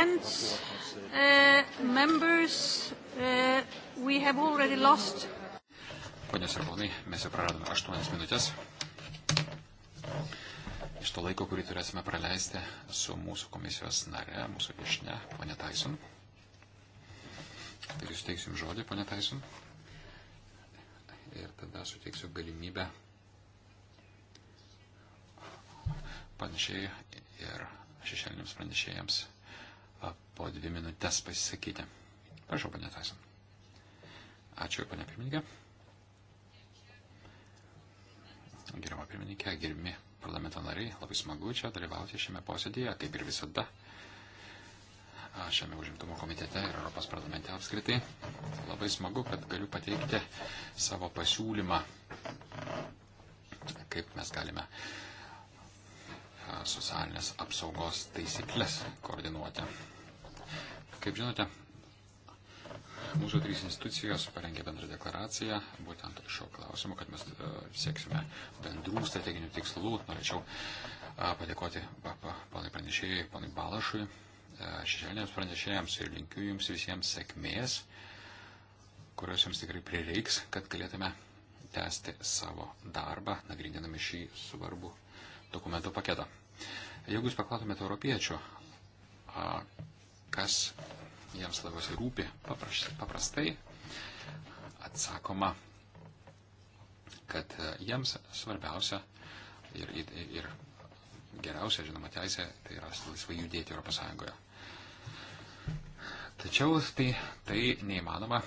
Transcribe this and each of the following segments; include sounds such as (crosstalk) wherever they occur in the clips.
Friends, uh, members, uh, we have already lost. Ponios ir ponai, mes jau praradome 8 minutės. Iš to laiko, kurį turėsime praleisti su mūsų komisijos nare, mūsų viešne, ponė Tyson. Tai jūs teiksim žodį, ponė Tyson. Ir tada suteiksiu galimybę panašiai ir šešėliniams pranešėjams po dvi minutės pasisakyti. Prašau, panė Taisa. Ačiū, panė pirmininkė. Gerima pirmininkė, gerimi parlamento nariai, labai smagu čia dalyvauti šiame posėdėje, kaip ir visada. Šiame užimtumo komitete ir Europos parlamente apskritai. Labai smagu, kad galiu pateikti savo pasiūlymą, kaip mes galime uh, socialinės apsaugos taisyklės koordinuoti. Kaip žinote, mūsų trys institucijos parengė bendrą deklaraciją, būtent šio klausimo, kad mes e, sieksime bendrų strateginių tikslų. Norėčiau e, padėkoti panai pranešėjai, panai Balašui, e, šešėlinėms pranešėjams ir linkiu jums visiems sėkmės, kurios jums tikrai prireiks, kad galėtume tęsti savo darbą, nagrindinami šį svarbų dokumentų paketą. Jeigu jūs paklautumėte europiečio, kas jiems labiausiai rūpi, paprastai atsakoma, kad e, jiems svarbiausia ir, ir, ir geriausia, žinoma, teisė tai yra laisvai judėti Europos Sąjungoje. Tačiau tai, tai neįmanoma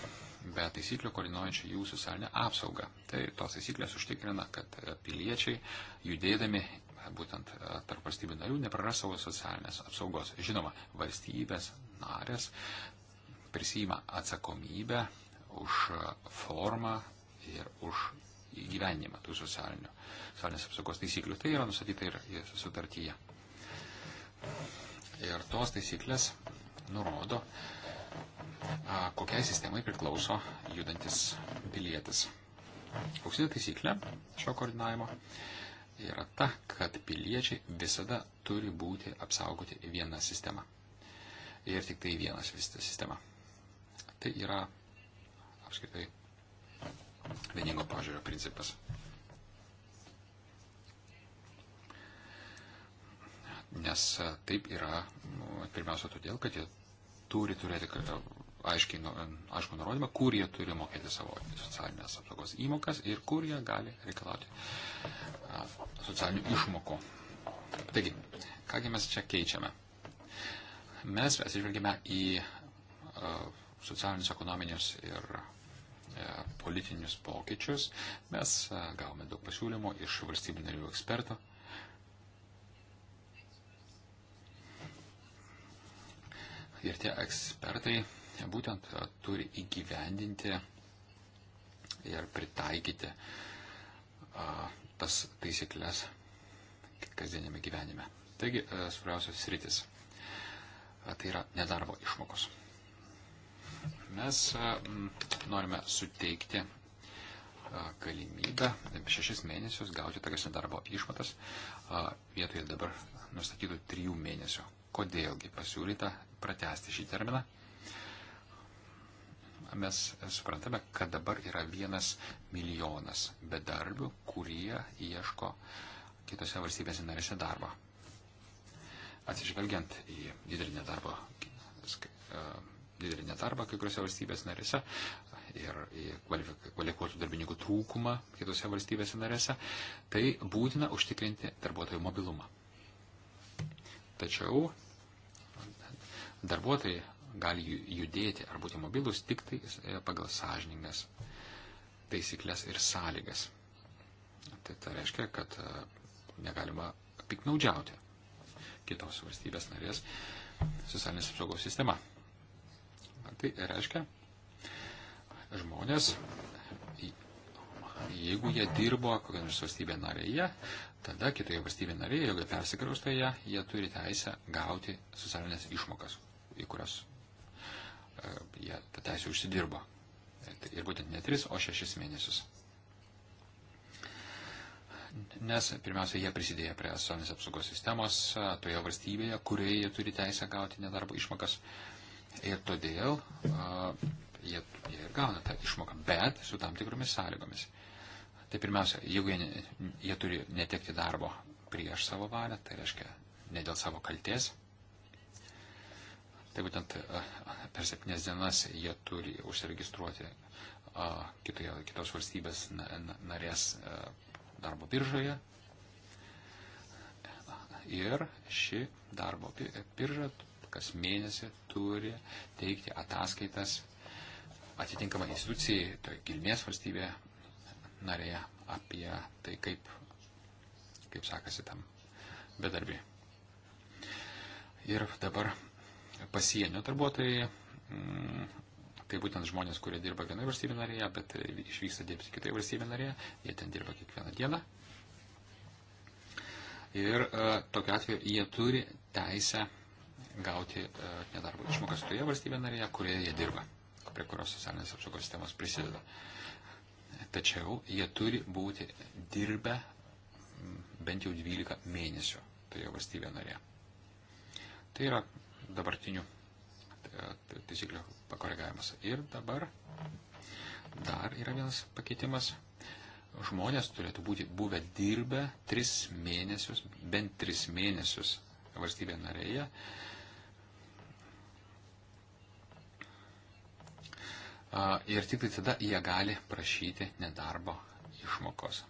be taisyklių koordinuojančių jų socialinę apsaugą. Tai tos taisyklės užtikrina, kad e, piliečiai judėdami būtent e, tarp valstybių narių nepraras savo socialinės apsaugos. Žinoma, valstybės narės prisima atsakomybę už e, formą ir už įgyvenimą tų socialinės apsaugos taisyklių. Tai yra nusatyta ir sutartyje. Ir tos taisyklės nurodo, kokiai sistemai priklauso judantis pilietis. Auksinė taisyklė šio koordinavimo yra ta, kad piliečiai visada turi būti apsaugoti viena sistema. Ir tik tai vienas vis ta sistema. Tai yra apskritai vieningo požiūrio principas. Nes taip yra, nu, pirmiausia, todėl, kad jie turi turėti aiškiai, nu, aišku, nurodymą, kur jie turi mokėti savo socialinės apsaugos įmokas ir kur jie gali reikalauti socialinių išmokų. Taigi, kągi mes čia keičiame? Mes atsižvelgime į socialinius, ekonominius ir e, politinius pokyčius. Mes gavome daug pasiūlymų iš valstybių narių ekspertų, ir tie ekspertai būtent e, turi įgyvendinti ir pritaikyti e, tas taisyklės kasdienėme gyvenime. Taigi, e, svarbiausios sritis tai yra nedarbo išmokos. Mes norime suteikti galimybę šešis mėnesius gauti tokias nedarbo išmatas vietoje dabar nustatytų trijų mėnesių. Kodėlgi pasiūlyta pratesti šį terminą? mes suprantame, kad dabar yra vienas milijonas bedarbių, kurie ieško kitose valstybėse narėse darbą. Atsižvelgiant į didelį nedarbą, e, didelį nedarbą kai kuriuose valstybės narėse ir į kvalifikuotų darbininkų trūkumą kitose valstybėse narėse, tai būtina užtikrinti darbuotojų mobilumą. Tačiau darbuotojai gali judėti ar būti mobilus tik tai e, pagal sąžiningas taisyklės ir sąlygas. Tai tai reiškia, kad e, negalima piknaudžiauti kitos valstybės narės socialinės apsaugos sistema. Tai reiškia, žmonės, jeigu jie dirbo kokią nors valstybę narėje, tada kitoje valstybėje narėje, jeigu persikraustoje, jie turi teisę gauti socialinės išmokas, į kurias E, jie tą teisę užsidirbo. Tai ir būtent ne 3, o 6 mėnesius. Nes pirmiausia, jie prisidėjo prie socialinės apsaugos sistemos e, toje valstybėje, kurioje jie turi teisę gauti nedarbo išmokas. Ir todėl uh, jie, jie ir gauna tą išmoką, bet su tam tikromis sąlygomis. Tai pirmiausia, jeigu jie, jie turi netekti darbo prieš savo valią, tai reiškia ne dėl savo kalties, Tai būtent per septynes dienas jie turi užsiregistruoti kitoje, kitos valstybės narės darbo biržoje. Ir ši darbo birža kas mėnesį turi teikti ataskaitas atitinkamai institucijai, tai kilmės valstybė narėje apie tai, kaip, kaip sakasi tam bedarbiai. Ir dabar pasienio darbuotojai, mm, tai būtent žmonės, kurie dirba vienoje valstybė narėje, bet išvyksta dirbti kitoje valstybė narėje, jie ten dirba kiekvieną dieną. Ir e, tokiu atveju jie turi teisę gauti e, nedarbo išmokas toje valstybė narėje, kurioje jie dirba, prie kurios socialinės apsaugos sistemos prisideda. Tačiau jie turi būti dirbę bent jau 12 mėnesių toje valstybėje narėje. Tai yra dabartinių e, taisyklių pakoregavimas. Ir dabar dar yra vienas pakeitimas. Žmonės turėtų būti buvę dirbę tris mėnesius, bent tris mėnesius valstybė narėje. Ir tik tai tada jie gali prašyti nedarbo išmokos.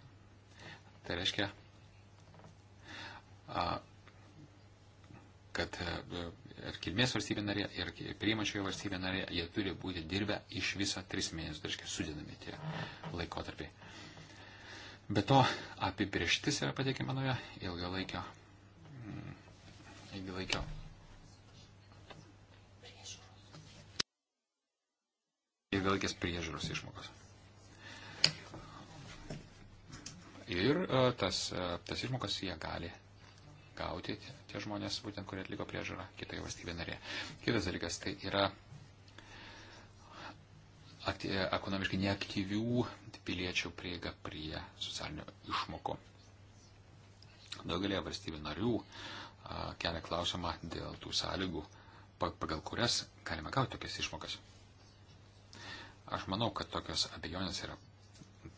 Tai reiškia, kad e, ir kilmės valstybė narė, ir priimančioje valstybė narė, jie turi būti dirbę iš viso tris mėnesius, tai reiškia sudėdami tie laikotarpiai. Be to, apibrieštis yra pateikiama nauja ilgalaikio, mm, ilgalaikio ilgalaikės priežiūros išmokos. Ir e, tas, e, tas išmokas jie gali gauti tie žmonės, būtent kurie atliko priežiūrą kitoje valstybėje narėje. Kitas dalykas tai yra ekonomiškai neaktyvių piliečių prieiga prie socialinių išmokų. Daugelėje valstybių narių kelia klausimą dėl tų sąlygų, pagal kurias galima gauti tokias išmokas. Aš manau, kad tokios abejonės yra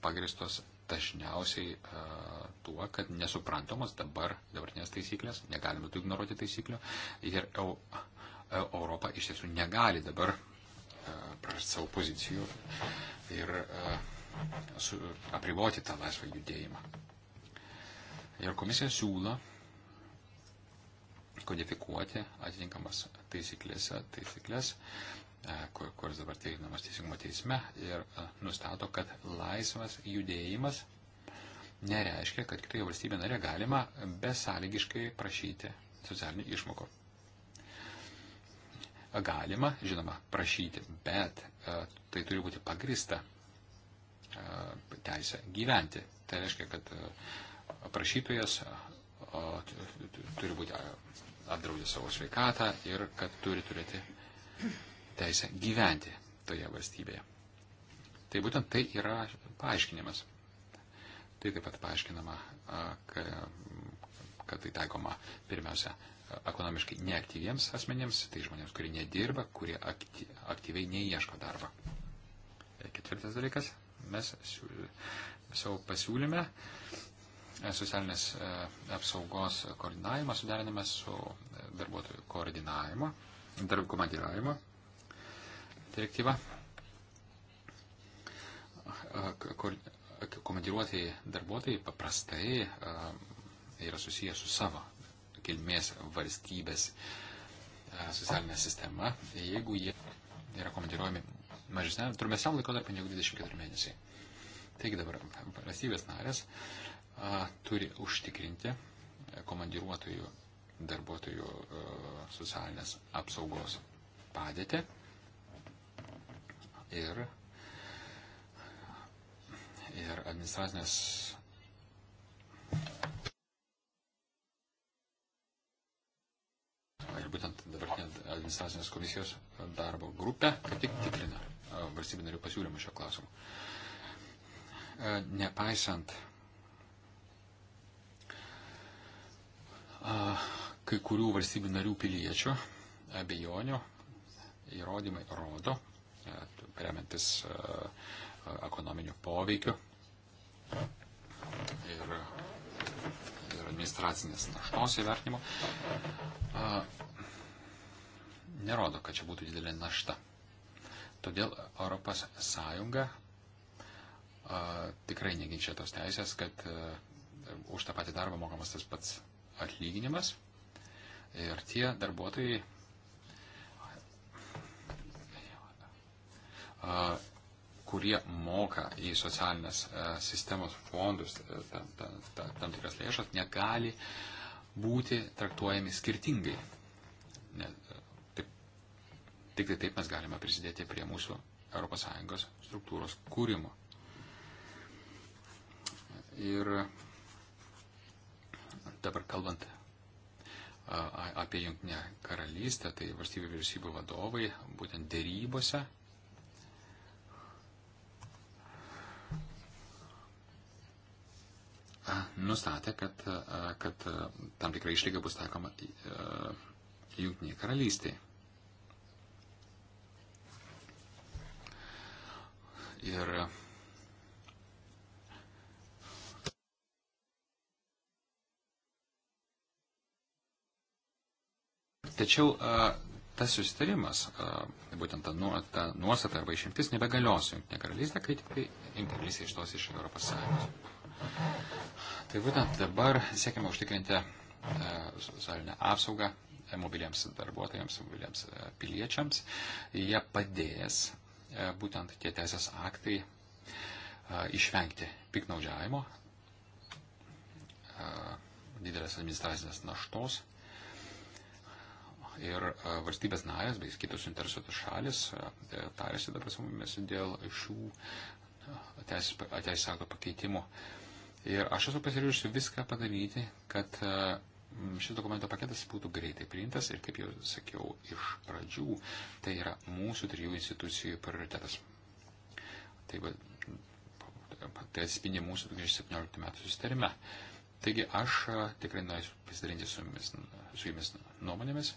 pagristos dažniausiai tuo, kad nesuprantamas dabar dabartinės taisyklės, negalime tų ignoruoti taisyklių ir EU, e, Europa iš tiesų negali dabar prarasti savo pozicijų ir su, apriboti tą laisvą judėjimą. Ir komisija siūlo kodifikuoti atitinkamas taisyklėse, taisyklės, kur, e, kuris dabar teikinamas teisingumo teisme ir e, nustato, kad laisvas judėjimas nereiškia, kad kitoje valstybėje narė galima besąlygiškai prašyti socialinių išmokų. Galima, žinoma, prašyti, bet e, tai turi būti pagrista teisė gyventi. Tai reiškia, kad prašytojas turi būti apdraudęs savo sveikatą ir kad turi turėti teisę gyventi toje valstybėje. Tai būtent tai yra paaiškinimas. Tai taip pat paaiškinama, kad tai taikoma pirmiausia ekonomiškai neaktyviems asmenėms, tai žmonėms, kurie nedirba, kurie aktyviai neieško darbo. E, ketvirtas dalykas, mes savo pasiūlyme e, socialinės e, apsaugos koordinavimą suderiname su darbuotojų koordinavimo, darbų komandiravimo direktyva. Komandiruotieji darbuotojai paprastai yra susijęs su savo kilmės valstybės socialinė sistema, jeigu jie yra komandiruojami mažesniam, trumpesniam laikotarpiu negu 24 mėnesiai. Taigi dabar valstybės narės a, turi užtikrinti komandiruotojų darbuotojų a, socialinės apsaugos padėtį ir, ir administracinės. Ir būtent dabartinė administracinės komisijos darbo grupė kaip tik tikrina valstybė narių pasiūlymų šio klausimu. Nepaisant kai kurių valstybių narių piliečių abejonių įrodymai rodo, remiantis e, ekonominiu poveikiu ir, ir administracinės naštos įvertinimu, e, nerodo, kad čia būtų didelė našta. Todėl Europos Sąjunga a, e, tikrai neginčia tos teisės, kad a, už tą patį darbą mokamas tas pats atlyginimas. Ir tie darbuotojai kurie moka į socialinės sistemos fondus tam, tam, tam, tam tikras lėšas, negali būti traktuojami skirtingai. Ne, taip, tik tai taip mes galime prisidėti prie mūsų ES struktūros kūrimo. Ir dabar kalbant apie Junktinę karalystę, tai valstybių vyriausybių vadovai būtent dėrybose nustatė, kad, kad tam tikra išlyga bus taikoma Junktiniai karalystiai. Ir Tačiau tas susitarimas, būtent ta, nu, ta nuostata arba išimtis nebegalios Junktinė karalystė, kai tik tai imtinys iš tos iš Europos Sąjungos. Tai būtent dabar siekime užtikrinti e, socialinę apsaugą e, mobiliems darbuotojams, mobiliems e, piliečiams. Jie padės būtent tie teisės aktai išvengti piknaudžiavimo, didelės administracinės naštos. Ir valstybės narės bei kitos interesuotos šalis tarėsi dabar su mumis dėl šių teisės akto pakeitimo. Uh, Ir aš esu pasiryžusi viską padaryti, kad mm, šis dokumento paketas būtų greitai priimtas ir, kaip jau sakiau, iš pradžių tai yra mūsų trijų institucijų prioritetas. Tai, tai atspindi mūsų 2017 metų susitarime. Taigi aš tikrai norėsiu pasidalinti su jumis, su jumis nuomonėmis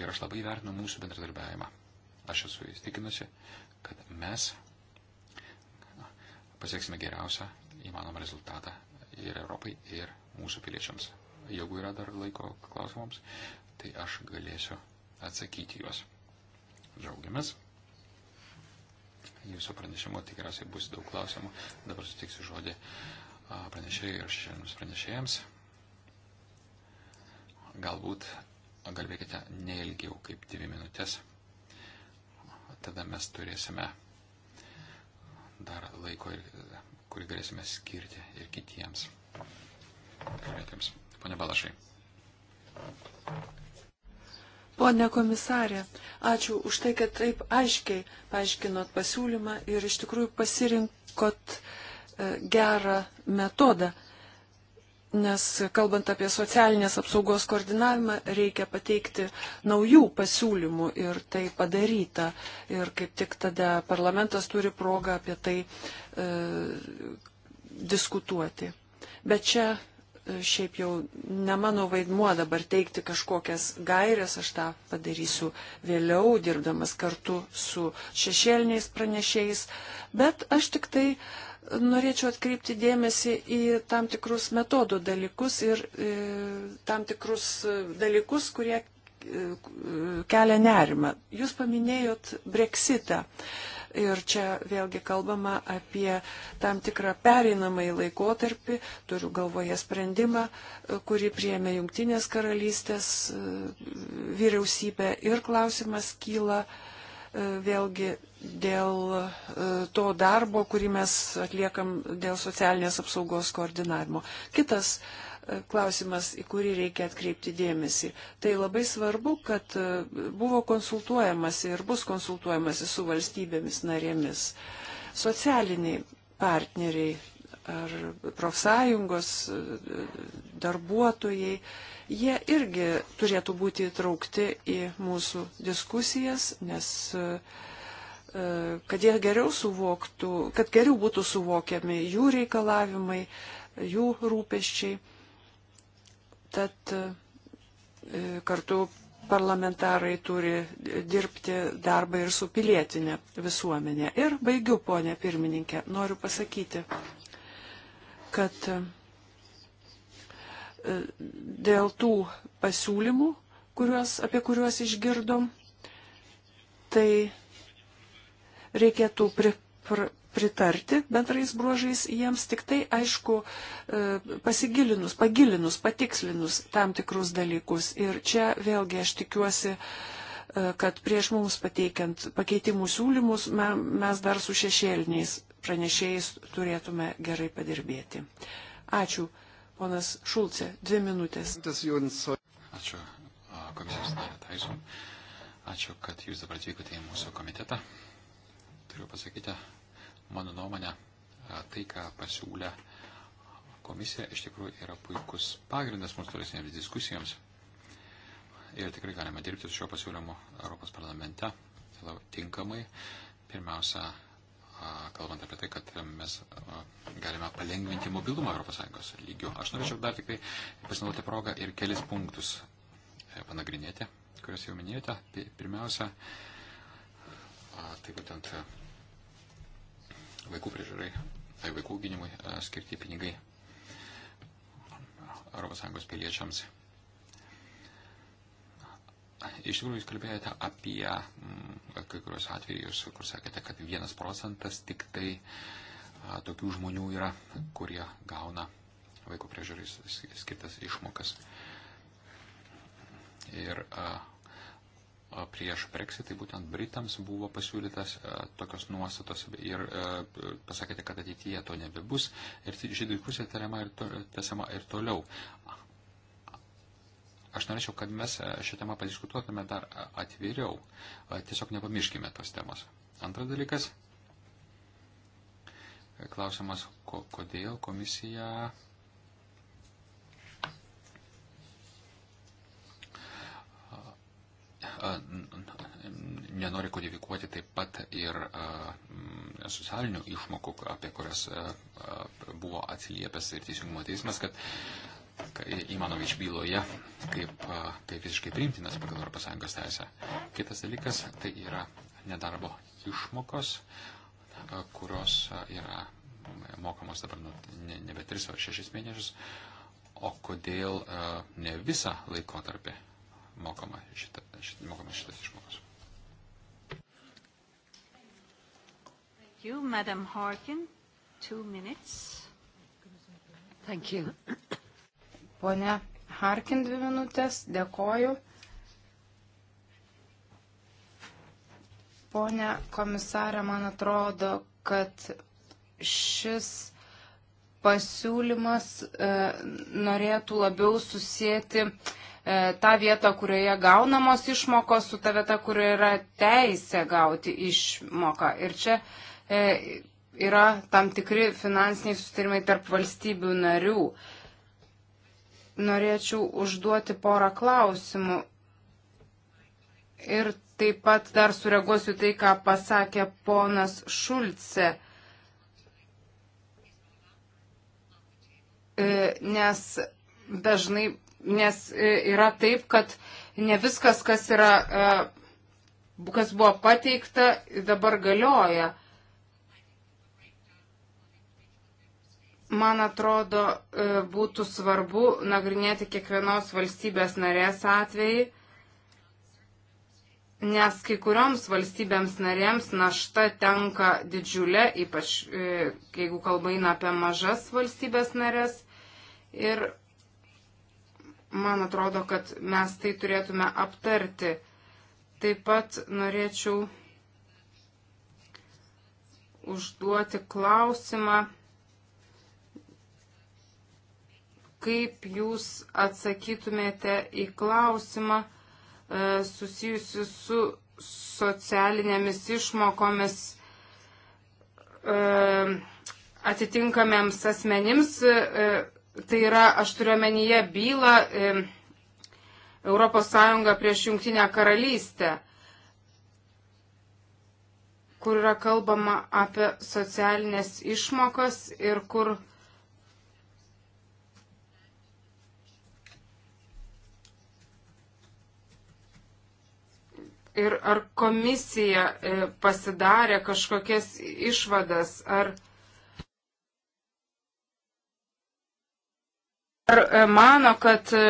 ir aš labai vertinu mūsų bendradarbiavimą. Aš esu įstikinusi, kad mes pasieksime geriausią įmanomą rezultatą ir Europai, ir mūsų piliečiams. Jeigu yra dar laiko klausimams, tai aš galėsiu atsakyti juos. Džiaugiamės. Jūsų pranešimo tikriausiai bus daug klausimų. Dabar sutiksiu žodį pranešėjai ir šiandienos pranešėjams. Galbūt galvėkite neilgiau kaip dvi minutės. Tada mes turėsime dar laiko ir kurį galėsime skirti ir kitiems kalbėtėms. Pone Balašai. Pone komisarė, ačiū už tai, kad taip aiškiai paaiškinot pasiūlymą ir iš tikrųjų pasirinkot e, gerą metodą nes kalbant apie socialinės apsaugos koordinavimą, reikia pateikti naujų pasiūlymų ir tai padaryta. Ir kaip tik tada parlamentas turi progą apie tai e, diskutuoti. Bet čia e, šiaip jau ne mano vaidmuo dabar teikti kažkokias gairias, aš tą padarysiu vėliau, dirbdamas kartu su šešėliniais pranešėjais, bet aš tik tai e, norėčiau atkreipti dėmesį į tam tikrus metodų dalykus ir e, tam tikrus e, dalykus, kurie e, kelia nerimą. Jūs paminėjot breksitą. Ir čia vėlgi kalbama apie tam tikrą pereinamąjį laikotarpį, turiu galvoje sprendimą, e, kurį priemė Junktinės karalystės e, vyriausybė ir klausimas kyla, e, E, vėlgi dėl e, to darbo, kurį mes atliekam dėl socialinės apsaugos koordinavimo. Kitas e, klausimas, į kurį reikia atkreipti dėmesį. Tai labai svarbu, kad buvo konsultuojamasi ir bus konsultuojamasi su valstybėmis narėmis. Socialiniai partneriai ar profsąjungos darbuotojai jie irgi turėtų būti įtraukti į mūsų diskusijas, nes e, kad jie geriau suvoktų, kad geriau būtų suvokiami jų reikalavimai, jų rūpeščiai. Tad e, kartu parlamentarai turi dirbti darbą ir su pilietinė visuomenė. Ir baigiu, ponė pirmininkė, noriu pasakyti, kad dėl tų pasiūlymų, kuriuos, apie kuriuos išgirdom, tai reikėtų pri, pr, pritarti bendrais bruožais jiems, tik tai aišku, e, pasigilinus, pagilinus, patikslinus tam tikrus dalykus. Ir čia vėlgi aš tikiuosi, e, kad prieš mums pateikiant pakeitimų siūlymus mes dar su šešėliniais pranešėjais turėtume gerai padirbėti. Ačiū. Ponas Šulce, dvi minutės. Ačiū komisijos narė Taisom. Ačiū, kad jūs dabar atvykote į mūsų komitetą. Turiu pasakyti, mano nuomonė, tai, ką pasiūlė komisija, iš tikrųjų yra puikus pagrindas mūsų tolesnėms diskusijoms. Ir tikrai galime dirbti su šiuo pasiūlymu Europos parlamente tinkamai. Pirmiausia, kalbant apie tai, kad mes galime palengvinti mobilumą ES lygių. Aš norėčiau dar tik tai pasinaudoti progą ir kelis punktus e, panagrinėti, kuriuos jau minėjote. Pirmiausia, tai būtent e, vaikų priežiūrai, tai vaikų gynimui e, skirti pinigai ES piliečiams iš tikrųjų jūs kalbėjote apie m, mm, kai kurios atvejus, kur sakėte, kad vienas procentas tik tai a, tokių žmonių yra, kurie gauna vaiko priežiūrai skirtas išmokas. Ir a, prieš Brexitą, tai būtent Britams buvo pasiūlytas tokios nuostatos ir pasakėte, kad ateityje to nebebus. Ir ši diskusija tariama ir, to, ir toliau. Aš norėčiau, kad mes e, šią temą padiskutuotume dar atviriau. E, tiesiog nepamirškime tos temos. Antras dalykas. E, klausimas, ko, kodėl komisija. nenori kodifikuoti taip pat ir socialinių išmokų, apie kurias buvo atsiliepęs ir teisingumo teismas, kad Imanovič byloje kaip, kaip visiškai priimtinas pagal ES teisę. Kitas dalykas tai yra nedarbo išmokos, kurios yra mokamos dabar nu, ne, nebe 3, o 6 mėnesius. O kodėl ne visą laikotarpį mokama, šita, šita, mokama šitas išmokos? You, Madam Harkin, two minutes. Thank you. Pone Harkin dvi minutės, dėkoju. Pone komisarė, man atrodo, kad šis pasiūlymas e, norėtų labiau susijęti e, tą vietą, kurioje gaunamos išmokos, su ta vieta, kurioje yra teisė gauti išmoką. Ir čia e, yra tam tikri finansiniai sustarimai tarp valstybių narių. E, norėčiau užduoti porą klausimų. Ir taip pat dar sureaguosiu tai, ką pasakė ponas Šulce. E, nes dažnai, nes e, yra taip, kad ne viskas, kas, yra, e, kas buvo pateikta, dabar galioja. man atrodo, e, būtų svarbu nagrinėti kiekvienos valstybės narės atvejį, nes kai kurioms valstybėms narėms našta tenka didžiulė, ypač e, jeigu kalba eina apie mažas valstybės narės. Ir man atrodo, kad mes tai turėtume aptarti. Taip pat norėčiau užduoti klausimą kaip jūs atsakytumėte į klausimą e, susijusi su socialinėmis išmokomis e, atitinkamiems asmenims. E, tai yra, aš turiu omenyje bylą e, ES prieš Junktinę karalystę kur yra kalbama apie socialinės išmokas ir kur uh, ir ar komisija e, pasidarė kažkokias išvadas, ar, ar e, mano, kad, e,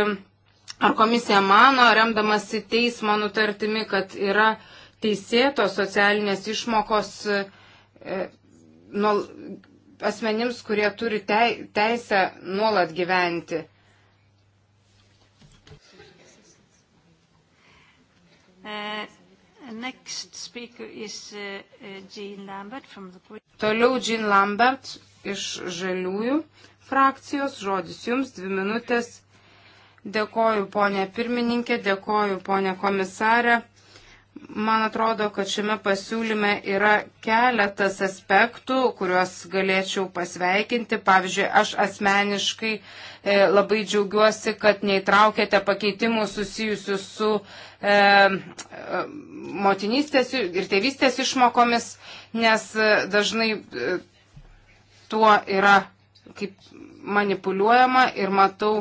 ar komisija mano, remdamas į teismo nutartimi, kad yra teisėtos socialinės išmokos nuol, asmenims, kurie turi teisę nuolat gyventi. Uh, Uh, uh, Toliau Jean Lambert iš Žaliųjų frakcijos. Žodis jums, dvi minutės. Dėkoju, ponė pirmininkė, dėkoju, ponė komisarė. Man atrodo, kad šiame pasiūlyme yra keletas aspektų, kuriuos galėčiau pasveikinti. Pavyzdžiui, aš asmeniškai e, labai džiaugiuosi, kad neįtraukėte pakeitimų susijusių su e, E, motinystės ir tėvystės išmokomis, nes e, dažnai e, tuo yra kaip manipuliuojama ir matau,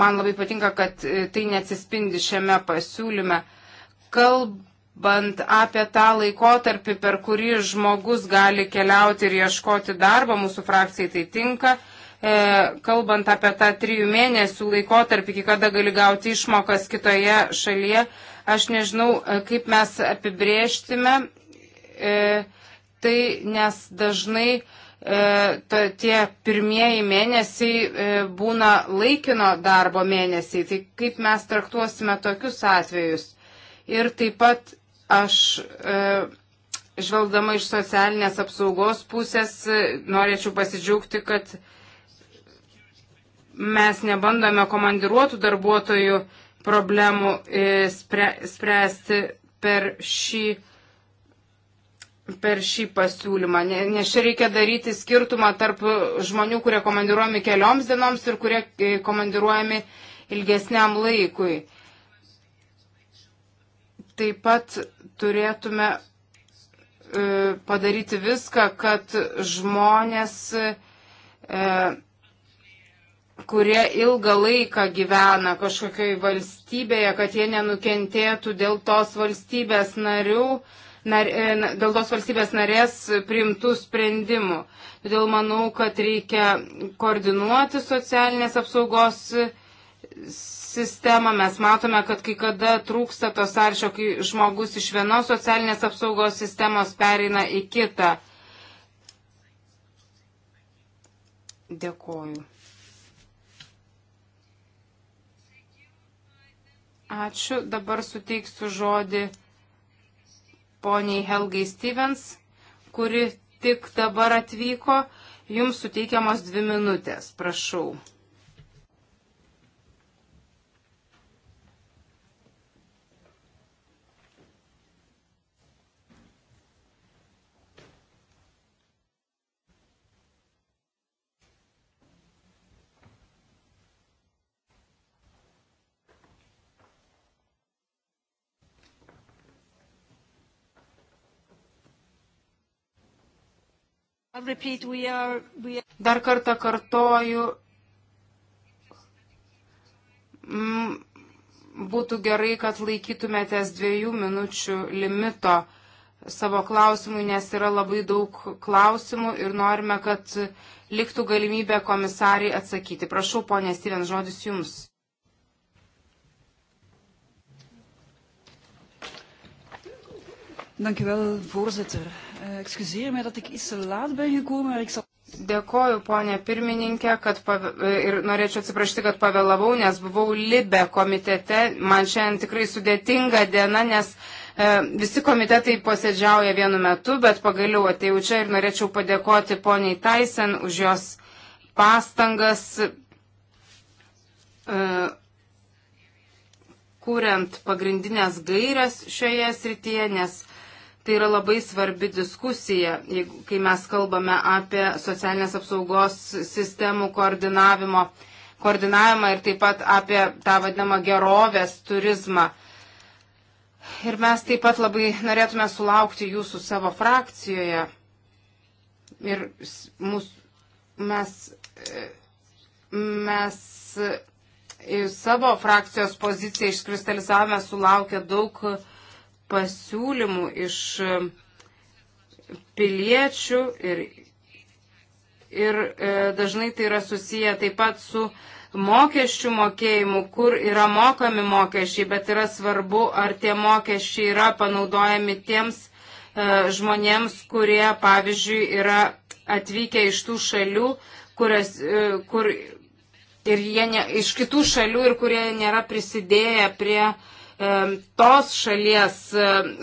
man labai patinka, kad tai neatsispindi šiame pasiūlyme. Kalbant apie tą laikotarpį, per kurį žmogus gali keliauti ir ieškoti darbo, mūsų frakcijai tai tinka, E, kalbant apie tą trijų mėnesių laikotarpį, iki kada gali gauti išmokas kitoje šalyje, aš nežinau, e, kaip mes apibrėžtime e, tai, nes dažnai to, tie pirmieji mėnesiai būna laikino darbo mėnesiai. Tai kaip mes traktuosime tokius atvejus? Ir taip pat aš žvelgdama iš socialinės apsaugos pusės norėčiau pasidžiaugti, kad mes nebandome komandiruotų darbuotojų problemų e, spre, spręsti per šį, per šį pasiūlymą. Nes čia reikia daryti skirtumą tarp žmonių, kurie komandiruojami kelioms dienoms ir kurie e, komandiruojami ilgesniam laikui. Taip pat turėtume e, padaryti viską, kad žmonės e, kurie ilgą laiką gyvena kažkokioj valstybėje, kad jie nenukentėtų dėl tos valstybės narių, nar, e, dėl tos valstybės narės priimtų sprendimų. Todėl manau, kad reikia koordinuoti socialinės apsaugos sistemą. Mes matome, kad kai kada trūksta to sąryšio, kai žmogus iš vienos socialinės apsaugos sistemos pereina į kitą. Dėkoju. Ačiū. Dabar suteiksiu žodį poniai Helgai Stevens, kuri tik dabar atvyko. Jums suteikiamos dvi minutės. Prašau. Dar kartą kartoju, būtų gerai, kad laikytumėtės dviejų minučių limito savo klausimui, nes yra labai daug klausimų ir norime, kad liktų galimybė komisariai atsakyti. Prašau, ponė Steven, žodis jums. Dankjewel, voorzitter. Eh, excuseer me dat ik iets te laat ben gekomen, maar ik zal... Dėkoju, ponė pirmininkė, kad pav... Eh, ir norėčiau atsiprašyti, kad pavėlavau, nes buvau Libe komitete. Man šiandien tikrai sudėtinga diena, nes e, visi komitetai posėdžiauja vienu metu, bet pagaliau atėjau čia ir norėčiau padėkoti poniai Taisen už jos pastangas. E, kuriant pagrindinės gairias šioje srityje, nes Tai yra labai svarbi diskusija, kai mes kalbame apie socialinės apsaugos sistemų koordinavimo, koordinavimą ir taip pat apie tą vadinamą gerovės turizmą. Ir mes taip pat labai norėtume sulaukti jūsų savo frakcijoje. Ir mūs, mes, e, mes e, savo frakcijos poziciją iškristalizavome sulaukę daug pasiūlymų iš piliečių ir, ir e, dažnai tai yra susiję taip pat su mokesčių mokėjimu, kur yra mokami mokesčiai, bet yra svarbu, ar tie mokesčiai yra panaudojami tiems e, žmonėms, kurie, pavyzdžiui, yra atvykę iš tų šalių, kurias, e, kur ir jie ne, iš kitų šalių ir kurie nėra prisidėję prie uh, tos šalies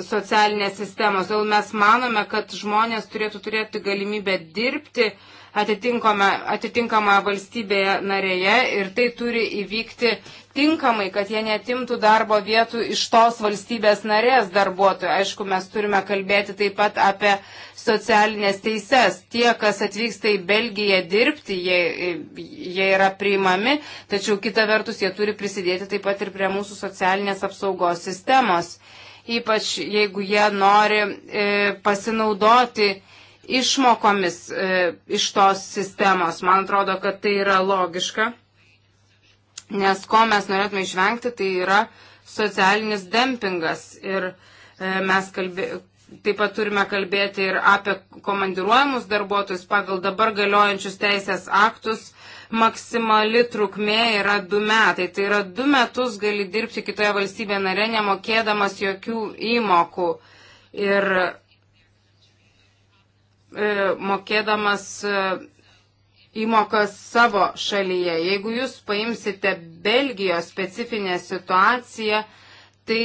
socialinės sistemos. Todėl mes manome, kad žmonės turėtų turėti galimybę dirbti atitinkamą valstybėje narėje ir tai turi įvykti tinkamai, kad jie netimtų darbo vietų iš tos valstybės narės darbuotojų. Aišku, mes turime kalbėti taip pat apie socialinės teises. Tie, kas atvyksta į Belgiją dirbti, jie, jie yra priimami, tačiau kita vertus jie turi prisidėti taip pat ir prie mūsų socialinės apsaugos sistemos ypač jeigu jie nori e, pasinaudoti išmokomis e, iš tos sistemos. Man atrodo, kad tai yra logiška, nes ko mes norėtume išvengti, tai yra socialinis dempingas. Ir e, mes kalbė, taip pat turime kalbėti ir apie komandiruojamus darbuotojus pagal dabar galiojančius teisės aktus. Maksimali trukmė yra du metai. Tai yra du metus gali dirbti kitoje valstybėje narė, nemokėdamas jokių įmokų. Ir E, mokėdamas e, įmokas savo šalyje. Jeigu jūs paimsite Belgijos specifinę situaciją, tai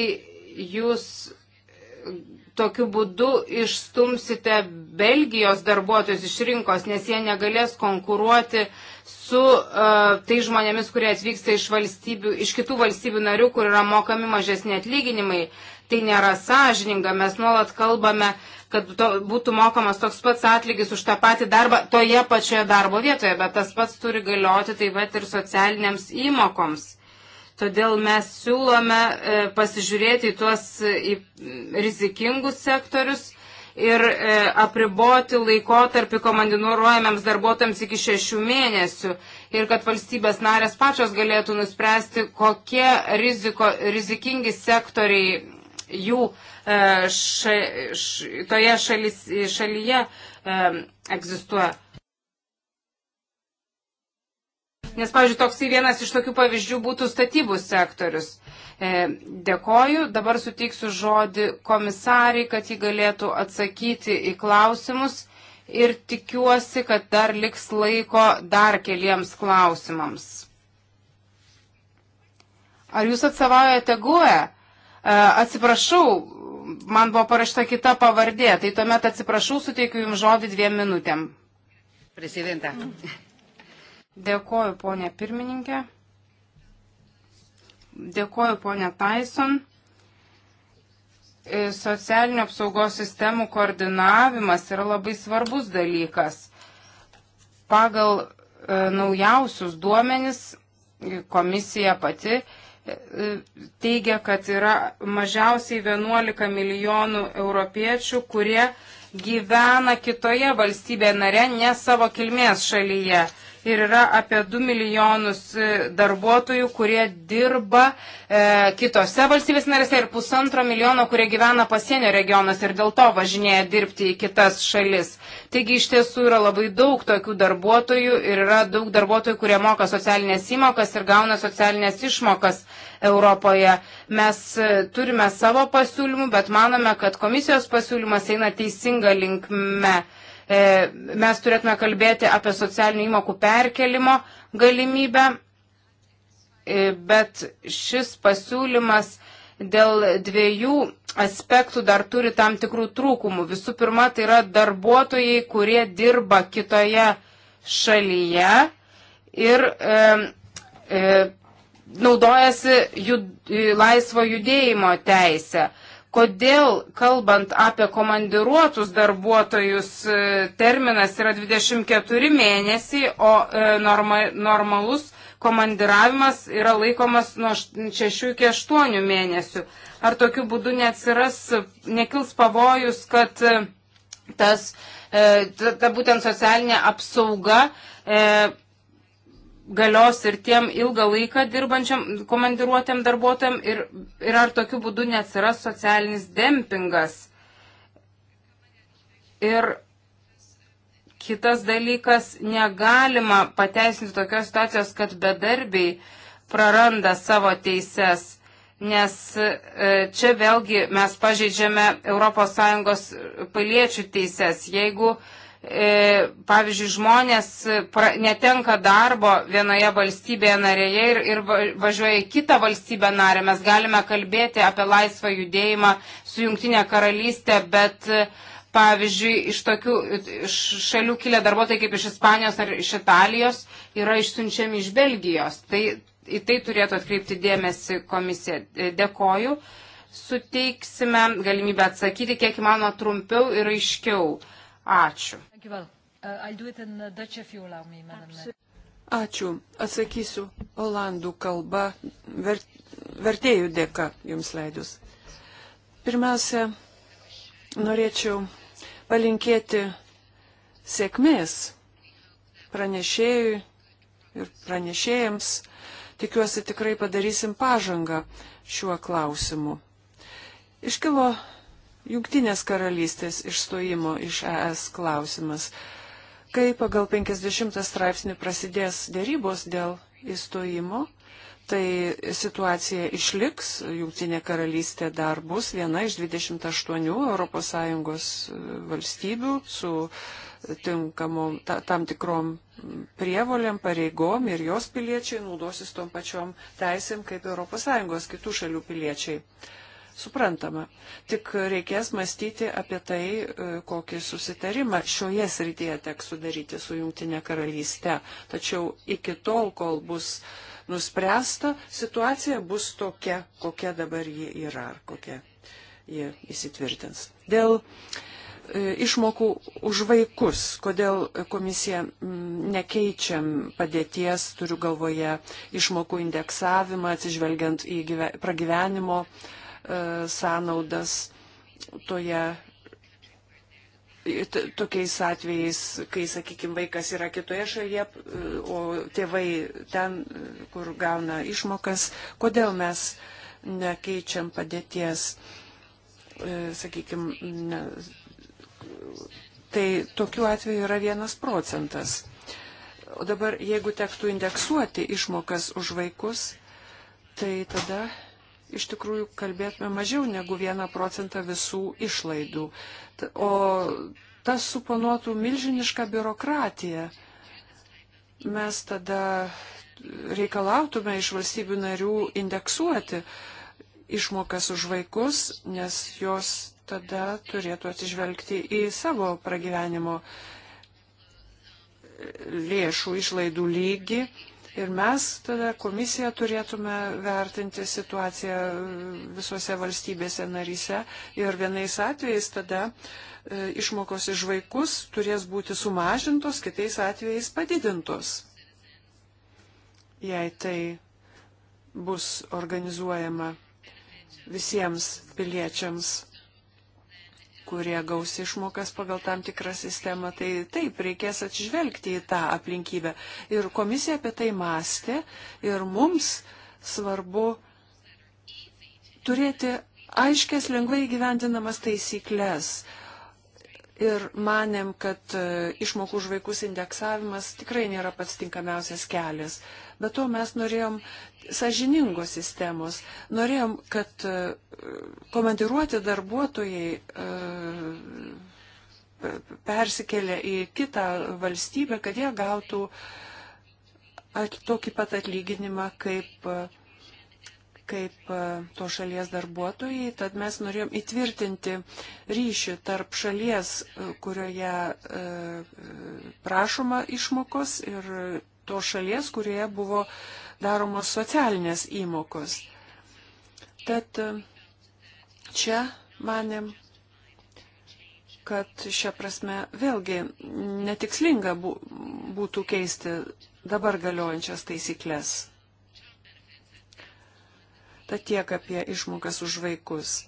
jūs e, tokiu būdu išstumsite Belgijos darbuotojus iš rinkos, nes jie negalės konkuruoti su uh, tai žmonėmis, kurie atvyksta iš, valstybių, iš kitų valstybių narių, kur yra mokami mažesni atlyginimai. Uh, tai nėra sąžininga. Mes nuolat kalbame, kad to, būtų mokamas toks pats atlygis už tą patį darbą toje pačioje darbo vietoje, bet tas pats turi galioti taip pat ir socialiniams įmokoms. Todėl mes siūlome e, pasižiūrėti į tuos e, į rizikingus sektorius ir e, apriboti laikotarpį komandinuojamiems darbuotojams iki šešių mėnesių ir kad valstybės narės pačios galėtų nuspręsti, kokie riziko, rizikingi sektoriai jų e, ša, š, toje šalis, šalyje e, egzistuoja. Nes, pavyzdžiui, toksai vienas iš tokių pavyzdžių būtų statybų sektorius. E, dėkoju, dabar suteiksiu žodį komisariai, kad jį galėtų atsakyti į klausimus ir tikiuosi, kad dar liks laiko dar keliems klausimams. Ar jūs atstovaujate GUE? E, atsiprašau, man buvo parašta kita pavardė, tai tuomet atsiprašau, suteikiu Jums žodį dviem minutėm. Prezidentą. Dėkoju, ponė pirmininkė. Dėkoju, ponė Tyson e, socialinio apsaugos sistemų koordinavimas yra labai svarbus dalykas. Pagal e, naujausius duomenis e, komisija pati teigia, kad yra mažiausiai 11 milijonų europiečių, kurie gyvena kitoje valstybėje nare, ne savo kilmės šalyje. Ir yra apie 2 milijonus e, darbuotojų, kurie dirba e, kitose valstybės narėse ir pusantro milijono, kurie gyvena pasienio regionuose ir dėl to važinėja dirbti į kitas šalis. Taigi iš tiesų yra labai daug tokių darbuotojų ir yra daug darbuotojų, kurie moka socialinės įmokas ir gauna socialinės išmokas Europoje. Mes e, turime savo pasiūlymų, bet manome, kad komisijos pasiūlymas eina teisinga linkme. E, mes turėtume kalbėti apie socialinių įmokų perkelimo galimybę, e, bet šis pasiūlymas dėl dviejų aspektų dar turi tam tikrų trūkumų. Visų pirma, tai yra darbuotojai, kurie dirba kitoje šalyje ir e, e, naudojasi jud, e, laisvo judėjimo teisę. Kodėl, kalbant apie komandiruotus darbuotojus, e, terminas yra 24 mėnesiai, o e, norma, normalus e, komandiravimas yra laikomas nuo 6 iki 8 mėnesių. Ar tokiu būdu neatsiras, nekils pavojus, kad e, tas, e, ta, ta būtent socialinė apsauga e, galios ir tiem ilgą laiką dirbančiam komandiruotėm darbuotojam ir, ir ar tokiu būdu neatsiras socialinis dempingas. Ir Kitas dalykas, negalima pateisinti tokios situacijos, kad bedarbiai praranda savo teises, nes e, čia vėlgi mes pažeidžiame ES piliečių teises. Jeigu, e, pavyzdžiui, žmonės netenka darbo vienoje valstybėje narėje ir, ir važiuoja į kitą valstybę narę, mes galime kalbėti apie laisvą judėjimą su Junktinė karalystė, bet Pavyzdžiui, iš tokių iš šalių kilę darbuotojai kaip iš Ispanijos ar iš Italijos yra išsiunčiami iš Belgijos. Tai į tai turėtų atkreipti dėmesį komisija. Dėkoju. Suteiksime galimybę atsakyti kiek įmanoma trumpiau ir aiškiau. Ačiū. Uh, uh, Ačiū. Atsakysiu olandų kalba ver, vertėjų dėka jums leidus. Pirmiausia, norėčiau palinkėti sėkmės pranešėjui ir pranešėjams. Tikiuosi tikrai padarysim pažangą šiuo klausimu. Iškilo Junktinės karalystės išstojimo iš ES klausimas. Kai pagal 50 straipsnį prasidės dėrybos dėl įstojimo, tai situacija išliks, Jungtinė karalystė dar bus viena iš 28 ES e, valstybių su tinkamom, ta, tam tikrom prievolėm, pareigom ir jos piliečiai naudosis tom pačiom teisėm kaip ES kitų šalių piliečiai. Suprantama, tik reikės mąstyti apie tai, e, kokį susitarimą šioje srityje teks sudaryti su Jungtinė karalystė. Tačiau iki tol, kol bus uh, nuspręsta, situacija bus tokia, kokia dabar ji yra ar kokia ji įsitvirtins. Dėl e, išmokų už vaikus, kodėl komisija mm, nekeičia padėties, turiu galvoje išmokų indeksavimą, atsižvelgiant į pragyvenimo e, sąnaudas toje tokiais atvejais, kai, sakykime, vaikas yra kitoje šalyje, e, o tėvai ten, e, kur gauna išmokas, kodėl mes nekeičiam padėties, e, sakykime, ne, tai tokiu atveju yra vienas procentas. O dabar, jeigu tektų indeksuoti išmokas už vaikus, tai tada iš tikrųjų kalbėtume mažiau negu 1 procentą visų išlaidų. O tas suponuotų milžinišką biurokratiją. Mes tada reikalautume iš valstybių narių indeksuoti išmokas už vaikus, nes jos tada turėtų atsižvelgti į savo pragyvenimo lėšų išlaidų lygį Ir mes tada komisija turėtume vertinti situaciją visose valstybėse narise ir vienais atvejais tada e, išmokos iš vaikus turės būti sumažintos, kitais atvejais padidintos. Jei tai bus organizuojama visiems piliečiams kurie gaus išmokas pagal tam tikrą sistemą. Tai taip, reikės atsižvelgti į tą aplinkybę. Ir komisija apie tai mąstė ir mums svarbu turėti aiškės, lengvai gyvendinamas taisyklės ir manėm, kad e, išmokų už vaikus indeksavimas tikrai nėra pats tinkamiausias kelias. Bet to mes norėjom sažiningos sistemos. Norėjom, kad e, komandiruoti darbuotojai e, persikėlė į kitą valstybę, kad jie gautų tokį pat atlyginimą kaip kaip e, to šalies darbuotojai, tad mes norėjom įtvirtinti ryšį tarp šalies, e, kurioje e, prašoma išmokos ir to šalies, kurioje buvo daromos socialinės įmokos. Tad čia manėm, kad šią prasme vėlgi netikslinga būtų keisti dabar galiojančias taisyklės. Tad tiek apie išmokas už vaikus.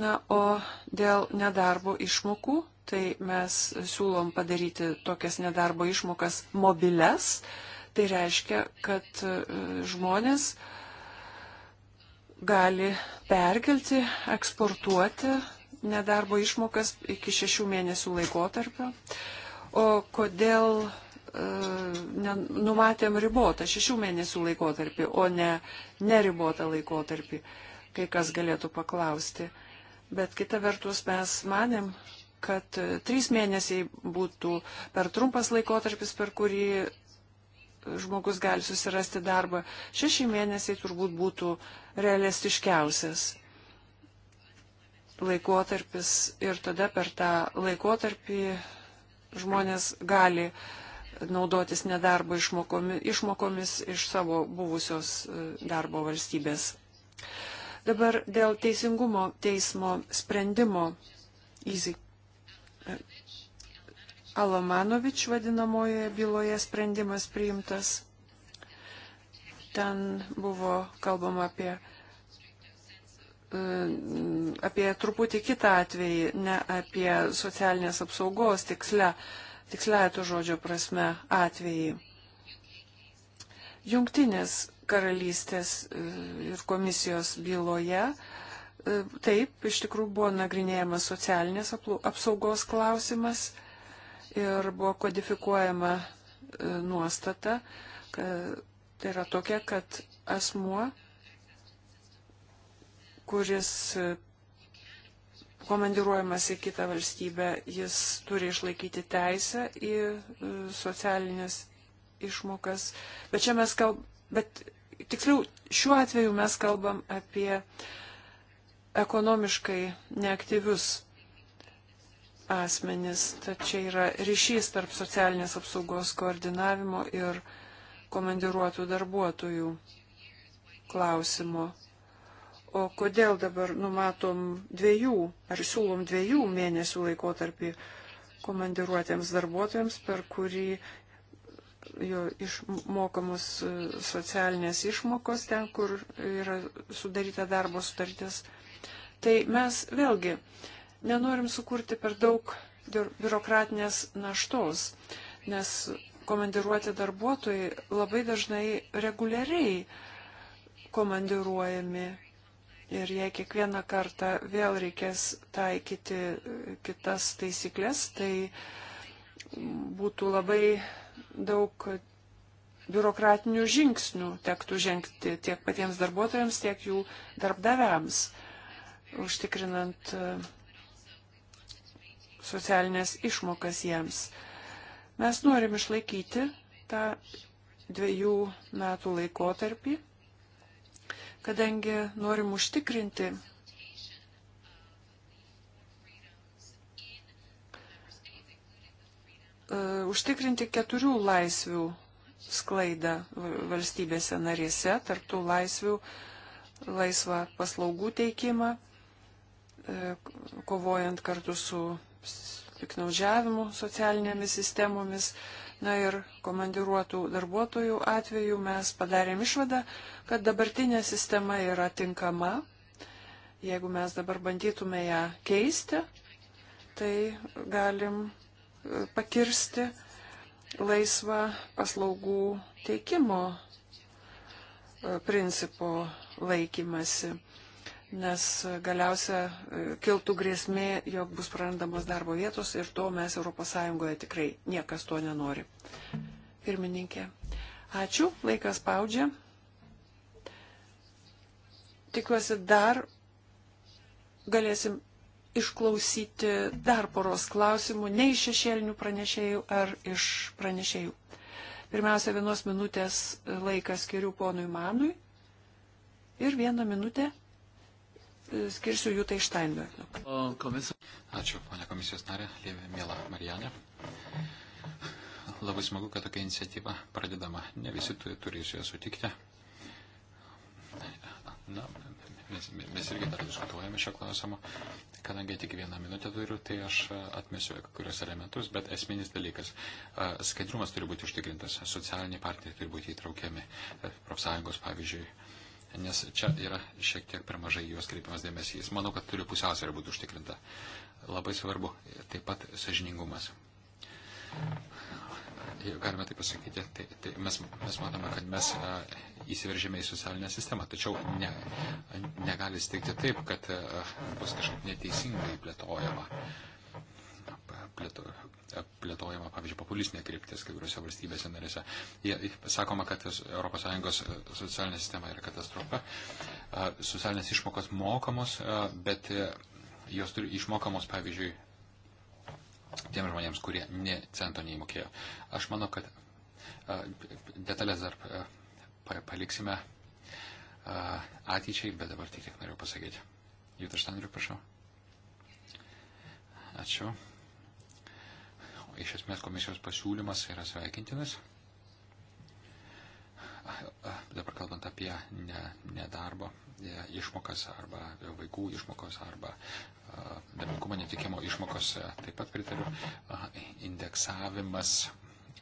Na, o dėl nedarbo išmokų, tai mes siūlom padaryti tokias nedarbo išmokas mobiles. Tai reiškia, kad e, žmonės gali perkelti, eksportuoti nedarbo išmokas iki šešių mėnesių laikotarpio. O kodėl E, numatėm ribotą šešių mėnesių laikotarpį, o ne neribotą laikotarpį, kai kas galėtų paklausti. Bet kita vertus mes manėm, kad trys mėnesiai būtų per trumpas laikotarpis, per kurį žmogus gali susirasti darbą. Šeši mėnesiai turbūt būtų realistiškiausias laikotarpis ir tada per tą laikotarpį žmonės gali uh, naudotis nedarbo išmokomis, išmokomis iš savo buvusios e, darbo valstybės. Dabar dėl teisingumo teismo sprendimo įzik. E, Alomanovič vadinamojoje byloje sprendimas priimtas. Ten buvo kalbama apie e, apie truputį kitą atvejį, ne apie socialinės apsaugos tikslę tiksliaja to žodžio prasme atvejai. Jungtinės karalystės e, ir komisijos byloje e, taip iš tikrųjų buvo nagrinėjamas socialinės apsaugos klausimas ir buvo kodifikuojama e, nuostata, kad tai yra tokia, kad asmuo, kuris komandiruojamas į kitą valstybę, jis turi išlaikyti teisę į e, socialinės išmokas. Bet čia mes kalbame, bet tiksliau šiuo atveju mes kalbam apie ekonomiškai neaktyvius asmenis. Tačiau yra ryšys tarp socialinės apsaugos koordinavimo ir komandiruotų darbuotojų klausimo. O kodėl dabar numatom dviejų ar siūlom dviejų mėnesių laikotarpį komandiruotėms darbuotojams, per kurį jo išmokamos e, socialinės išmokos ten, kur yra sudaryta darbo sutartis. Tai mes vėlgi nenorim sukurti per daug biurokratinės naštos, nes komandiruoti darbuotojai labai dažnai reguliariai komandiruojami Ir jei kiekvieną kartą vėl reikės taikyti kitas taisyklės, tai būtų labai daug biurokratinių žingsnių tektų žengti tiek patiems darbuotojams, tiek jų darbdaviams, užtikrinant e, socialinės išmokas jiems. Mes norim išlaikyti tą dviejų metų laikotarpį kadangi norim užtikrinti e, užtikrinti keturių laisvių sklaidą valstybėse narėse, tarptų laisvių, laisvą paslaugų teikimą, e, kovojant kartu su piknaudžiavimu socialinėmis sistemomis, Na ir komandiruotų darbuotojų atveju mes padarėm išvadą, kad dabartinė sistema yra tinkama. Jeigu mes dabar bandytume ją keisti, tai galim e, pakirsti laisvą paslaugų teikimo e, principo laikymasi nes galiausia e, kiltų grėsmė, jog bus prarandamos darbo vietos ir to mes ES tikrai niekas to nenori. Pirmininkė, ačiū, laikas spaudžia. Tikiuosi dar galėsim išklausyti dar poros klausimų, ne iš šešėlinių pranešėjų ar iš pranešėjų. Pirmiausia, vienos minutės laikas skiriu ponui Manui ir vieną minutę skirsiu jų tai Steinberg. Ačiū, ponia komisijos narė, mėla Marijanė. Labai smagu, kad tokia iniciatyva pradedama. Ne visi turi su ja sutikti. Na, mes, mes irgi dar diskutuojame šio klausimo. Kadangi tik vieną minutę turiu, tai aš atmesiu kai kurios elementus, bet esminis dalykas - skaidrumas turi būti užtikrintas, socialiniai partijai turi būti įtraukiami, profsąjungos pavyzdžiui nes čia yra šiek tiek per mažai juos kreipiamas dėmesys. Manau, kad turi pusiausvėra būti užtikrinta. Labai svarbu taip pat sažiningumas. Jeigu galime tai pasakyti, tai, tai mes, mes matome, kad mes a, įsiveržėme į socialinę sistemą, tačiau ne, negali stikti taip, kad a, bus kažkaip neteisingai plėtojama. A, plėtojama, pavyzdžiui, populistinė kryptis kai kuriuose valstybėse narėse. Sakoma, kad ES e, socialinė sistema yra katastrofa, socialinės išmokos mokamos, bet e, jos turi išmokamos, pavyzdžiui, tiem žmonėms, kurie ne cento neįmokėjo. Aš manau, kad detalės dar e, paliksime ateičiai, bet dabar tik tiek noriu pasakyti. Jūta Štandriu, prašau. Ačiū iš esmės komisijos pasiūlymas yra sveikintinas. Dabar kalbant apie nedarbą, ne, ne išmokas arba vaikų išmokos arba e, darbingumo netikimo išmokos, e, taip pat pritariu, indeksavimas,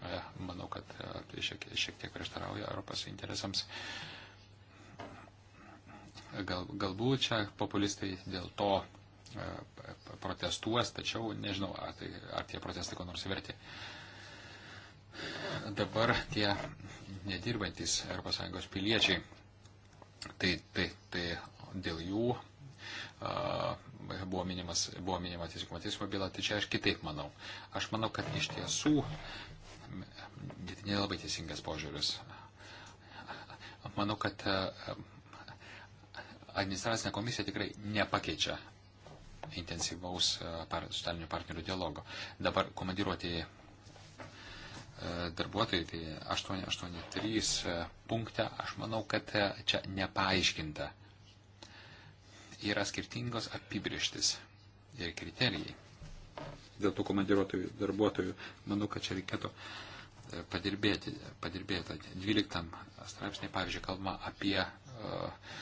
e, manau, kad tai šiek, šiek tiek prieštarauja Europos interesams. Gal, galbūt čia populistai dėl to E, protestuos, tačiau nežinau, ar, tai, ar tie protestai ko nors verti. Dabar tie nedirbantis ES piliečiai, tai, tai, tai dėl jų a, e, buvo, minimas, buvo minima teisingumo teismo byla, tai čia aš kitaip manau. Aš manau, kad iš tiesų nelabai teisingas požiūris. Manau, kad a, e, administracinė komisija tikrai nepakeičia intensyvaus e, par, socialinių partnerių dialogo. Dabar komandiruoti e, darbuotojai, tai 883 e, punkte, aš manau, kad čia nepaaiškinta. Yra skirtingos apibrieštis ir kriterijai. Dėl tų komandiruotojų darbuotojų, manau, kad čia reikėtų padirbėti, padirbėti. 12 straipsnė, pavyzdžiui, kalbama apie uh,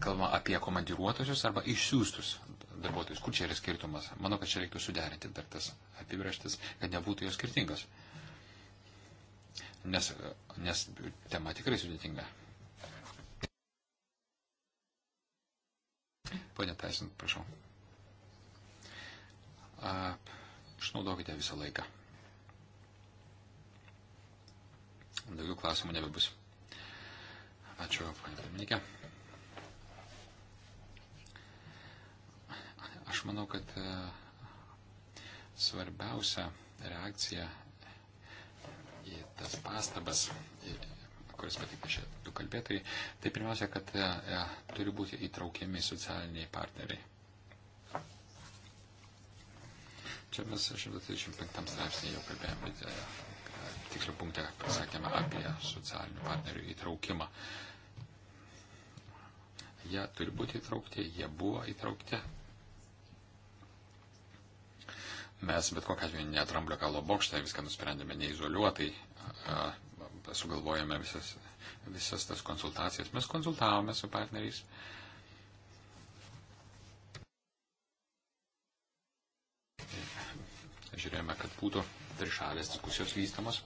kalbama apie komandiruotusius arba išsiųstus darbuotojus. Kur čia yra skirtumas? Manau, kad čia reiktų suderinti dar tas apibrieštis, kad nebūtų jos skirtingos. Nes, nes tema tikrai sudėtinga. Pane Taisin, prašau. A, išnaudokite visą laiką. Daugiau klausimų nebebus. Ačiū, pane pirmininkė. Aš manau, kad e, svarbiausia reakcija į tas pastabas, kuris patikė šie du kalbėtojai, tai pirmiausia, kad e, e, turi būti įtraukiami socialiniai partneriai. Čia mes 135 straipsnėje jau kalbėjome, tiksliau punktę pasakėme apie socialinių partnerių įtraukimą. Jie turi būti įtraukti, jie buvo įtraukti, Mes bet kokiu atveju ne Dramblio kalo bokšte viską nusprendėme neizoliuotai, sugalvojame visas, visas tas konsultacijas. Mes konsultavome su partneriais. Žiūrėjome, kad būtų trišalės diskusijos vystamos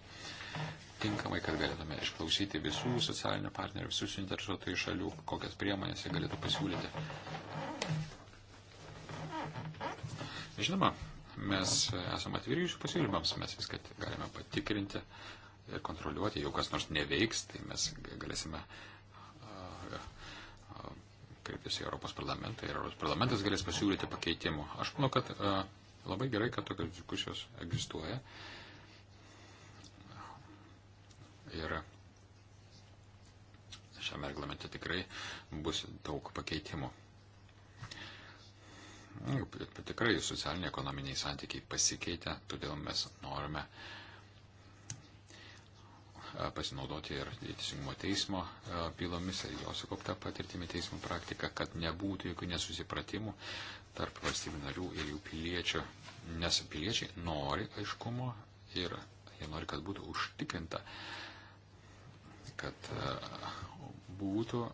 tinkamai, kad galėtume išklausyti visų socialinių partnerių, visų suinteresuotųjų šalių, kokias priemonės jie galėtų pasiūlyti. Žinoma, Mes esame atviri iš pasiūlymams, mes viską galime patikrinti ir kontroliuoti. Jeigu kas nors neveiks, tai mes galėsime kreiptis į Europos parlamentą ir Europos parlamentas galės pasiūlyti pakeitimų. Aš manau, kad labai gerai, kad tokios diskusijos egzistuoja. Ir šiame reglamente tikrai bus daug pakeitimų. Tikrai socialiniai ekonominiai santykiai pasikeitė, todėl mes norime e, pasinaudoti ir teisingumo teismo e, bylomis ir jos sukaupta patirtimi teismo praktika, kad nebūtų jokių nesusipratimų tarp valstybių narių ir jų piliečių, nes piliečiai nori aiškumo ir jie nori, kad būtų užtikrinta, kad e, būtų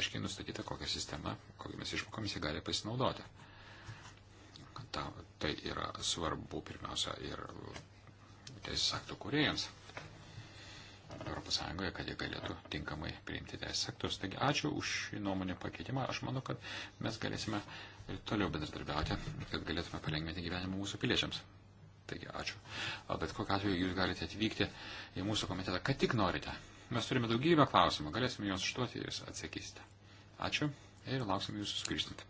aiškiai nustatyta, kokią sistemą, kokiamis išmokomis jie gali pasinaudoti ta, tai yra svarbu pirmiausia ir teisės aktų kuriejams ES, kad jie galėtų tinkamai priimti teisės aktus. Taigi ačiū už šį nuomonę pakeitimą. Aš manau, kad mes galėsime ir toliau bendradarbiauti, kad galėtume palengvinti gyvenimą mūsų piliečiams. Taigi ačiū. Bet kokiu atveju jūs galite atvykti į mūsų komitetą, kad tik norite. Mes turime daugybę klausimų, galėsime juos užduoti ir jūs atsakysite. Ačiū ir lauksim jūsų sugrįžtant.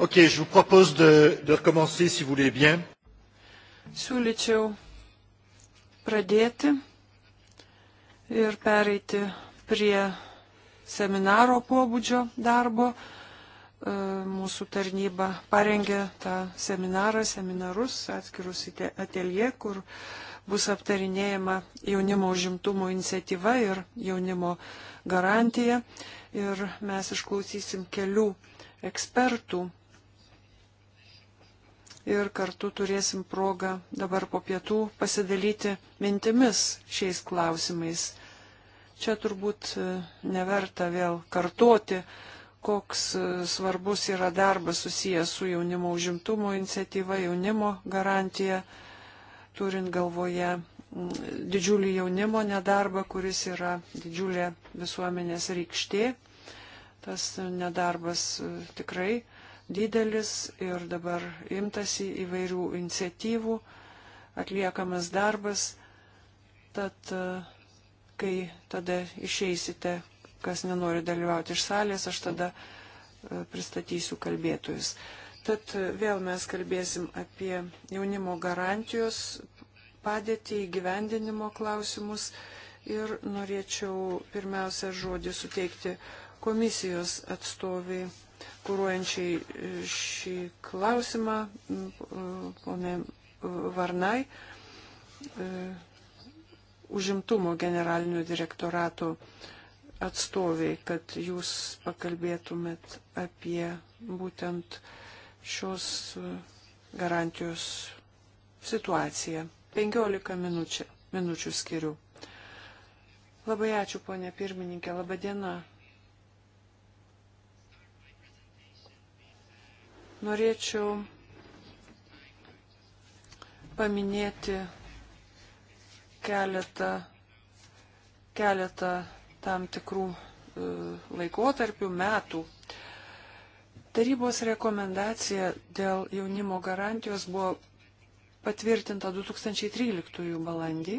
Ok, je vous propose de, de recommencer, si vous voulez bien. Siūlyčiau pradėti ir pereiti prie seminaro pobūdžio darbo. E, mūsų tarnyba parengė tą seminarą, seminarus, atskirus atelje, kur bus aptarinėjama jaunimo užimtumo iniciatyva ir jaunimo garantija. Ir mes išklausysim kelių ekspertų ir kartu turėsim progą dabar po pietų pasidalyti mintimis šiais klausimais. Čia turbūt e, neverta vėl kartoti, koks e, svarbus yra darbas susijęs su jaunimo užimtumo iniciatyva, jaunimo garantija, turint galvoje didžiulį jaunimo nedarbą, kuris yra didžiulė visuomenės rykštė. Tas nedarbas e, tikrai didelis ir dabar imtasi įvairių iniciatyvų, atliekamas darbas. Tad, e, kai tada išeisite, kas nenori dalyvauti iš salės, aš tada e, pristatysiu kalbėtojus. Tad e, vėl mes kalbėsim apie jaunimo garantijos padėtį įgyvendinimo klausimus ir norėčiau pirmiausia žodį suteikti komisijos atstoviai kūruojančiai e, šį klausimą, e, ponė e, Varnai, užimtumo generalinio direktorato atstoviai, kad jūs pakalbėtumėt apie būtent šios garantijos situaciją. 15 minučių, minučių skiriu. Labai ačiū, ponė pirmininkė, laba diena. Norėčiau paminėti keletą, keletą tam tikrų e, laikotarpių, metų. Tarybos rekomendacija dėl jaunimo garantijos buvo patvirtinta 2013 balandį.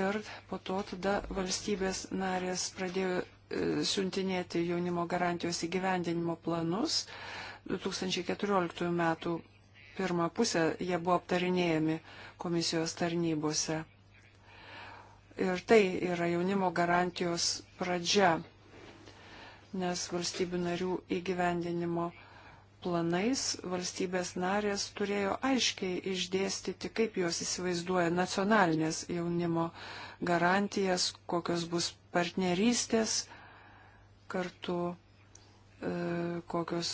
Ir po to tada valstybės narės pradėjo siuntinėti jaunimo garantijos įgyvendinimo planus. 2014 metų pirmą pusę jie buvo aptarinėjami komisijos tarnybose. Ir tai yra jaunimo garantijos pradžia, nes valstybių narių įgyvendinimo planais valstybės narės turėjo aiškiai išdėstyti, kaip jos įsivaizduoja nacionalinės jaunimo garantijas, kokios bus partnerystės kartu, e, kokios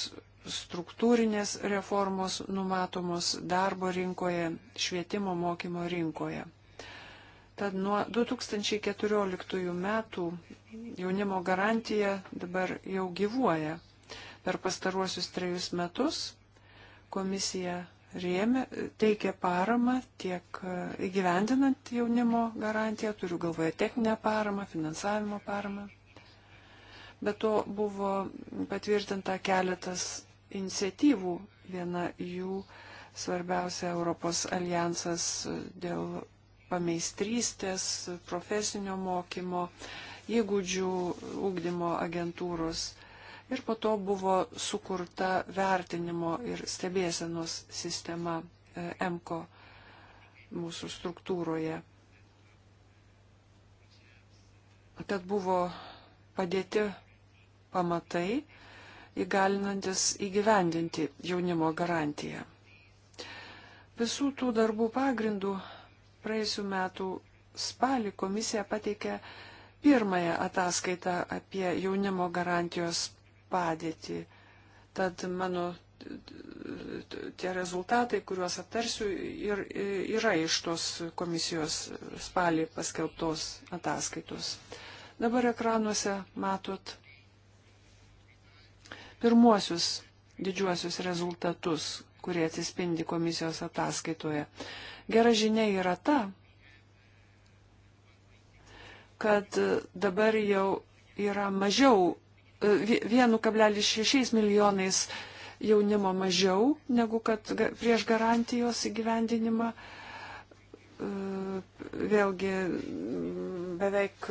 struktūrinės reformos numatomos darbo rinkoje, švietimo mokymo rinkoje. Tad nuo 2014 metų jaunimo garantija dabar jau gyvuoja. Per pastaruosius trejus metus komisija rėmė, teikė paramą tiek e, įgyvendinant jaunimo garantiją, turiu galvoje techninę paramą, finansavimo paramą. Bet to buvo patvirtinta keletas iniciatyvų. Viena jų svarbiausia Europos alijansas dėl pameistrystės, profesinio mokymo, įgūdžių ūkdymo agentūros. Ir po to buvo sukurta vertinimo ir stebėsenos sistema EMCO mūsų struktūroje. Tad buvo padėti pamatai įgalinantis įgyvendinti jaunimo garantiją. Visų tų darbų pagrindų praėjusiu metu spalį komisija pateikė pirmąją ataskaitą apie jaunimo garantijos padėtį. Tad mano tie rezultatai, kuriuos aptarsiu, ir, yra iš tos komisijos spalį paskelbtos ataskaitos. Dabar ekranuose matot pirmuosius didžiuosius rezultatus, kurie atsispindi komisijos ataskaitoje. Gera žinia yra ta, kad dabar jau yra mažiau, 1,6 e, milijonais jaunimo mažiau negu kad prieš garantijos įgyvendinimą E, vėlgi beveik,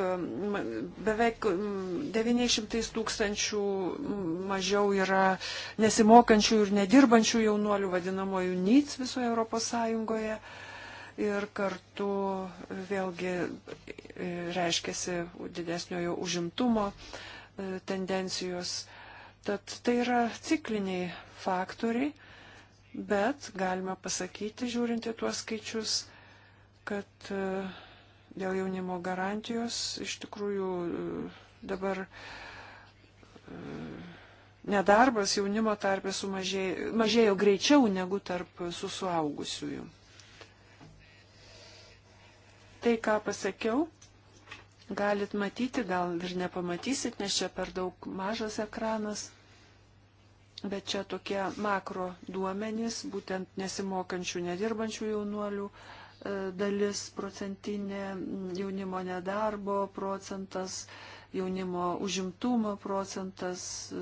beveik 900 tūkstančių mažiau yra nesimokančių ir nedirbančių jaunuolių vadinamojų NIC visoje Europos Sąjungoje. Ir kartu vėlgi e, reiškiasi didesnio jo užimtumo e, tendencijos. Tad tai yra cikliniai faktoriai, bet galima pasakyti, žiūrinti tuos skaičius, kad e, dėl jaunimo garantijos iš tikrųjų e, dabar e, nedarbas jaunimo tarpė sumažėjo, mažėjo greičiau negu tarp susuaugusiųjų. Tai, ką pasakiau, galit matyti, gal ir nepamatysit, nes čia per daug mažas ekranas. Bet čia tokie makro duomenys, būtent nesimokančių, nedirbančių jaunuolių, uh, dalis procentinė, jaunimo nedarbo procentas, jaunimo užimtumo procentas e,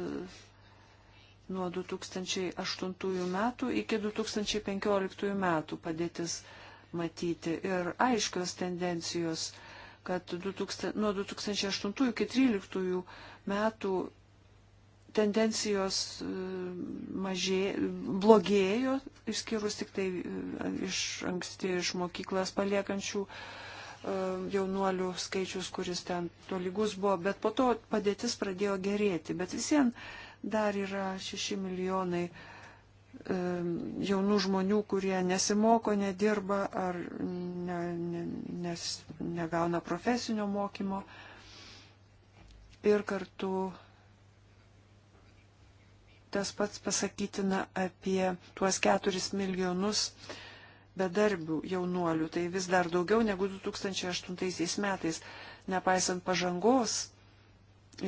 nuo 2008 metų iki 2015 metų padėtis matyti. Ir aiškios tendencijos, kad 2000, nuo 2008 iki 2013 metų tendencijos e, mažė, blogėjo, išskyrus tik tai e, iš anksti iš mokyklas paliekančių e, jaunuolių skaičius, kuris ten tolygus buvo, bet po to padėtis pradėjo gerėti. Bet visiems dar yra 6 milijonai jaunų žmonių, kurie nesimoko, nedirba ar ne, ne, nes negauna profesinio mokymo. Ir kartu Tas pats pasakytina apie tuos keturis milijonus bedarbių jaunuolių. Tai vis dar daugiau negu 2008 metais. Nepaisant pažangos,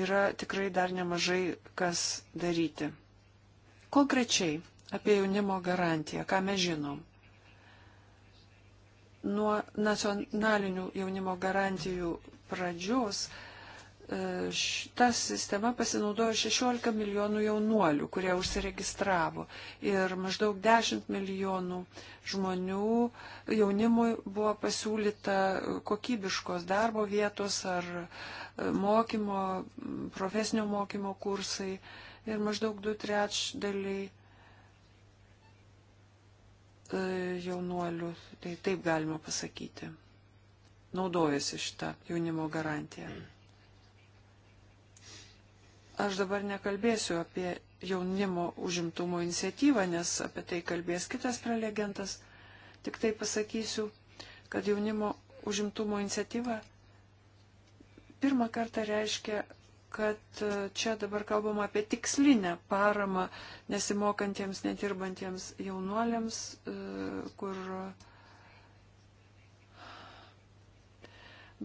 yra tikrai dar nemažai kas daryti. Konkrečiai apie jaunimo garantiją, ką mes žinom. Nuo nacionalinių jaunimo garantijų pradžios E, ta sistema pasinaudojo 16 milijonų jaunuolių, kurie užsiregistravo. Ir maždaug 10 milijonų žmonių jaunimui buvo pasiūlyta kokybiškos darbo vietos ar e, mokymo, profesinio mokymo kursai. Ir maždaug 2 trečdaliai e, jaunuolių, tai taip galima pasakyti, naudojasi šitą jaunimo garantiją. Mm. Aš dabar nekalbėsiu apie jaunimo užimtumo iniciatyvą, nes apie tai kalbės kitas prelegentas. Tik tai pasakysiu, kad jaunimo užimtumo iniciatyva pirmą kartą reiškia, kad e, čia dabar kalbama apie tikslinę paramą nesimokantiems, netirbantiems jaunuoliams, e, kur e,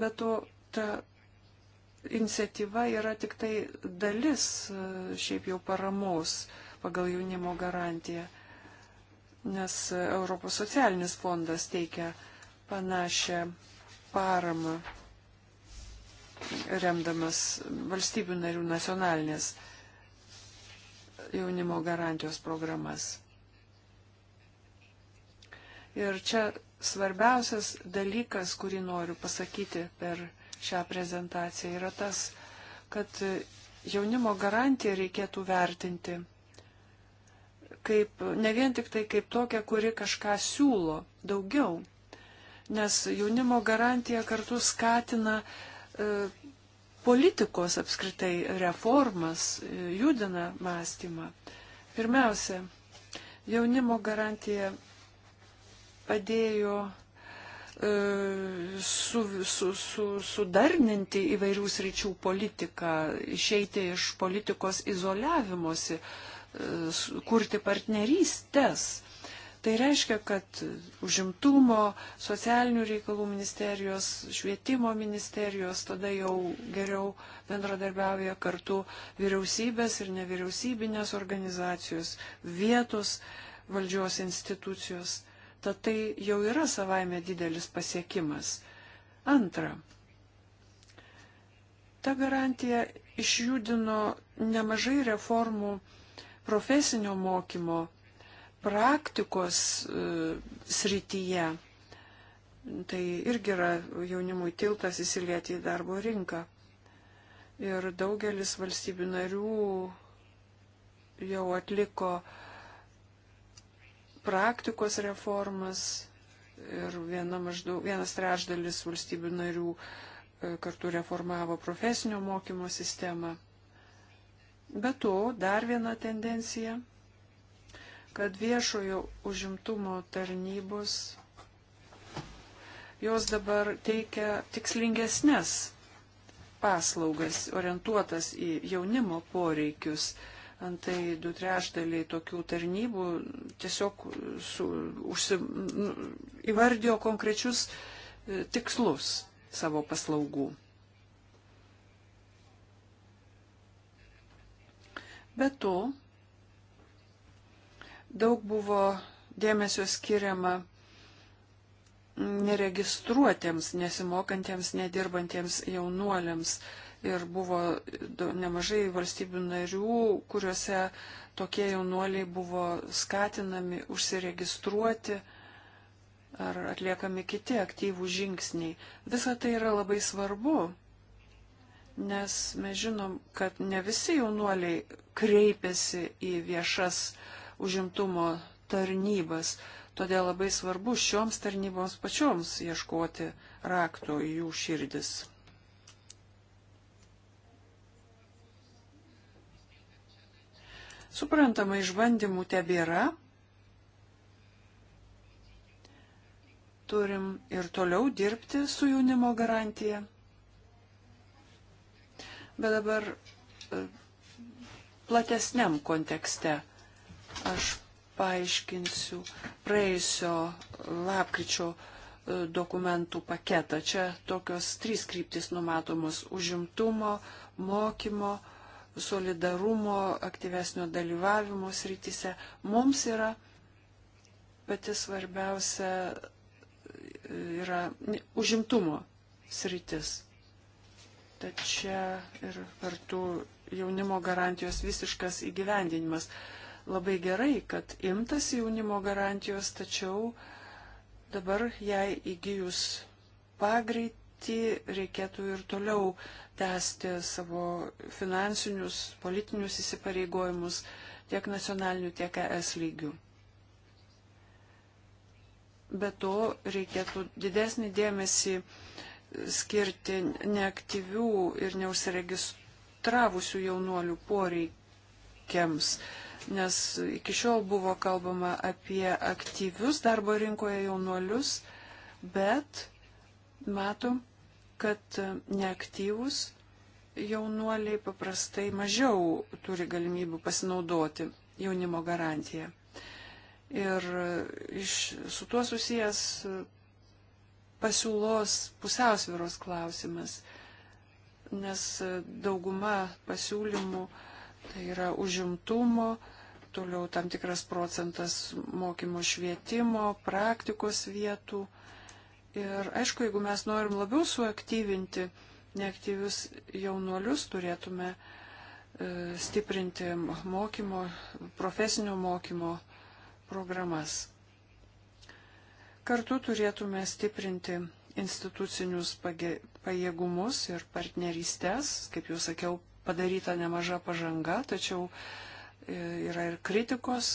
bet to ta iniciatyva yra tik tai dalis e, šiaip jau paramos pagal jaunimo garantiją, nes Europos socialinis fondas teikia panašią paramą, remdamas valstybių narių nacionalinės jaunimo garantijos programas. Ir čia svarbiausias dalykas, kurį noriu pasakyti per šią prezentaciją, yra tas, kad jaunimo garantiją reikėtų vertinti kaip, ne vien tik tai kaip tokią, kuri kažką siūlo daugiau, nes jaunimo garantija kartu skatina e, politikos apskritai reformas, e, judina mąstymą. Pirmiausia, jaunimo garantija padėjo E, su, su, su, sudarninti įvairių sričių politiką, išeiti iš politikos izoliavimosi, e, kurti partnerystės. Tai reiškia, kad užimtumo, socialinių reikalų ministerijos, švietimo ministerijos tada jau geriau bendradarbiauja kartu vyriausybės ir nevyriausybinės organizacijos, vietos valdžios institucijos tad tai jau yra savaime didelis pasiekimas. Antra, ta garantija išjudino nemažai reformų profesinio mokymo praktikos e, srityje. Tai irgi yra jaunimui tiltas įsilieti į darbo rinką. Ir daugelis valstybių narių jau atliko e, praktikos reformas ir viena maždaug, vienas trečdalis valstybių narių e, kartu reformavo profesinio mokymo sistemą. Be to, dar viena tendencija, kad viešojo užimtumo tarnybos, jos dabar teikia tikslingesnės paslaugas, orientuotas į jaunimo poreikius antai du trešdaliai tokių tarnybų tiesiog su, užsi, nu, įvardijo konkrečius e, tikslus savo paslaugų. Be to, daug buvo dėmesio skiriama neregistruotiems, nesimokantiems, nedirbantiems jaunuoliams, uh, ir buvo nemažai valstybių narių, kuriuose tokie jaunuoliai buvo skatinami užsiregistruoti ar atliekami kiti aktyvų žingsniai. Visa tai yra labai svarbu, nes mes žinom, kad ne visi jaunuoliai kreipiasi į viešas užimtumo tarnybas, todėl labai svarbu šioms tarnyboms pačioms ieškoti rakto į jų širdis. Suprantama, išbandymų tebėra. Turim ir toliau dirbti su jaunimo garantija. Bet dabar e, platesniam kontekste aš paaiškinsiu praėjusio lapkričio e, dokumentų paketą. Čia tokios trys kryptis numatomos - užimtumo, mokymo solidarumo, aktyvesnio dalyvavimo srityse. Mums yra pati svarbiausia e, yra užimtumo sritis. Tačiau ir kartu jaunimo garantijos visiškas įgyvendinimas. Labai gerai, kad imtas jaunimo garantijos, tačiau dabar jai įgyjus pagreitį srity reikėtų ir toliau tęsti savo finansinius, politinius įsipareigojimus tiek nacionalinių, tiek ES lygių. Be to reikėtų didesnį dėmesį skirti neaktyvių ir neužsiregistravusių jaunuolių poreikiams, nes iki šiol buvo kalbama apie aktyvius darbo rinkoje jaunuolius, bet matom, kad neaktyvūs jaunuoliai paprastai mažiau turi galimybių pasinaudoti jaunimo garantiją. Ir iš, su tuo susijęs pasiūlos pusiausviros klausimas, nes dauguma pasiūlymų tai yra užimtumo, toliau tam tikras procentas mokymo švietimo, praktikos vietų Ir aišku, jeigu mes norim labiau suaktyvinti neaktyvius jaunuolius, turėtume e, stiprinti mokymo, profesinio mokymo programas. Kartu turėtume stiprinti institucinius pajėgumus ir partnerystės, kaip jau sakiau, padaryta nemaža pažanga, tačiau e, yra ir kritikos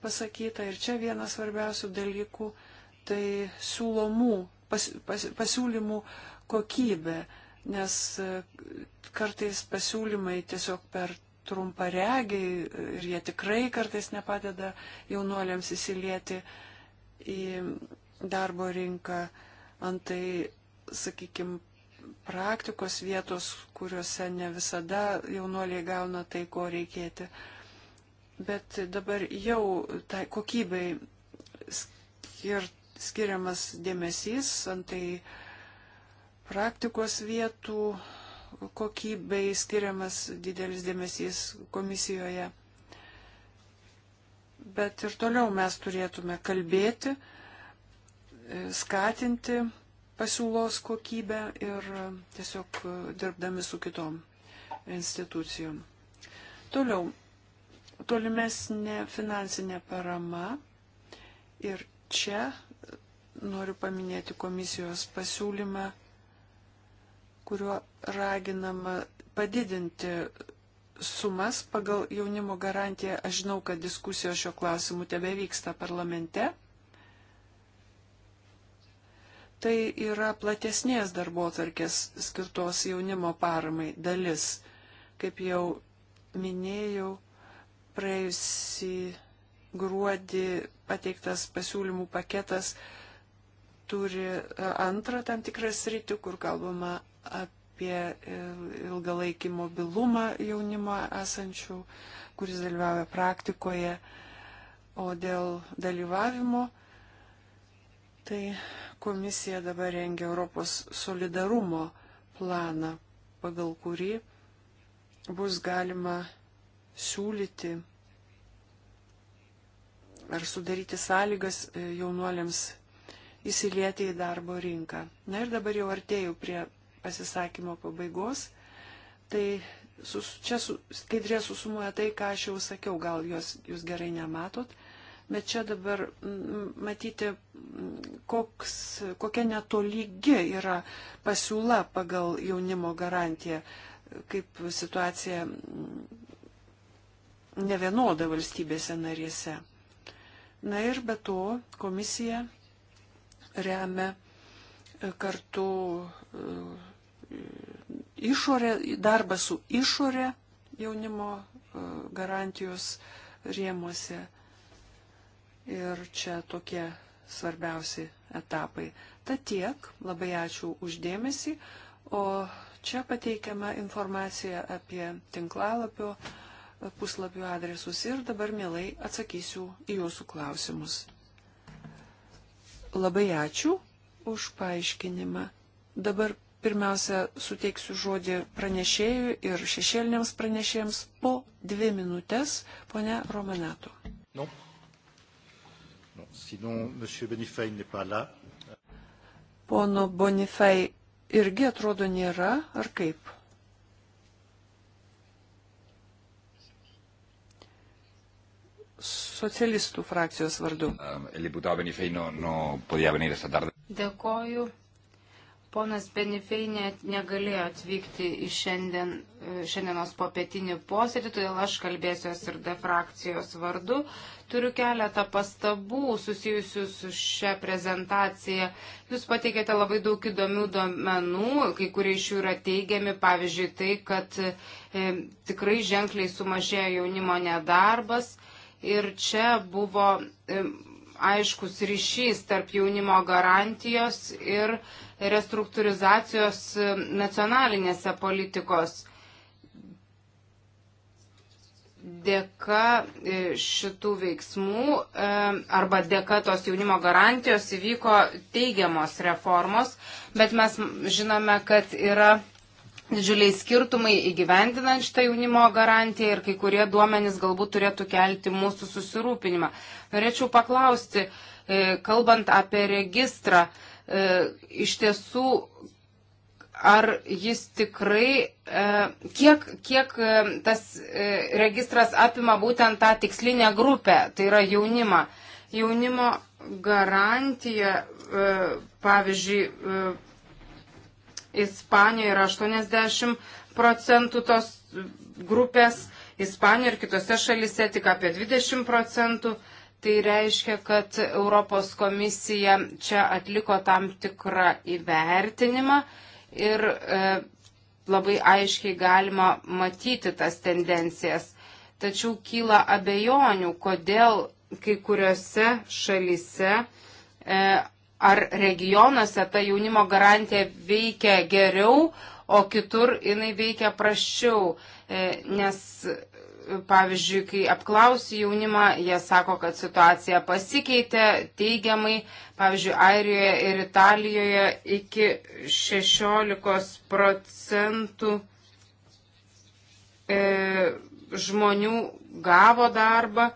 pasakyta. Ir čia vienas svarbiausių dalykų - tai siūlomų pas, pas, pasiūlymų kokybė, nes e, kartais pasiūlymai tiesiog per trumparegiai ir jie tikrai kartais nepadeda jaunuoliams įsilieti į darbo rinką. Antai, sakykime, praktikos vietos, kuriuose ne visada jaunuoliai gauna tai, ko reikėti. Bet dabar jau tai kokybei skirt skiriamas dėmesys antai praktikos vietų kokybei skiriamas didelis dėmesys komisijoje. Bet ir toliau mes turėtume kalbėti, e, skatinti pasiūlos kokybę ir tiesiog dirbdami su kitom institucijom. Toliau, tolimesnė finansinė parama ir čia noriu paminėti komisijos pasiūlymą, kuriuo raginama padidinti sumas pagal jaunimo garantiją. Aš žinau, kad diskusijos šio klausimu tebe vyksta parlamente. Tai yra platesnės darbo tarkės skirtos jaunimo paramai dalis. Kaip jau minėjau, praėjusį gruodį pateiktas pasiūlymų paketas turi e, antrą tam tikrą sritį, kur kalbama apie e, ilgalaikį mobilumą jaunimo esančių, kuris dalyvauja praktikoje. O dėl dalyvavimo, tai komisija dabar rengia Europos solidarumo planą, pagal kurį bus galima siūlyti ar sudaryti sąlygas e, jaunuoliams įsilieti į darbo rinką. Na ir dabar jau artėjau prie pasisakymo pabaigos. Tai sus, čia su, skaidrė susumuoja tai, ką aš jau sakiau, gal jos, jūs gerai nematot, bet čia dabar matyti, koks, kokia netolygi yra pasiūla pagal jaunimo garantiją, kaip situacija nevienoda valstybėse narėse. Na ir be to komisija remia e, kartu e, išorė, darbą su išorė jaunimo e, garantijos rėmuose. Ir čia tokie svarbiausi etapai. Ta tiek, labai ačiū uždėmesį, o čia pateikiama informacija apie tinklalapio puslapių adresus ir dabar mielai atsakysiu į jūsų klausimus. Labai ačiū už paaiškinimą. Dabar pirmiausia suteiksiu žodį pranešėjui ir šešėliniams pranešėjams po dvi minutės, ponia Romanato. No. No. Sinon, Pono Bonifai irgi atrodo nėra, ar kaip? socialistų frakcijos vardu. Dėkoju. Ponas Benifei net negalėjo atvykti į šiandien, e, šiandienos popietinį posėdį, todėl aš kalbėsiuos ir de frakcijos vardu. Turiu keletą pastabų susijusių su šia prezentacija. Jūs pateikėte labai daug įdomių duomenų, kai kurie iš jų yra teigiami, pavyzdžiui, tai, kad e, tikrai ženkliai sumažėjo jaunimo nedarbas. E, ir čia buvo aiškus ryšys tarp jaunimo garantijos ir restruktūrizacijos nacionalinėse politikos. Dėka e, šitų veiksmų arba dėka tos jaunimo garantijos įvyko teigiamos reformos, bet mes žinome, kad yra didžiuliai skirtumai įgyvendinant šitą jaunimo garantiją ir kai kurie duomenys galbūt turėtų kelti mūsų susirūpinimą. Norėčiau paklausti, e, kalbant apie registrą, e, iš tiesų, ar jis tikrai, e, kiek, kiek tas registras apima būtent tą tikslinę grupę, tai yra jaunimą. Jaunimo garantija, pavyzdžiui, Ispanijoje yra 80 procentų tos grupės, Ispanijoje ir kitose šalise tik apie 20 procentų. Tai reiškia, kad Europos komisija čia atliko tam tikrą įvertinimą ir e, labai aiškiai galima matyti tas tendencijas. Tačiau kyla abejonių, kodėl kai kuriuose šalise e, ar regionuose ta jaunimo garantija veikia geriau, o kitur jinai veikia prašiau, e, nes e, pavyzdžiui, kai apklausiu jaunimą, jie sako, kad situacija pasikeitė teigiamai, pavyzdžiui, Airijoje ir Italijoje iki 16 procentų e, žmonių gavo darbą,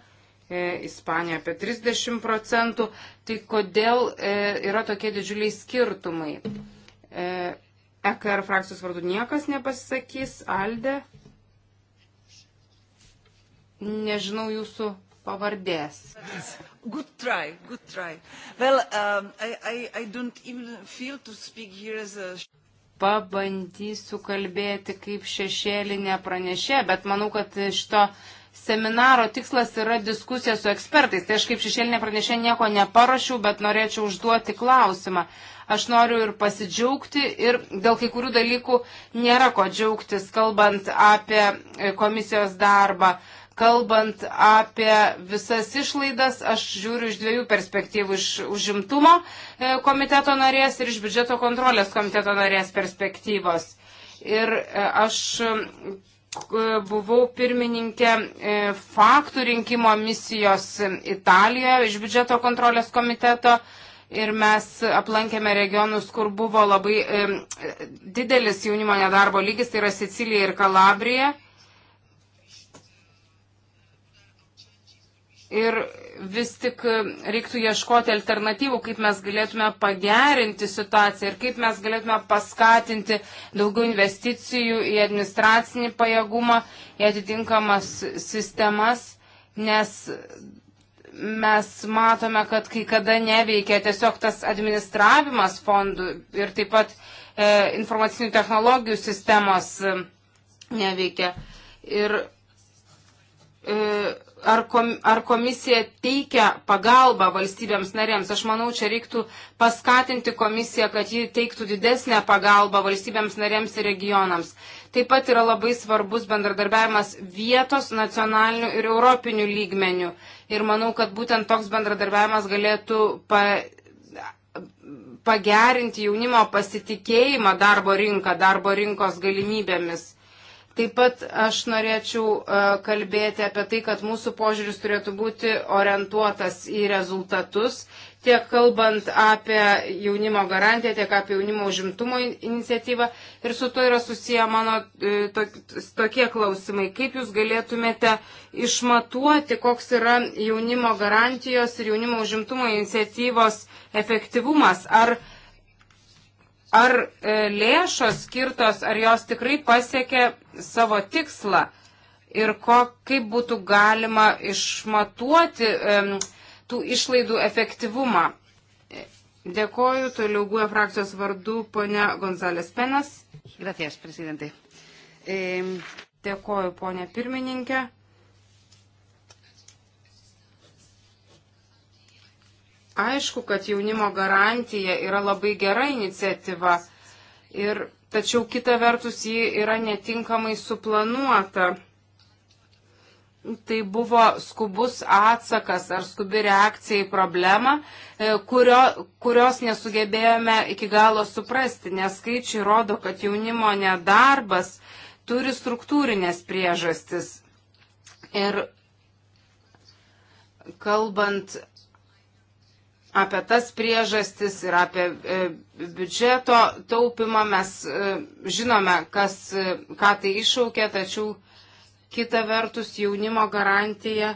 e, Ispanija apie 30 procentų tai kodėl e, yra tokie didžiuliai skirtumai? E, EKR frakcijos vardu niekas nepasisakys, Alde. Nežinau jūsų pavardės. Good try, good try. Well, um, I, I, I don't even feel to speak here as a pabandysiu kalbėti kaip šešėlinė pranešė, bet manau, kad šito seminaro tikslas yra diskusija su ekspertais. Tai aš kaip šešėlinė pranešė nieko neparuošiau, bet norėčiau užduoti klausimą. Aš noriu ir pasidžiaugti ir dėl kai kurių dalykų nėra ko džiaugtis, kalbant apie komisijos darbą. Kalbant apie visas išlaidas, aš žiūriu iš dviejų perspektyvų, iš užimtumo e, komiteto narės ir iš biudžeto kontrolės komiteto narės perspektyvos. Ir e, aš buvau pirmininkė e, faktų rinkimo misijos Italijoje iš biudžeto kontrolės komiteto. Ir mes aplankėme regionus, kur buvo labai e, didelis jaunimo nedarbo lygis, tai yra Sicilija ir Kalabrija. Ir vis tik e, reiktų ieškoti alternatyvų, kaip mes galėtume pagerinti situaciją ir kaip mes galėtume paskatinti daugiau investicijų į administracinį pajėgumą, į atitinkamas sistemas, nes mes matome, kad kai kada neveikia tiesiog tas administravimas fondų ir taip pat e, informacinių technologijų sistemos e, neveikia. Ir e, ar, kom, ar komisija teikia pagalbą valstybėms narėms. Aš manau, čia reiktų paskatinti komisiją, kad ji teiktų didesnę pagalbą valstybėms narėms ir regionams. Taip pat yra labai svarbus bendradarbiavimas vietos, nacionalinių ir europinių lygmenių. Ir manau, kad būtent toks bendradarbiavimas galėtų pa, pagerinti jaunimo pasitikėjimą darbo rinką, darbo rinkos galimybėmis. Taip pat aš norėčiau e, kalbėti apie tai, kad mūsų požiūris turėtų būti orientuotas į rezultatus, tiek kalbant apie jaunimo garantiją, tiek apie jaunimo užimtumo iniciatyvą. Ir su to yra susiję mano e, tokie klausimai. Kaip jūs galėtumėte išmatuoti, koks yra jaunimo garantijos ir jaunimo užimtumo iniciatyvos efektyvumas? Ar ar e, lėšos skirtos, ar jos tikrai pasiekė savo tikslą ir ko, kaip būtų galima išmatuoti tų išlaidų efektyvumą. Dėkoju, toliau guoja frakcijos vardu ponia Gonzalės Penas. Gracias, prezidentė. E... Dėkoju, ponia pirmininkė. Aišku, kad jaunimo garantija yra labai gera iniciatyva, ir, tačiau kita vertus ji yra netinkamai suplanuota. Tai buvo skubus atsakas ar skubi reakcija į problemą, e, kurio, kurios nesugebėjome iki galo suprasti, nes skaičiai rodo, kad jaunimo nedarbas turi struktūrinės priežastis. Ir kalbant apie tas priežastis ir apie e, biudžeto taupimą. Mes e, žinome, kas, e, ką tai išaukė, tačiau kita vertus jaunimo garantija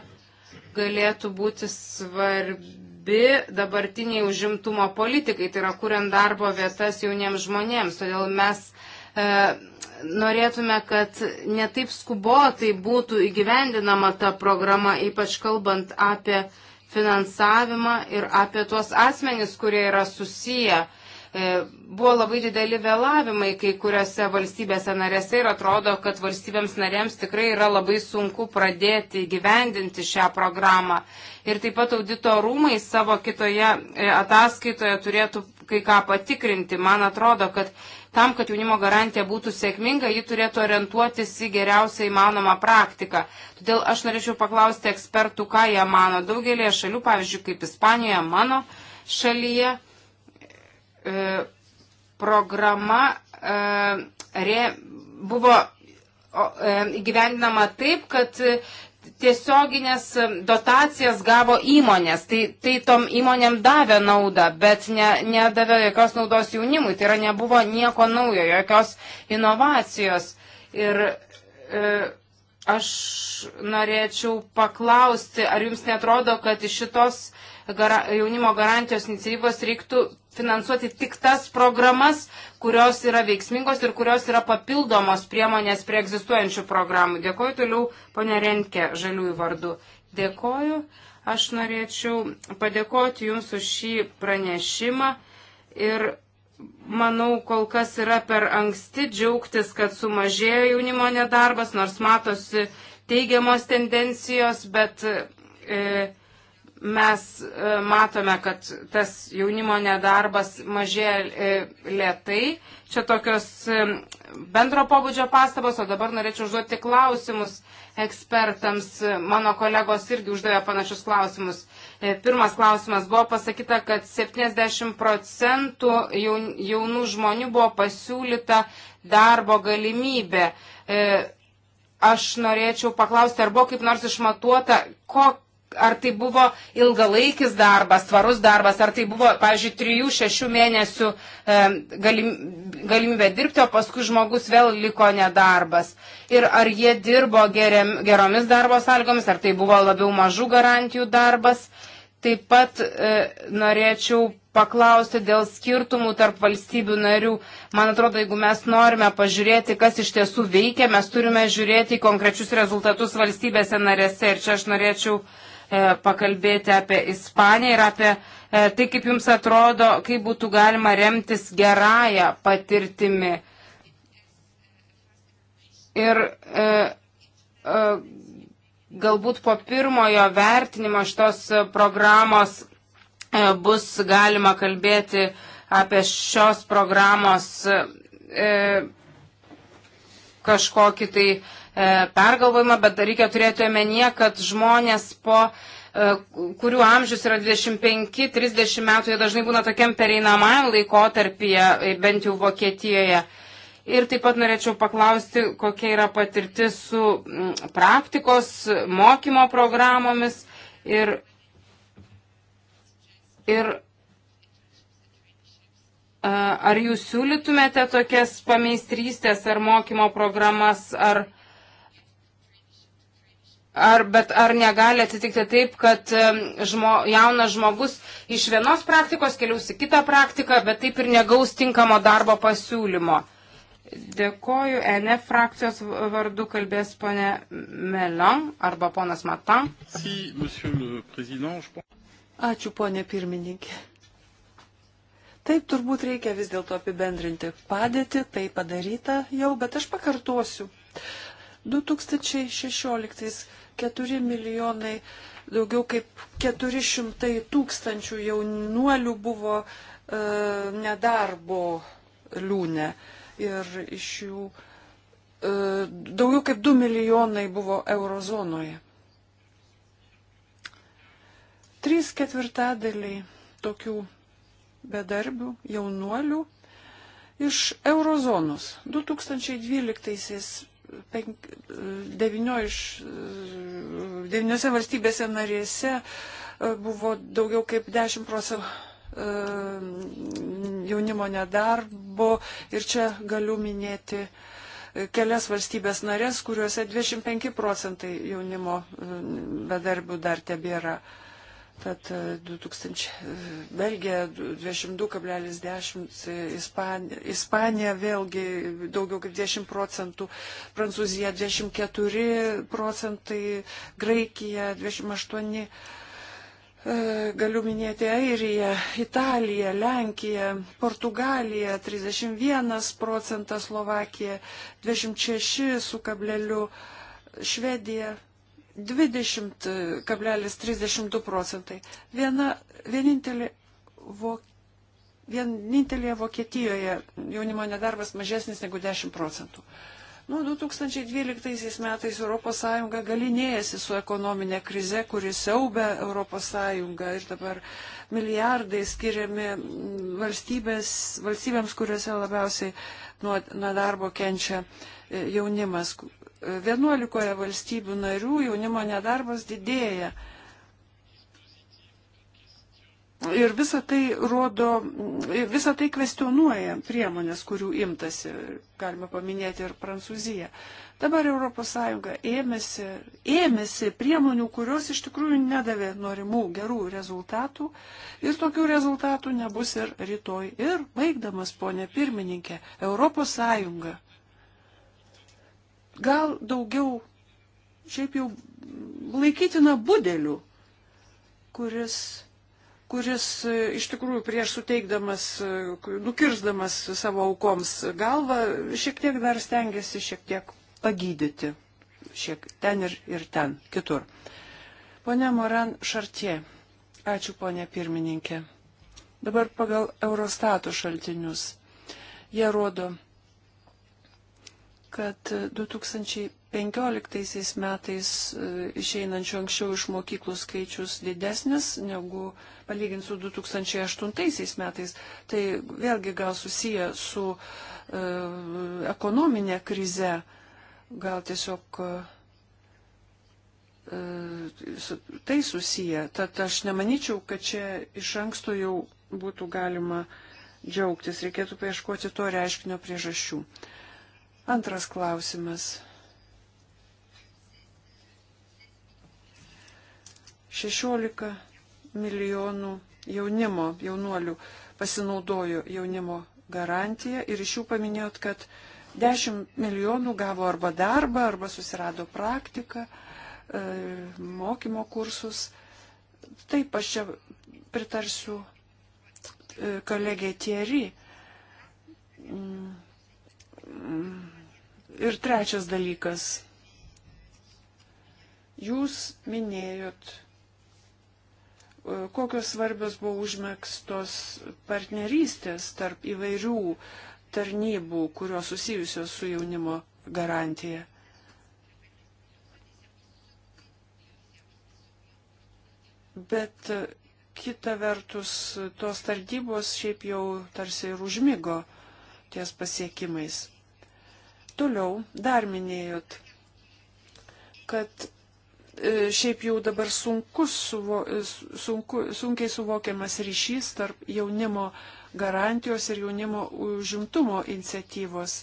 galėtų būti svarbi dabartiniai užimtumo politikai, tai yra kuriant darbo vietas jauniems žmonėms. Todėl mes e, norėtume, kad netaip skubotai būtų įgyvendinama ta programa, ypač kalbant apie e, finansavimą ir apie tuos asmenys, kurie yra susiję. E, buvo labai dideli vėlavimai kai kuriuose valstybėse narėse ir atrodo, kad valstybėms narėms tikrai yra labai sunku pradėti gyvendinti šią programą. Ir taip pat audito rūmai savo kitoje e, ataskaitoje turėtų kai ką patikrinti. Man atrodo, kad Tam, kad jaunimo garantija būtų sėkminga, ji turėtų orientuotis į geriausią įmanomą praktiką. Todėl aš norėčiau paklausti ekspertų, ką jie mano. Daugelėje šalių, pavyzdžiui, kaip Ispanijoje, mano šalyje, e, programa e, re, buvo e, įgyvendinama taip, kad tiesioginės dotacijas gavo įmonės, tai, tai tom įmonėm davė naudą, bet ne, nedavė jokios naudos jaunimui, tai yra nebuvo nieko naujo, jokios inovacijos. Ir e, aš norėčiau paklausti, ar jums netrodo, kad iš šitos gara, jaunimo garantijos iniciatyvos reiktų finansuoti tik tas programas, kurios yra veiksmingos ir kurios yra papildomos priemonės prie egzistuojančių programų. Dėkoju toliau, ponė Renke, žaliųjų vardu. Dėkoju. Aš norėčiau padėkoti Jums už šį pranešimą ir manau, kol kas yra per anksti džiaugtis, kad sumažėjo jaunimo nedarbas, nors matosi teigiamos tendencijos, bet. E, Mes e, matome, kad tas jaunimo nedarbas mažėja e, lietai. Čia tokios e, bendro pobūdžio pastabos, o dabar norėčiau užduoti klausimus ekspertams. Mano kolegos irgi uždavė panašius klausimus. Pirmas klausimas buvo pasakyta, kad 70 procentų jaunų žmonių buvo pasiūlyta darbo galimybė. Aš norėčiau paklausti, ar buvo kaip nors išmatuota, kok, ar tai buvo ilgalaikis darbas, tvarus darbas, ar tai buvo, pavyzdžiui, 3-6 mėnesių galimybė dirbti, o paskui žmogus vėl liko nedarbas. Ir ar jie dirbo geriam, geromis darbo sąlygomis, ar tai buvo labiau mažų garantijų darbas. Taip pat e, norėčiau paklausti dėl skirtumų tarp valstybių narių. Man atrodo, jeigu mes norime pažiūrėti, kas iš tiesų veikia, mes turime žiūrėti į konkrečius rezultatus valstybėse narėse. Ir čia aš norėčiau uh, E, pakalbėti apie Ispaniją ir apie e, tai, kaip jums atrodo, kaip būtų galima remtis gerąją patirtimi. Ir e, e, galbūt po pirmojo vertinimo šitos programos e, bus galima kalbėti apie šios programos e, kažkokį tai e, E, pergalvojimą, bet reikia turėti omenyje, kad žmonės po e, kurių amžius yra 25-30 metų, jie dažnai būna tokiam pereinamajam laikotarpyje, e, bent jau Vokietijoje. Ir taip pat norėčiau paklausti, kokia yra patirtis su praktikos mokymo programomis ir, ir ar jūs siūlytumėte tokias pameistrystės ar mokymo programas, ar, uh, Ar, bet ar negali atsitikti taip, kad žmo, jaunas žmogus iš vienos praktikos keliaus į kitą praktiką, bet taip ir negaus tinkamo darbo pasiūlymo? Dėkoju, NF frakcijos vardu kalbės ponė Melan arba ponas Matan. Ačiū, ponė pirmininkė. Taip turbūt reikia vis dėlto apibendrinti padėtį, tai padaryta jau, bet aš pakartosiu. 2016 4 milijonai, daugiau kaip 400 tūkstančių jaunuolių buvo e, nedarbo liūne. Ir iš jų e, daugiau kaip 2 milijonai buvo eurozonoje. Trys ketvirtadaliai tokių bedarbių jaunuolių iš eurozonos 2012 penk, devinio iš, deviniose valstybėse narėse e, buvo daugiau kaip 10 procentų e, jaunimo nedarbo ir čia galiu minėti e, kelias valstybės narės, kuriuose 25 procentai jaunimo bedarbių dar tebėra. yra. Tad 2000, e, e, Belgija 22,10, e, Ispanija, Ispanija vėlgi daugiau kaip 10 procentų, Prancūzija 24 procentai, Graikija 28, galiu minėti Airiją, Italiją, Lenkiją, Portugaliją 31 procentas, Slovakija 26 su kableliu, Švedija 20,32 procentai. Viena, vienintelė, vo, vienintelėje Vokietijoje jaunimo nedarbas mažesnis negu 10 procentų. Nuo 2012 metais ES galinėjasi su ekonominė krize, kuris siaubia ES ir dabar milijardai skiriami valstybėms, kuriuose labiausiai nuo, nuo darbo kenčia e, jaunimas, 11 valstybių narių jaunimo nedarbas didėja. Ir visa tai rodo, visa tai kvestionuoja priemonės, kurių imtasi, galima paminėti ir Prancūziją. Dabar ES ėmėsi, ėmėsi priemonių, kurios iš tikrųjų nedavė norimų gerų rezultatų ir tokių rezultatų nebus ir rytoj. Ir baigdamas, ponė pirmininkė, ES gal daugiau šiaip jau laikytina budeliu, kuris, kuris e, iš tikrųjų prieš suteikdamas, e, nukirsdamas savo aukoms galvą, šiek tiek dar stengiasi šiek tiek pagydyti, šiek ten ir, ir ten, kitur. Pone Moran Šartie, ačiū ponė pirmininkė. Dabar pagal Eurostato šaltinius. Jie rodo, kad 2015 metais e, išeinančių anksčiau iš mokyklų skaičius didesnis negu palyginti su 2008 metais. Tai vėlgi gal susiję su e, ekonominė krize, gal tiesiog e, su, tai susiję. Tad aš nemanyčiau, kad čia iš anksto jau būtų galima džiaugtis. Reikėtų paieškoti to reiškinio priežasčių. E, Antras klausimas. 16 milijonų jaunimo, jaunuolių pasinaudojo jaunimo garantiją ir iš jų paminėjot, kad 10 milijonų gavo arba darbą, arba susirado praktiką, e, mokymo kursus. Taip, aš čia pritarsiu e, kolegė Thierry. Mm. Mm. Ir trečias dalykas. Jūs minėjot, e, kokios svarbios buvo užmėgstos partnerystės tarp įvairių tarnybų, kurios susijusios su jaunimo garantija. Bet e, kita vertus, tos tarnybos šiaip jau tarsi ir užmygo ties pasiekimais. Toliau dar minėjot, kad e, šiaip jau dabar sunkus, suvo, e, sunku, sunkiai suvokiamas ryšys tarp jaunimo garantijos ir jaunimo užimtumo iniciatyvos.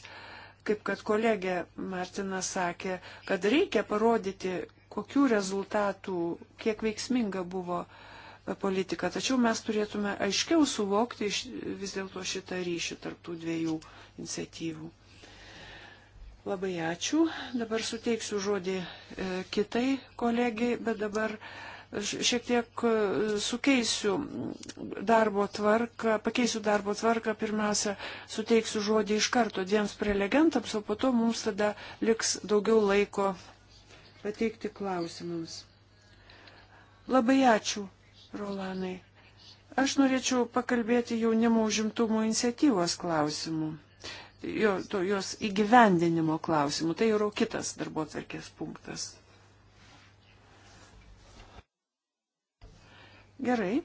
Kaip kad kolegė Martina sakė, kad reikia parodyti, kokių rezultatų, kiek veiksminga buvo e, politika. Tačiau mes turėtume aiškiau suvokti vis dėlto šitą ryšį tarptų dviejų iniciatyvų. Labai ačiū. Dabar suteiksiu žodį e, kitai kolegijai, bet dabar šiek tiek e, sukeisiu darbo tvarką, pakeisiu darbo tvarką, pirmiausia, suteiksiu žodį iš karto dviems prelegentams, o po to mums tada liks daugiau laiko pateikti klausimams. Labai ačiū, Rolanai. Aš norėčiau pakalbėti jaunimo užimtumo iniciatyvos klausimų jo, to, jos įgyvendinimo klausimų. Tai yra kitas darbo atvarkės punktas. Gerai.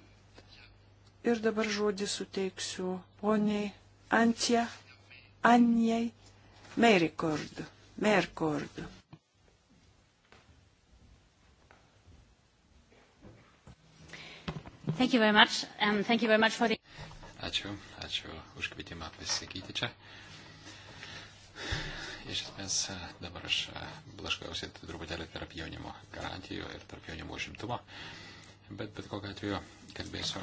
Ir dabar žodį suteiksiu poniai Antia Anjai Merikord. Merkord. Thank you very much. Um, thank you very much for the... Ačiū, ačiū už kvietimą pasisakyti čia. Uh, Iš esmės e, dabar aš e, blaškausi truputėlį tarp jaunimo garantijų ir tarp jaunimo užimtumo, bet bet kokiu atveju kalbėsiu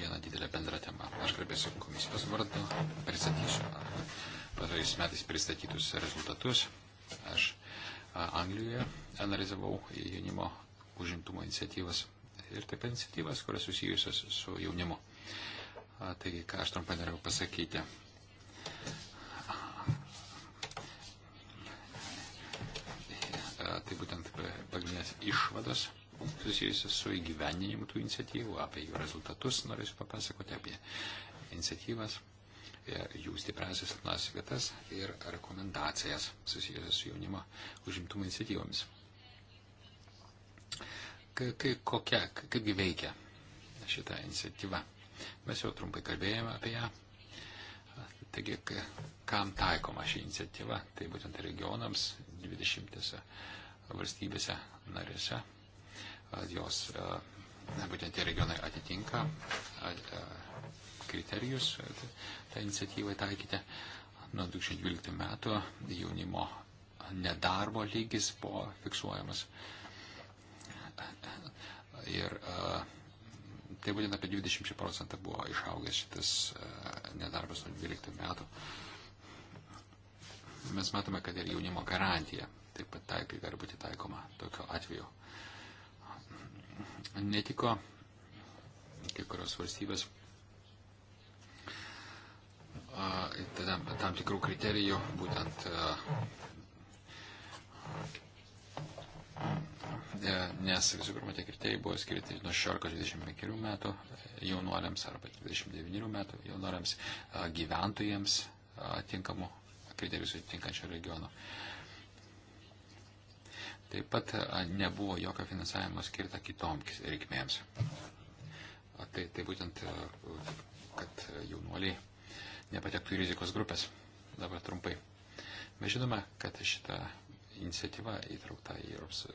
vieną didelę bendrą temą. Aš kalbėsiu komisijos vardu, pristatysiu praėjusiais metais pristatytus rezultatus. Aš Anglijoje analizavau jaunimo užimtumo iniciatyvas ir taip pat iniciatyvas, kurios susijusios su jaunimu. Taigi, ką aš trumpai norėjau pasakyti. išvadas susijusias su įgyvendinimu tų iniciatyvų, apie jų rezultatus norėsiu papasakoti, apie iniciatyvas, e, jų stipresias ir nas vietas ir rekomendacijas susijusias su jaunimo užimtumo iniciatyvomis. Kai, kai, kokia, kaipgi veikia šita iniciatyva? Mes jau trumpai kalbėjome apie ją. Taigi, kam taikoma ši iniciatyva? Tai būtent regionams 20 valstybėse narėse. Jos būtent tie regionai atitinka kriterijus tą iniciatyvą taikyti. Nuo 2012 metų jaunimo nedarbo lygis buvo fiksuojamas. Ir tai būtent apie 20 procentą buvo išaugęs šitas nedarbas nuo 12 metų mes matome, kad ir jaunimo garantija taip pat taikai gali būti taikoma tokiu atveju. Netiko kai kurios valstybės a, tada, tam tikrų kriterijų, būtent a, e, nes visų pirma tie kriterijai buvo skirti nuo 16-25 metų jaunuoliams arba 29 metų jaunuoliams gyventojams tinkamų kriterijus atitinkančio regiono. A, Taip pat nebuvo jokio finansavimo skirta kitoms reikmėms. Tai, tai būtent, kad jaunuoliai nepatektų į rizikos grupės. Dabar trumpai. Mes žinome, kad šita iniciatyva įtraukta į Europos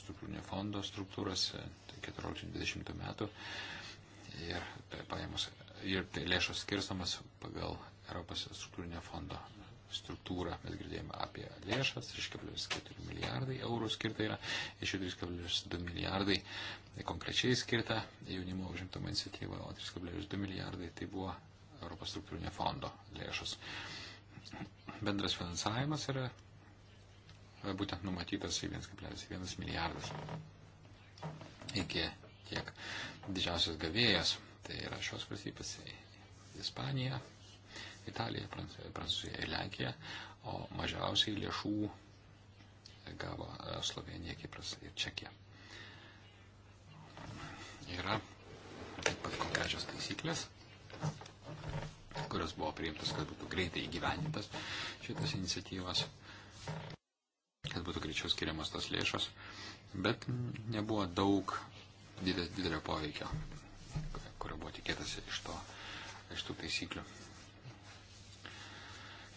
struktūrinio fondo struktūras 14-20 e, tai metų ir tai pajamos ir tai lėšos skirstamas pagal Europos struktūrinio fondo struktūrą. Mes girdėjome apie lėšas, 3,4 milijardai eurų skirta yra, iš jų 3,2 milijardai konkrečiai skirta jaunimo užimtumo iniciatyva, o 3,2 milijardai tai buvo Europos struktūrinio fondo lėšos. Bendras finansavimas yra būtent numatytas 1,1 milijardas. Iki tiek didžiausias gavėjas, tai yra šios valstybės Ispanija, Italija, Prancūzija ir Lenkija, o mažiausiai lėšų gavo e, Slovenija, Kipras ir Čekija. Yra taip pat konkrečios taisyklės, kurios buvo priimtas, kad būtų greitai įgyvendintas šitas iniciatyvas, kad būtų greičiau skiriamas tas lėšas, bet nebuvo daug didelio poveikio, kurio buvo tikėtasi iš, to, iš tų taisyklių.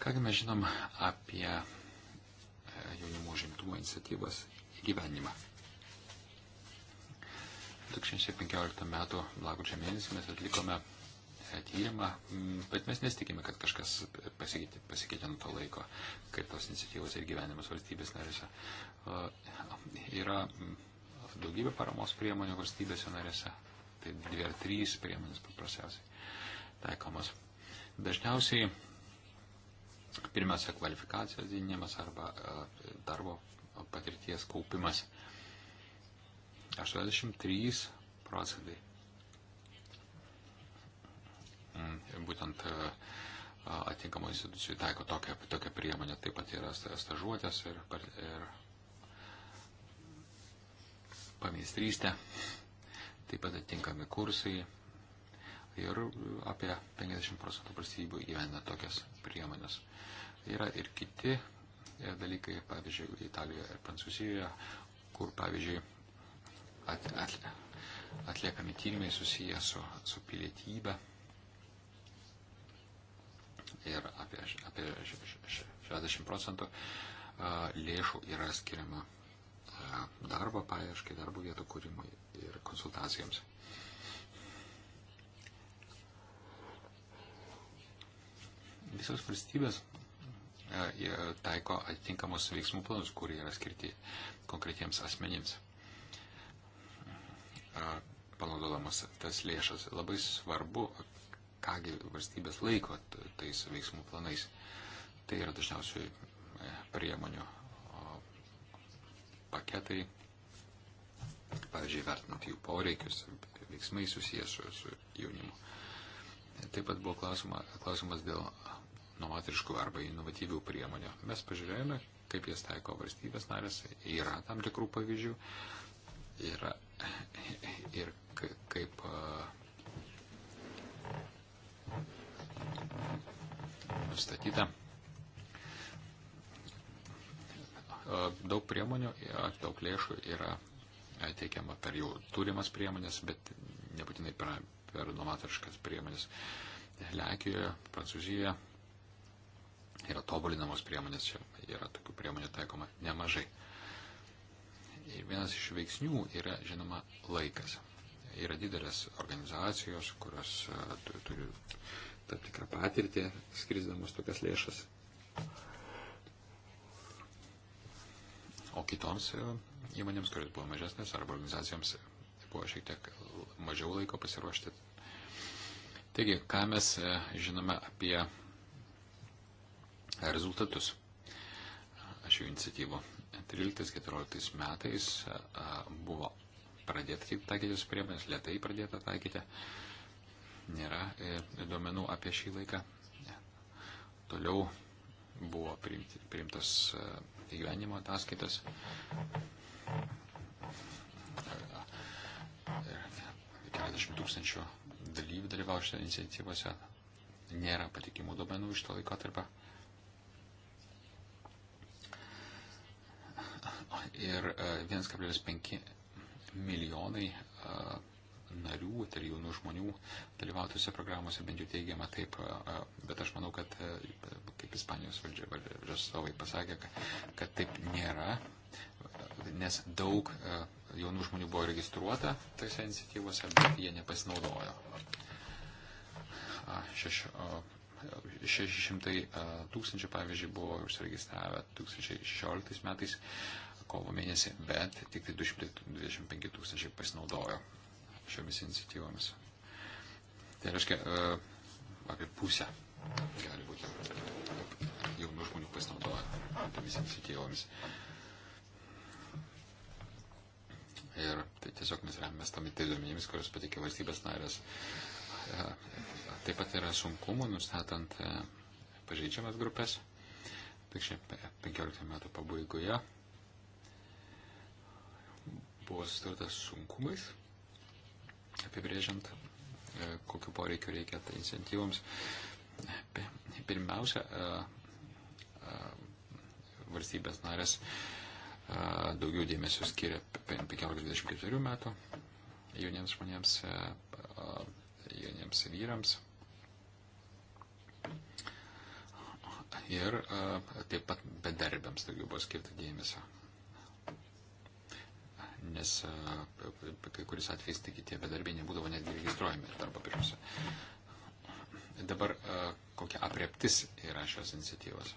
Kągi mes žinom apie e, jaunimo užimtumo iniciatyvos gyvenimą. 2015 m. lagučio mėnesį mes atlikome e, tyrimą, mm, bet mes nesitikime, kad kažkas pasikeitė, pasikeitė nuo to laiko, kaip tos iniciatyvos ir gyvenimas valstybės narėse. Yra mm, daugybė paramos priemonių valstybėse narėse, tai dvi ar trys priemonės paprasčiausiai taikomos. Dažniausiai Pirmiausia, kvalifikacijos didinimas arba e, darbo patirties kaupimas. 83 procentai. Mm, būtent e, atinkamo institucijų taiko tokią, tokią priemonę, taip pat yra stažuotės ir, ir pameistrystė, taip pat atitinkami kursai, ir apie 50 procentų valstybių įgyvena tokias priemonės. Yra ir kiti e, dalykai, pavyzdžiui, Italijoje ir Prancūzijoje, kur, pavyzdžiui, at, at, atliekami tyrimai susiję su, su pilietybė ir apie, apie 60 procentų e, lėšų yra skiriama e, darbo paieškai, darbo vietų kūrimui ir konsultacijoms. Visos valstybės e, taiko atitinkamus veiksmų planus, kurie yra skirti konkretiems asmenims. E, panaudodamas tas lėšas labai svarbu, kągi valstybės laiko tais veiksmų planais. Tai yra dažniausiai e, priemonių paketai, pavyzdžiui, vertinant jų poreikius, veiksmai susijęs su, su jaunimu. Taip pat buvo klausima, klausimas dėl novatoriškų arba inovatyvių priemonių. Mes pažiūrėjome, kaip jas taiko valstybės narės, yra tam tikrų pavyzdžių yra, (laughs) ir kaip. E, nustatyta e, daug priemonių, e, daug lėšų yra teikiama per jau turimas priemonės, bet nebūtinai per, per novatoriškas priemonės. Lenkijoje, Prancūzijoje Yra tobulinamos priemonės, čia yra tokių priemonių taikoma nemažai. Ir vienas iš veiksnių yra, žinoma, laikas. Yra didelės organizacijos, kurios e, turi tam tikrą patirtį, skrisdamos tokias lėšas. O kitoms e, įmonėms, kurios buvo mažesnės, arba organizacijoms buvo šiek tiek mažiau laiko pasiruošti. Taigi, ką mes e, žinome apie rezultatus šių iniciatyvų. 13-14 metais buvo pradėta taikyti su priemonės, lietai pradėta taikyti. Nėra e, duomenų apie šį laiką. Toliau buvo priimti, priimtas įgyvenimo ataskaitas. Keletasdešimt tūkstančių dalyvių dalyvauja šiose iniciatyvose. Nėra patikimų duomenų iš to laikotarpio. ir 1,5 e, milijonai e, narių, tai jaunų žmonių dalyvautųse programuose, bent jau teigiama taip, e, bet aš manau, kad kaip Ispanijos valdžia, valdžios atstovai pasakė, kad taip nėra, nes daug jaunų žmonių buvo registruota tose iniciatyvose, bet jie nepasinaudojo. 600 tūkstančių, pavyzdžiui, buvo užsiregistravę 2016 metais kovo mėnesį, bet tik tai 225 tūkstančiai pasinaudojo šiomis iniciatyvomis. Tai reiškia, e, apie pusę gali būti jaunų žmonių pasinaudojo tomis iniciatyvomis. Ir tai tiesiog mes remiamės tam įtėdėmėjimis, kurios patikė valstybės narės. E, taip pat yra sunkumų nustatant e, pažeidžiamas grupės. Tik šiaip 15 metų pabaigoje buvo sustartas sunkumais, apibrėžiant, e, kokiu poreikiu reikia tai incentyvams. Pirmiausia, e, e, valstybės narės daugiau dėmesio skiria 15-24 metų jauniems žmonėms, jauniems vyrams. Ir taip pat bedarbiams daugiau buvo skirta dėmesio nes e, kai kuris atvejais taigi tie bedarbiai nebūdavo netgi registruojami darbo biržose. Dabar e, kokia apreptis yra šios iniciatyvos?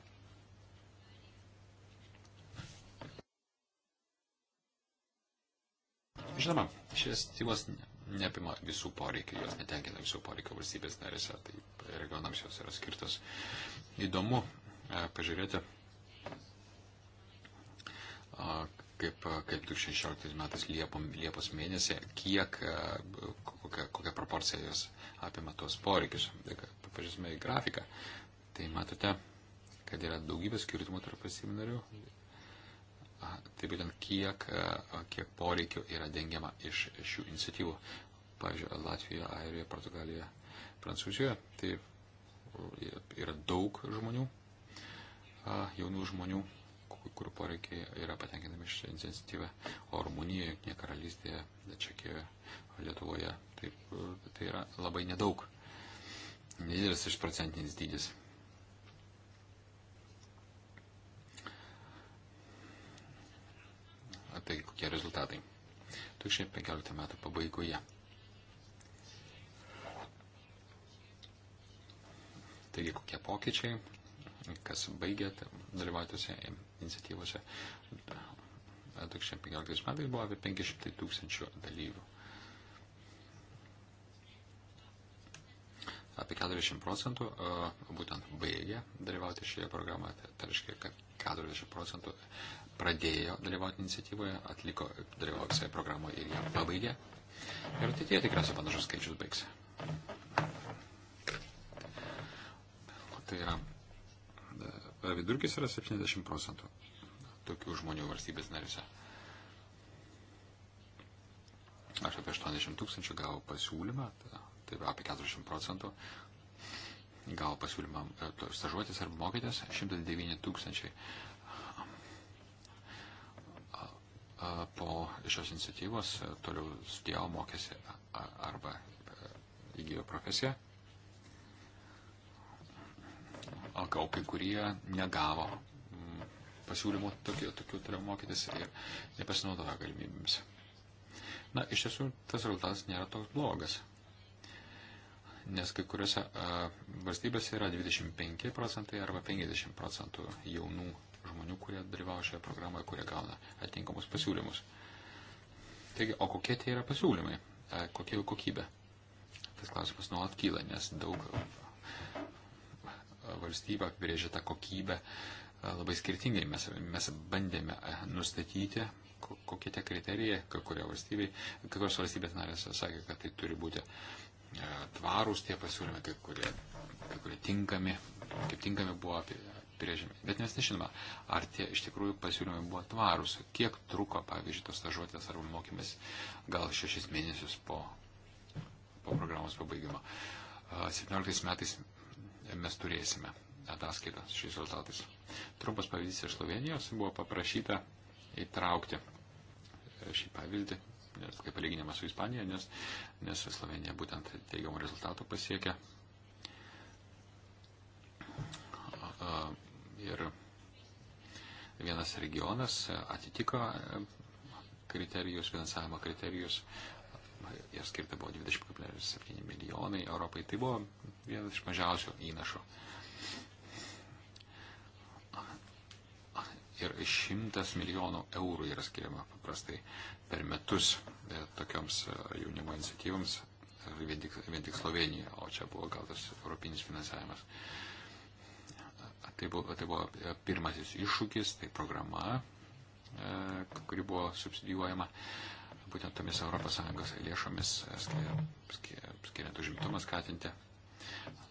Žinoma, šios iniciatyvos neapima visų poreikių, jos netenkina visų poreikių valstybės narėse, tai regionams jos yra skirtos. Įdomu e, pažiūrėti, kaip, kaip 2016 metais Liepom, Liepos mėnesį, kiek, e, kokia, kokia proporcija jos apima tuos poreikius. Pažiūrėsime į grafiką. Tai matote, kad yra daugybė skirtumų tarp valstybių narių. Tai būtent kiek, e, kiek poreikių yra dengiama iš šių iniciatyvų. Pavyzdžiui, Latvijoje, Airijoje, Portugalijoje, Prancūzijoje. Tai yra daug žmonių, jaunų žmonių kur poreikiai yra patenkinami šią iniciatyvą, o Rumunijoje, Junktinėje karalystėje, Čekijoje, Lietuvoje taip, tai yra labai nedaug. Nedidelis iš procentinis dydis. Tai kokie rezultatai? 2015 metų pabaigoje. Taigi kokie pokyčiai kas baigė dalyvautuose iniciatyvose. 2015 metais buvo apie 500 tūkstančių dalyvių. Apie 40 procentų būtent baigė dalyvauti šioje programoje, tai, tai reiškia, kad 40 procentų pradėjo dalyvauti iniciatyvoje, atliko dalyvavo visoje programoje ir ją pabaigė. Ir ateityje tikriausiai panašus skaičius baigsi. Tai yra vidurkis yra 70 procentų tokių žmonių valstybės narise. Aš apie 80 tūkstančių gavau pasiūlymą, tai, tai yra apie 40 procentų, gavau pasiūlymą e, stažuotis ar mokytis, 109 tūkstančiai. Po šios iniciatyvos e, toliau studijavo, mokėsi arba e, įgyjo profesiją, o kai kurie negavo mm, pasiūlymų tokių, tokių turėjo mokytis ir nepasinaudojo galimybėmis. Na, iš tiesų, tas rezultatas nėra toks blogas, nes kai kuriuose valstybėse yra 25 procentai arba 50 procentų jaunų žmonių, kurie dalyvauja šioje programoje, kurie gauna atinkamus pasiūlymus. Taigi, o kokie tie yra pasiūlymai? Kokia jų kokybė? Tas klausimas nuolat kyla, nes daug valstybė apibrėžia tą kokybę labai skirtingai. Mes, mes bandėme nustatyti, kokie tie kriterijai, kai kurie valstybei, kai kurios valstybės narės sakė, kad tai turi būti tvarūs tie pasiūlymai, kai kurie, kai kurie tinkami, kaip tinkami buvo apibrėžiami. Bet mes nežinome, ar tie iš tikrųjų pasiūlymai buvo tvarūs, kiek truko, pavyzdžiui, tos stažuotės arba mokymas, gal šešis mėnesius po, po programos pabaigimo. 17 metais mes turėsime ataskaitą šiais rezultatais. Trumpas pavyzdys iš Slovenijos buvo paprašyta įtraukti šį pavyzdį, nes kaip palyginimas su Ispanija, nes, nes Slovenija būtent teigiamų rezultatų pasiekė. Ir vienas regionas atitiko kriterijus, finansavimo kriterijus, ir skirta buvo 20,7 milijonai Europai. Tai buvo vienas iš mažiausių įnašų. Ir šimtas milijonų eurų yra skiriama paprastai per metus e, tokioms e, jaunimo iniciatyvams e, vien tik, vien tik Slovenija, o čia buvo gautas europinis finansavimas. Tai, tai buvo, tai buvo pirmasis iššūkis, tai programa, kuri buvo subsidijuojama būtent tomis ES lėšomis e, skiriant užimtumą skatinti.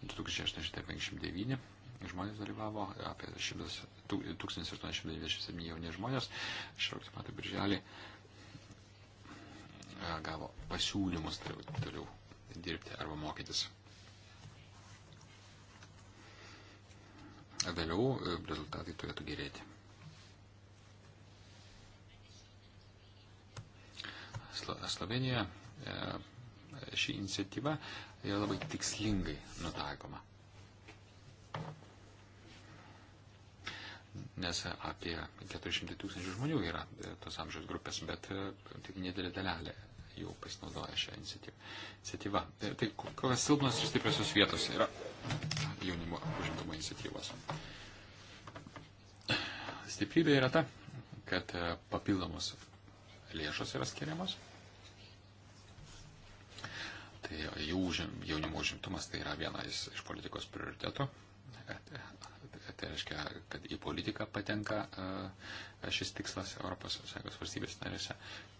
2859 žmonės dalyvavo, apie 1897 jauni žmonės 16 metų birželį e, gavo pasiūlymus toliau, toliau dirbti arba mokytis. Vėliau e, rezultatai turėtų gerėti. Slovenijoje e, ši iniciatyva yra labai tikslingai nutaikoma. Nes apie 400 tūkstančių žmonių yra e, tos amžiaus grupės, bet e, tik nedėlė dalelė jau pasinaudoja šią iniciatyvą. Tai kokios silpnos ir stipriosios vietos yra jaunimo užimtumo iniciatyvos. Stiprybė yra ta, kad papildomos lėšos yra skiriamos. Tai jų jaunimo užimtumas tai yra vienas iš politikos prioritetų. Tai reiškia, kad į politiką patenka e, šis tikslas ES valstybės narėse.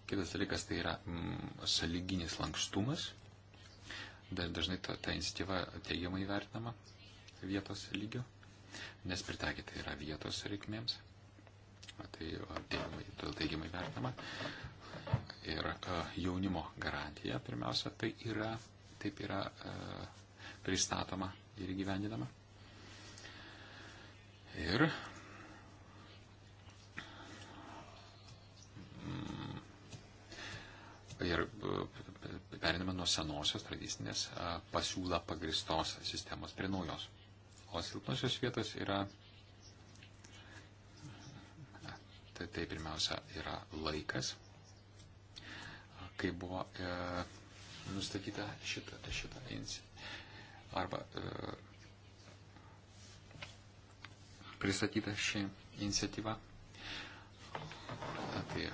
Kitas dalykas tai yra mm, saliginis lankstumas. Dar dažnai ta, ta iniciatyva teigiamai vertinama vietos lygiu, nes pritaikyta yra vietos reikmėms tai teigiamai, todėl teigiamai vertinama. Ir jaunimo garantija, pirmiausia, tai yra, taip yra pristatoma ir įgyvendinama. Ir mm, ir periname nuo senosios tradicinės pasiūlą pagristos sistemos prie naujos. O silpnosios vietos yra Tai, tai pirmiausia yra laikas, kai buvo e, nustatyta šita, šita iniciatyva. Arba e, pristatyta ši iniciatyva. Tai,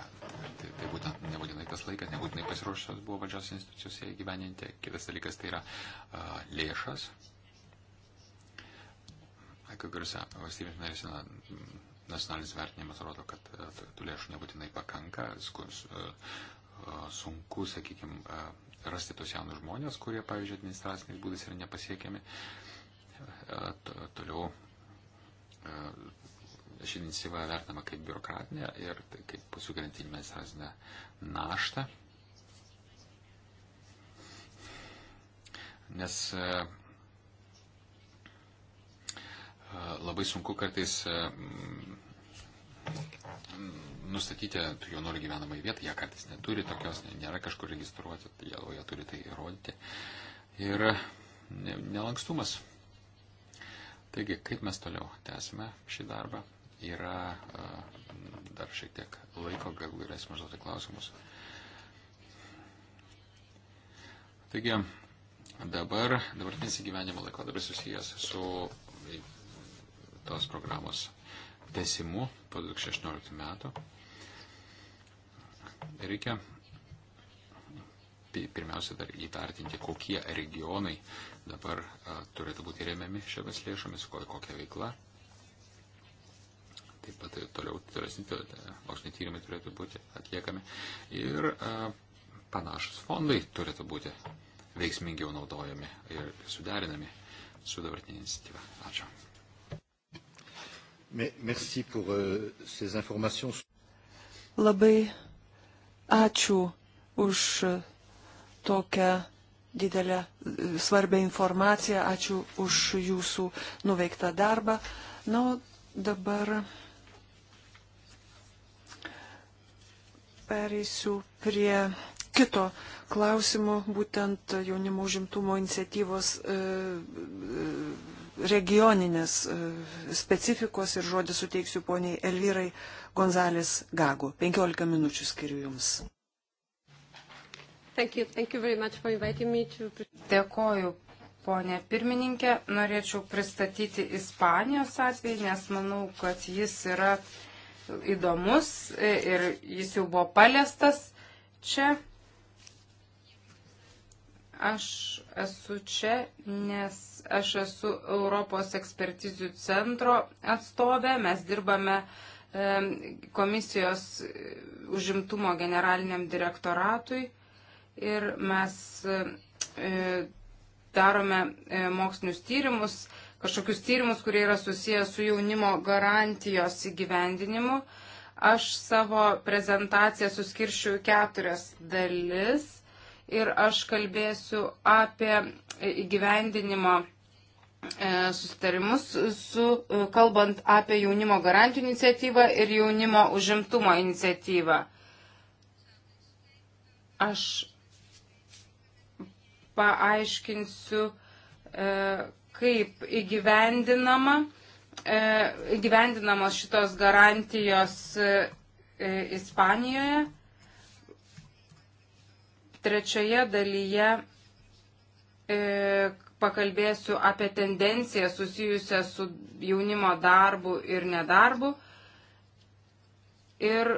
tai, tai būtent nebūtinai tas laikas, nebūtinai pasiruošusios buvo valdžios institucijos įgyveninti. Kitas dalykas tai yra a, e, lėšas. Kai kuriuose valstybės narėse nacionalinis vertinimas rodo, kad e, tų lėšų nebūtinai pakanka, skus, e, e, sunku, sakykime, rasti tos jaunus žmonės, kurie, pavyzdžiui, administraciniais būdais yra nepasiekiami. Toliau ši iniciatyva vertinama kaip biurokratinė ir kaip sukelianti administracinę naštą. Nes labai sunku kartais nustatyti tų jaunuolių gyvenamąją vietą, jie kartais neturi tokios, nėra kažkur registruoti, tai jie, jie turi tai įrodyti. Ir nelankstumas. Taigi, kaip mes toliau tęsime šį darbą, yra dar šiek tiek laiko, gal galėsime užduoti klausimus. Taigi, dabar, dabartinis įgyvenimo laikotarpis susijęs su tos programos tesimu po 2016 metų. Reikia pirmiausia dar įtartinti, kokie regionai dabar a, turėtų būti remiami šiomis lėšomis, kokia veikla. Taip pat toliau tolesni moksliniai tyrimai turėtų būti atliekami. Ir a, panašus fondai turėtų būti veiksmingiau naudojami ir suderinami su dabartinė iniciatyva. Ačiū. Merci pour euh, ces informations. Labai ačiū už tokią didelę e, svarbę informaciją, ačiū už jūsų nuveiktą darbą. Na, dabar pereisiu prie kito klausimo, būtent jaunimo užimtumo iniciatyvos e, e, regioninės e, specifikos ir žodį suteiksiu poniai Elvyrai Gonzalės Gagu. 15 minučių skiriu Jums. Thank you. Thank you to... Dėkoju, ponė pirmininkė. Norėčiau pristatyti Ispanijos atvejį, nes manau, kad jis yra įdomus e, ir jis jau buvo paliestas čia. Aš esu čia, nes Aš esu Europos ekspertizių centro atstovė. Mes dirbame komisijos e, užimtumo generaliniam direktoratui ir mes e, e, darome mokslinius tyrimus, kažkokius tyrimus, kurie yra susijęs su jaunimo garantijos įgyvendinimu. Aš savo prezentaciją suskiršiu į keturias dalis ir aš kalbėsiu apie įgyvendinimo E, susitarimus, su, e, kalbant apie jaunimo garantijų iniciatyvą ir jaunimo užimtumo iniciatyvą. Aš paaiškinsiu, e, kaip įgyvendinama, įgyvendinamos šitos garantijos Ispanijoje. Trečioje dalyje pakalbėsiu apie tendenciją susijusią su jaunimo darbu ir nedarbu. Ir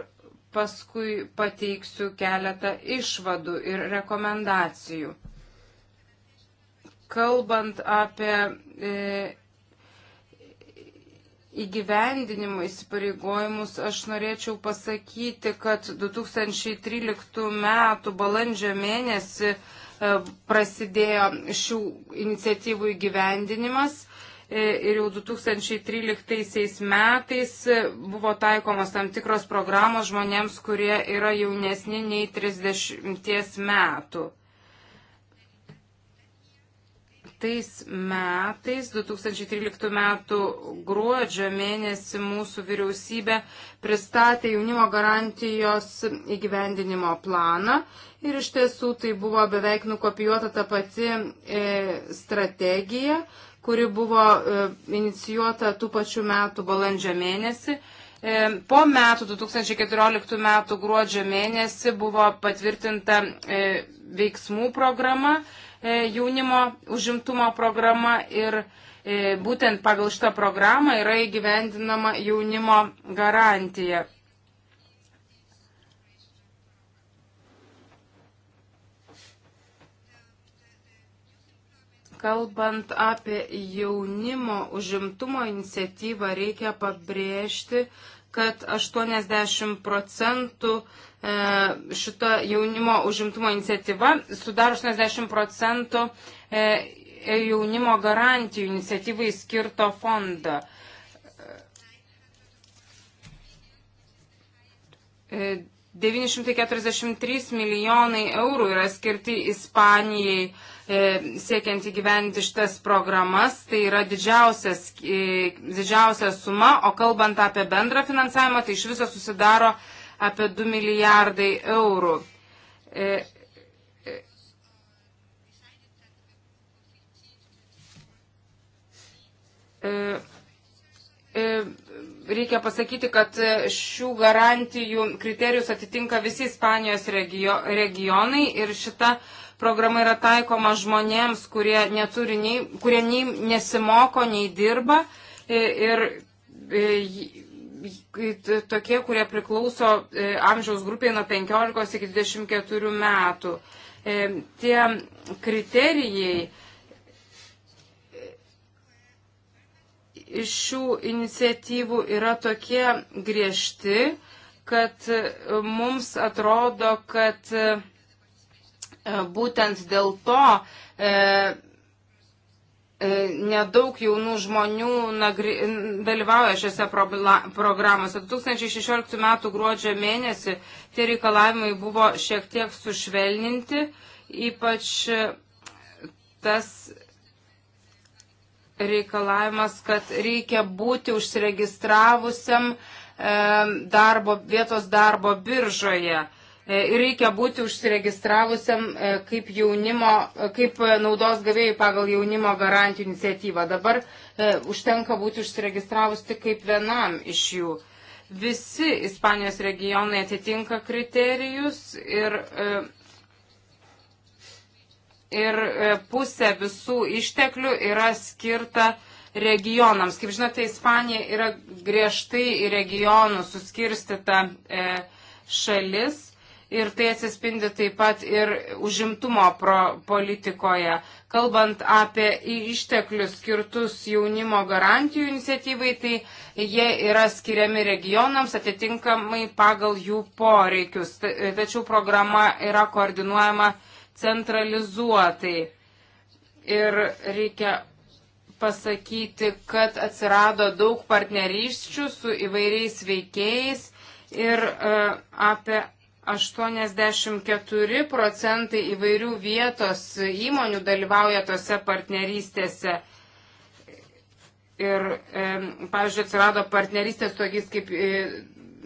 paskui pateiksiu keletą išvadų ir rekomendacijų. Kalbant apie e, įgyvendinimo įsipareigojimus, aš norėčiau pasakyti, kad 2013 m. balandžio mėnesį E, prasidėjo šių iniciatyvų įgyvendinimas e, ir jau 2013 metais buvo taikomos tam tikros programos žmonėms, kurie yra jaunesni nei 30 metų. Tais metais, 2013 metų gruodžio mėnesį mūsų vyriausybė pristatė jaunimo garantijos įgyvendinimo planą ir iš tiesų tai buvo beveik nukopijuota ta pati e, strategija, kuri buvo e, inicijuota tų pačių metų balandžio mėnesį. E, po metų, 2014 metų gruodžio mėnesį buvo patvirtinta e, veiksmų programa E, jaunimo užimtumo programa ir e, būtent pagal šitą programą yra įgyvendinama jaunimo garantija. Kalbant apie jaunimo užimtumo iniciatyvą, reikia pabrėžti, kad 80 procentų E, šita jaunimo užimtumo iniciatyva sudaro 80 procentų e, e, jaunimo garantijų iniciatyvai skirto fondo. E, 943 milijonai eurų yra skirti Ispanijai e, siekiant įgyventi šitas programas. Tai yra didžiausias, e, didžiausia suma, o kalbant apie bendrą finansavimą, tai iš viso susidaro apie 2 milijardai eurų. E, e, e, reikia pasakyti, kad šių garantijų kriterijus atitinka visi Ispanijos regio, regionai ir šita programa yra taikoma žmonėms, kurie, neturi, nei, kurie nei nesimoko, nei dirba. Ir, ir tokie, kurie priklauso e, amžiaus grupiai nuo 15 iki 24 metų. E, tie kriterijai e, iš šių iniciatyvų yra tokie griežti, kad mums atrodo, kad būtent dėl to E, nedaug jaunų žmonių nagri, dalyvauja šiuose programuose. 2016 m. gruodžio mėnesį tie reikalavimai buvo šiek tiek sušvelninti, ypač e, tas reikalavimas, kad reikia būti užsiregistravusiam e, darbo, vietos darbo biržoje. E, reikia būti užsiregistravusiam e, kaip, jaunimo, e, kaip naudos gavėjai pagal jaunimo garantijų iniciatyvą. Dabar užtenka būti užsiregistravus tik kaip vienam iš jų. Visi Ispanijos regionai atitinka kriterijus ir, ir pusė visų išteklių yra skirta regionams. Kaip žinote, Ispanija yra griežtai į regionų suskirstita šalis ir tai atsispindi taip pat ir užimtumo pro politikoje. Kalbant apie išteklius skirtus jaunimo garantijų iniciatyvai, tai jie yra skiriami regionams atitinkamai pagal jų poreikius. Tačiau programa yra koordinuojama centralizuotai. Ir reikia pasakyti, kad atsirado daug partnerysčių su įvairiais veikėjais ir uh, apie 84 procentai įvairių vietos įmonių dalyvauja tose partnerystėse. Ir, e, pavyzdžiui, atsirado partnerystės tokiais kaip e,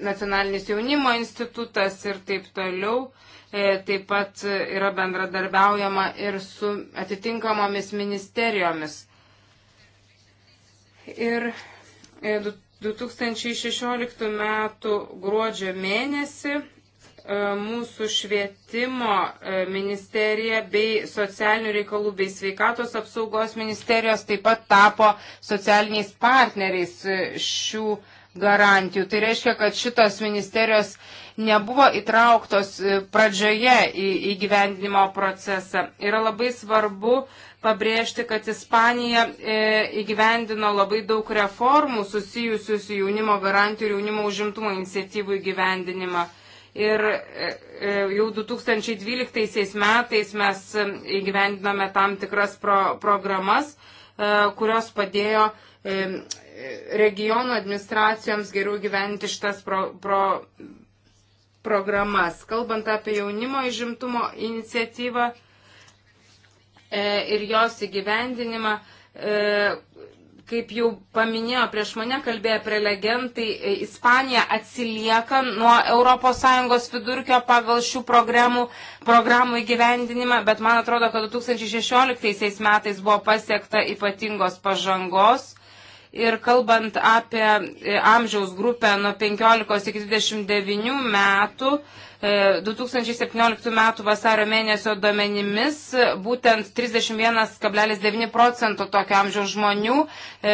Nacionalinis jaunimo institutas ir taip toliau. E, taip pat yra bendradarbiaujama ir su atitinkamomis ministerijomis. Ir e, 2016 m. gruodžio mėnesį E, mūsų švietimo e, ministerija bei socialinių reikalų bei sveikatos apsaugos ministerijos taip pat tapo socialiniais partneriais e, šių garantijų. Tai reiškia, kad šitos ministerijos nebuvo įtrauktos pradžioje į įgyvendinimo procesą. Yra labai svarbu pabrėžti, kad Ispanija įgyvendino labai daug reformų susijusių su jaunimo garantijų ir jaunimo užimtumo iniciatyvų įgyvendinimą. Ir e, e, jau 2012 metais mes e, įgyvendinome tam tikras pro, programas, kurios padėjo regionų administracijoms geriau gyventi šitas pro, pro, programas. Kalbant apie jaunimo įžimtumo iniciatyvą ir jos įgyvendinimą, kaip jau paminėjo prieš mane kalbėję prelegentai, e, Ispanija atsilieka nuo ES vidurkio pagal šių programų, programų įgyvendinimą, bet man atrodo, kad 2016 metais buvo pasiekta ypatingos pažangos. Ir kalbant apie e, amžiaus grupę nuo 15 iki 29 metų, 2017 e, m. vasario mėnesio duomenimis e, būtent 31,9 procento tokio amžiaus žmonių e,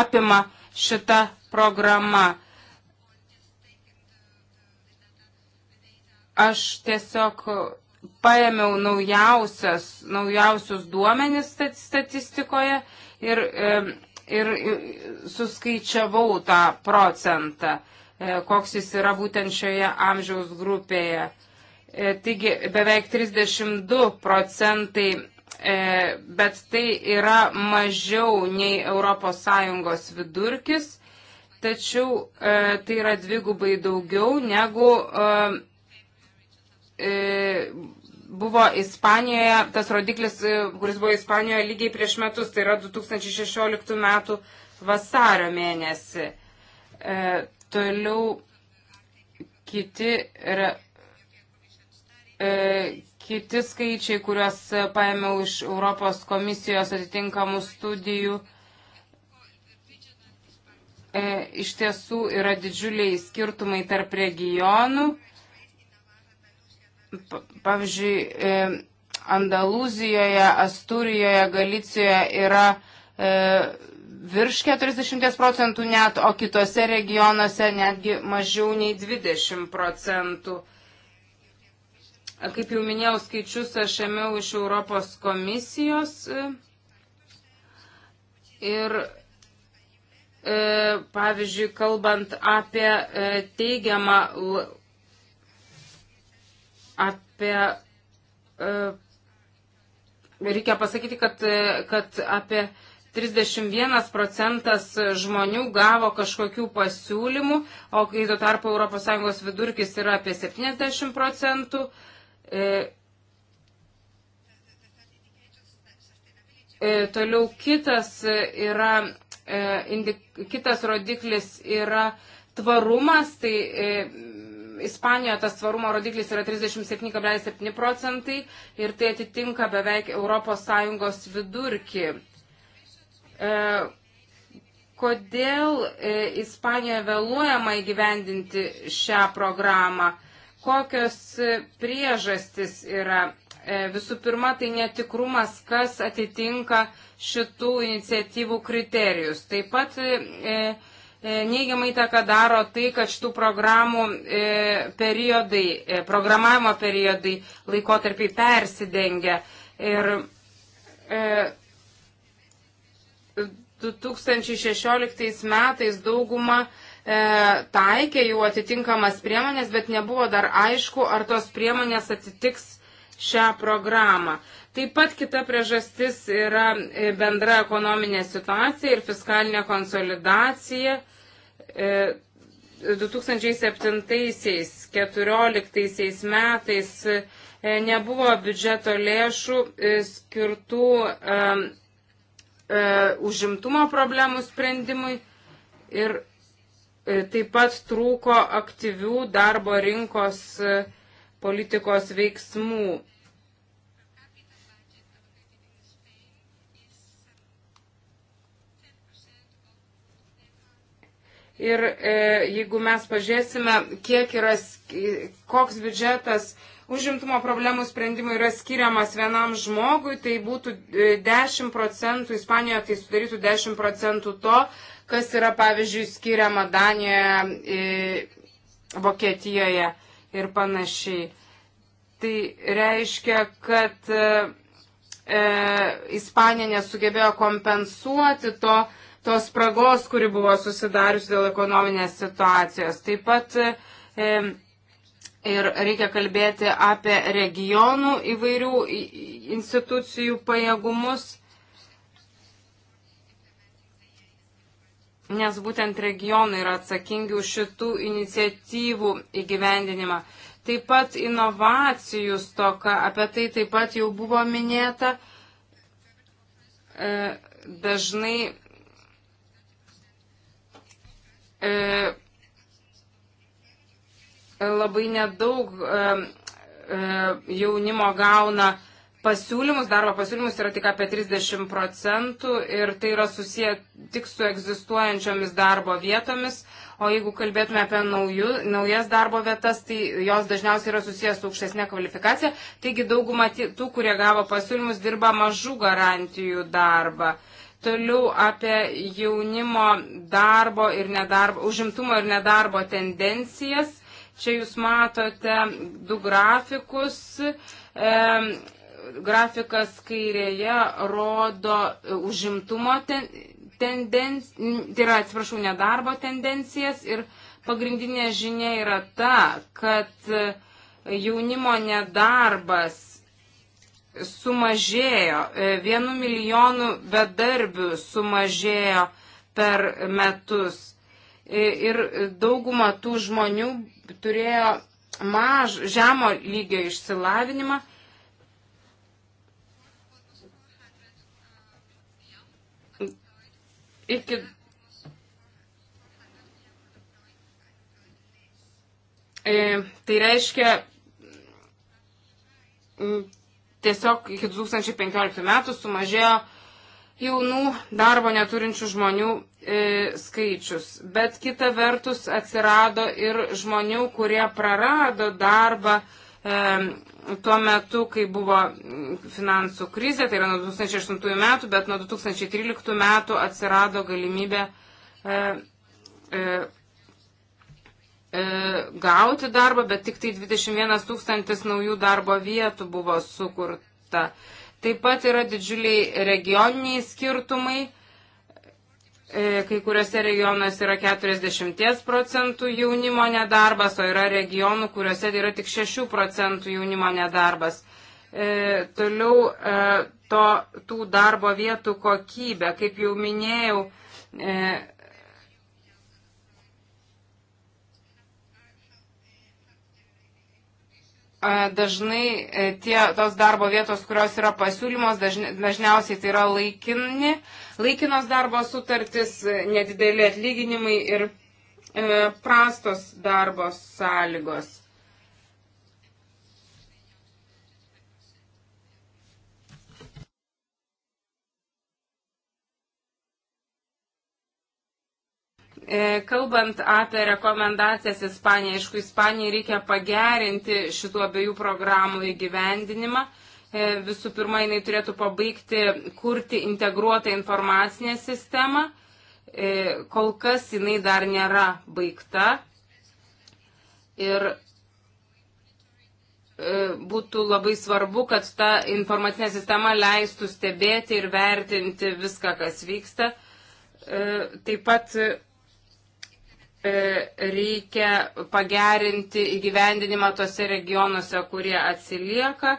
apima šita programa. Aš tiesiog paėmiau naujausius duomenis statistikoje ir, ir suskaičiavau tą procentą. E, koks jis yra būtent šioje amžiaus grupėje. E, taigi beveik 32 procentai, e, bet tai yra mažiau nei ES vidurkis, tačiau tai yra dvigubai daugiau negu buvo Ispanijoje, tas rodiklis, kuris buvo Ispanijoje lygiai prieš metus, tai yra 2016 metų vasario mėnesį Toliau kiti, re, e, kiti skaičiai, kuriuos paėmiau iš Europos komisijos atitinkamų studijų e, iš tiesų yra didžiuliai skirtumai tarp regionų. Pavyzdžiui, e, Andalūzijoje, Asturijoje, Galicijoje yra e, virš 40 procentų net, o kitose regionuose netgi mažiau nei 20 procentų. Kaip jau minėjau, skaičius aš ėmiau iš Europos komisijos e, ir, e, pavyzdžiui, kalbant apie e, teigiamą, apie reikia pasakyti, kad, kad apie 31 procentas žmonių gavo kažkokių pasiūlymų, o kai tuo tarpu ES vidurkis yra apie 70 procentų. E, e, toliau kitas, yra, e, indik, kitas rodiklis yra tvarumas, tai e, Ispanijoje tas tvarumo rodiklis yra 37,7 procentai ir tai atitinka beveik ES vidurkį. E, kodėl e, Ispanijoje vėluojama įgyvendinti šią programą? Kokios e, priežastis yra? Visų pirma, tai netikrumas, kas atitinka šitų iniciatyvų kriterijus. Taip pat e, neigiamai įtaką daro tai, kad šitų programų periodai, programavimo periodai laikotarpiai persidengia. Ir 2016 metais dauguma e, taikė jau atitinkamas priemonės, bet nebuvo dar aišku, ar tos priemonės atitiks šią programą. Taip pat kita priežastis yra e, bendra ekonominė situacija ir fiskalinė konsolidacija. E, 2007-2014 metais e, nebuvo biudžeto lėšų e, skirtų e, užimtumo problemų sprendimui ir e, taip pat trūko aktyvių darbo rinkos e, politikos veiksmų. Ir e, jeigu mes pažiūrėsime, kiek yra, koks biudžetas e, užimtumo problemų sprendimui yra skiriamas vienam žmogui, tai būtų 10 e, procentų, Ispanijoje tai sudarytų 10 procentų to, kas yra, pavyzdžiui, skiriama Danijoje, e, Vokietijoje ir panašiai. Tai reiškia, kad e, e, Ispanija nesugebėjo kompensuoti to, tos spragos, kuri buvo susidarius dėl ekonominės situacijos. Taip pat e, ir reikia kalbėti apie regionų įvairių institucijų pajėgumus, nes būtent regionai yra atsakingi už šitų iniciatyvų įgyvendinimą. Taip pat inovacijų stoka, apie tai taip pat jau buvo minėta, e, dažnai e, labai nedaug e, e, jaunimo gauna pasiūlymus, darbo pasiūlymus yra tik apie 30 procentų ir tai yra susiję tik su egzistuojančiomis darbo vietomis, o jeigu kalbėtume apie naujų, naujas darbo vietas, tai jos dažniausiai yra susijęs su aukštesnė kvalifikacija, taigi dauguma tų, kurie gavo pasiūlymus, dirba mažų garantijų darbą. Toliau apie jaunimo darbo ir nedarbo, užimtumo ir nedarbo tendencijas Čia jūs matote du grafikus. E, grafikas kairėje rodo užimtumo ten, tendenciją, tai yra, atsiprašau, nedarbo tendencijas ir pagrindinė žinia yra ta, kad jaunimo nedarbas sumažėjo, vienu milijonu bedarbių sumažėjo per metus. Ir dauguma tų žmonių turėjo maž, žemo lygio išsilavinimą. Iki E, tai reiškia, tiesiog iki 2015 metų sumažėjo jaunų darbo neturinčių žmonių e, skaičius. Bet kita vertus atsirado ir žmonių, kurie prarado darbą e, tuo metu, kai buvo finansų krizė, tai yra nuo 2008 metų, bet nuo 2013 metų atsirado galimybė e, e, e gauti darbą, bet tik tai 21 tūkstantis naujų darbo vietų buvo sukurta. Taip pat yra didžiuliai regioniniai skirtumai E, kai kuriuose regionuose yra 40 procentų jaunimo nedarbas, o yra regionų, kuriuose yra tik 6 procentų jaunimo nedarbas. E, toliau e, to, tų darbo vietų kokybė, kaip jau minėjau, e, e dažnai e, tie, tos darbo vietos, kurios yra pasiūlymos, dažni, dažniausiai tai yra laikini laikinos darbo sutartis, nedideli atlyginimai ir e, prastos darbo sąlygos. E, kalbant apie rekomendacijas Ispanijai, aišku, Ispanijai reikia pagerinti šitų abiejų programų įgyvendinimą. E, visų pirma, jinai turėtų pabaigti kurti integruotą informacinę sistemą. E, kol kas jinai dar nėra baigta. Ir e, būtų labai svarbu, kad ta informacinė sistema leistų stebėti ir vertinti viską, kas vyksta. Taip pat reikia pagerinti įgyvendinimą tose regionuose, kurie atsilieka.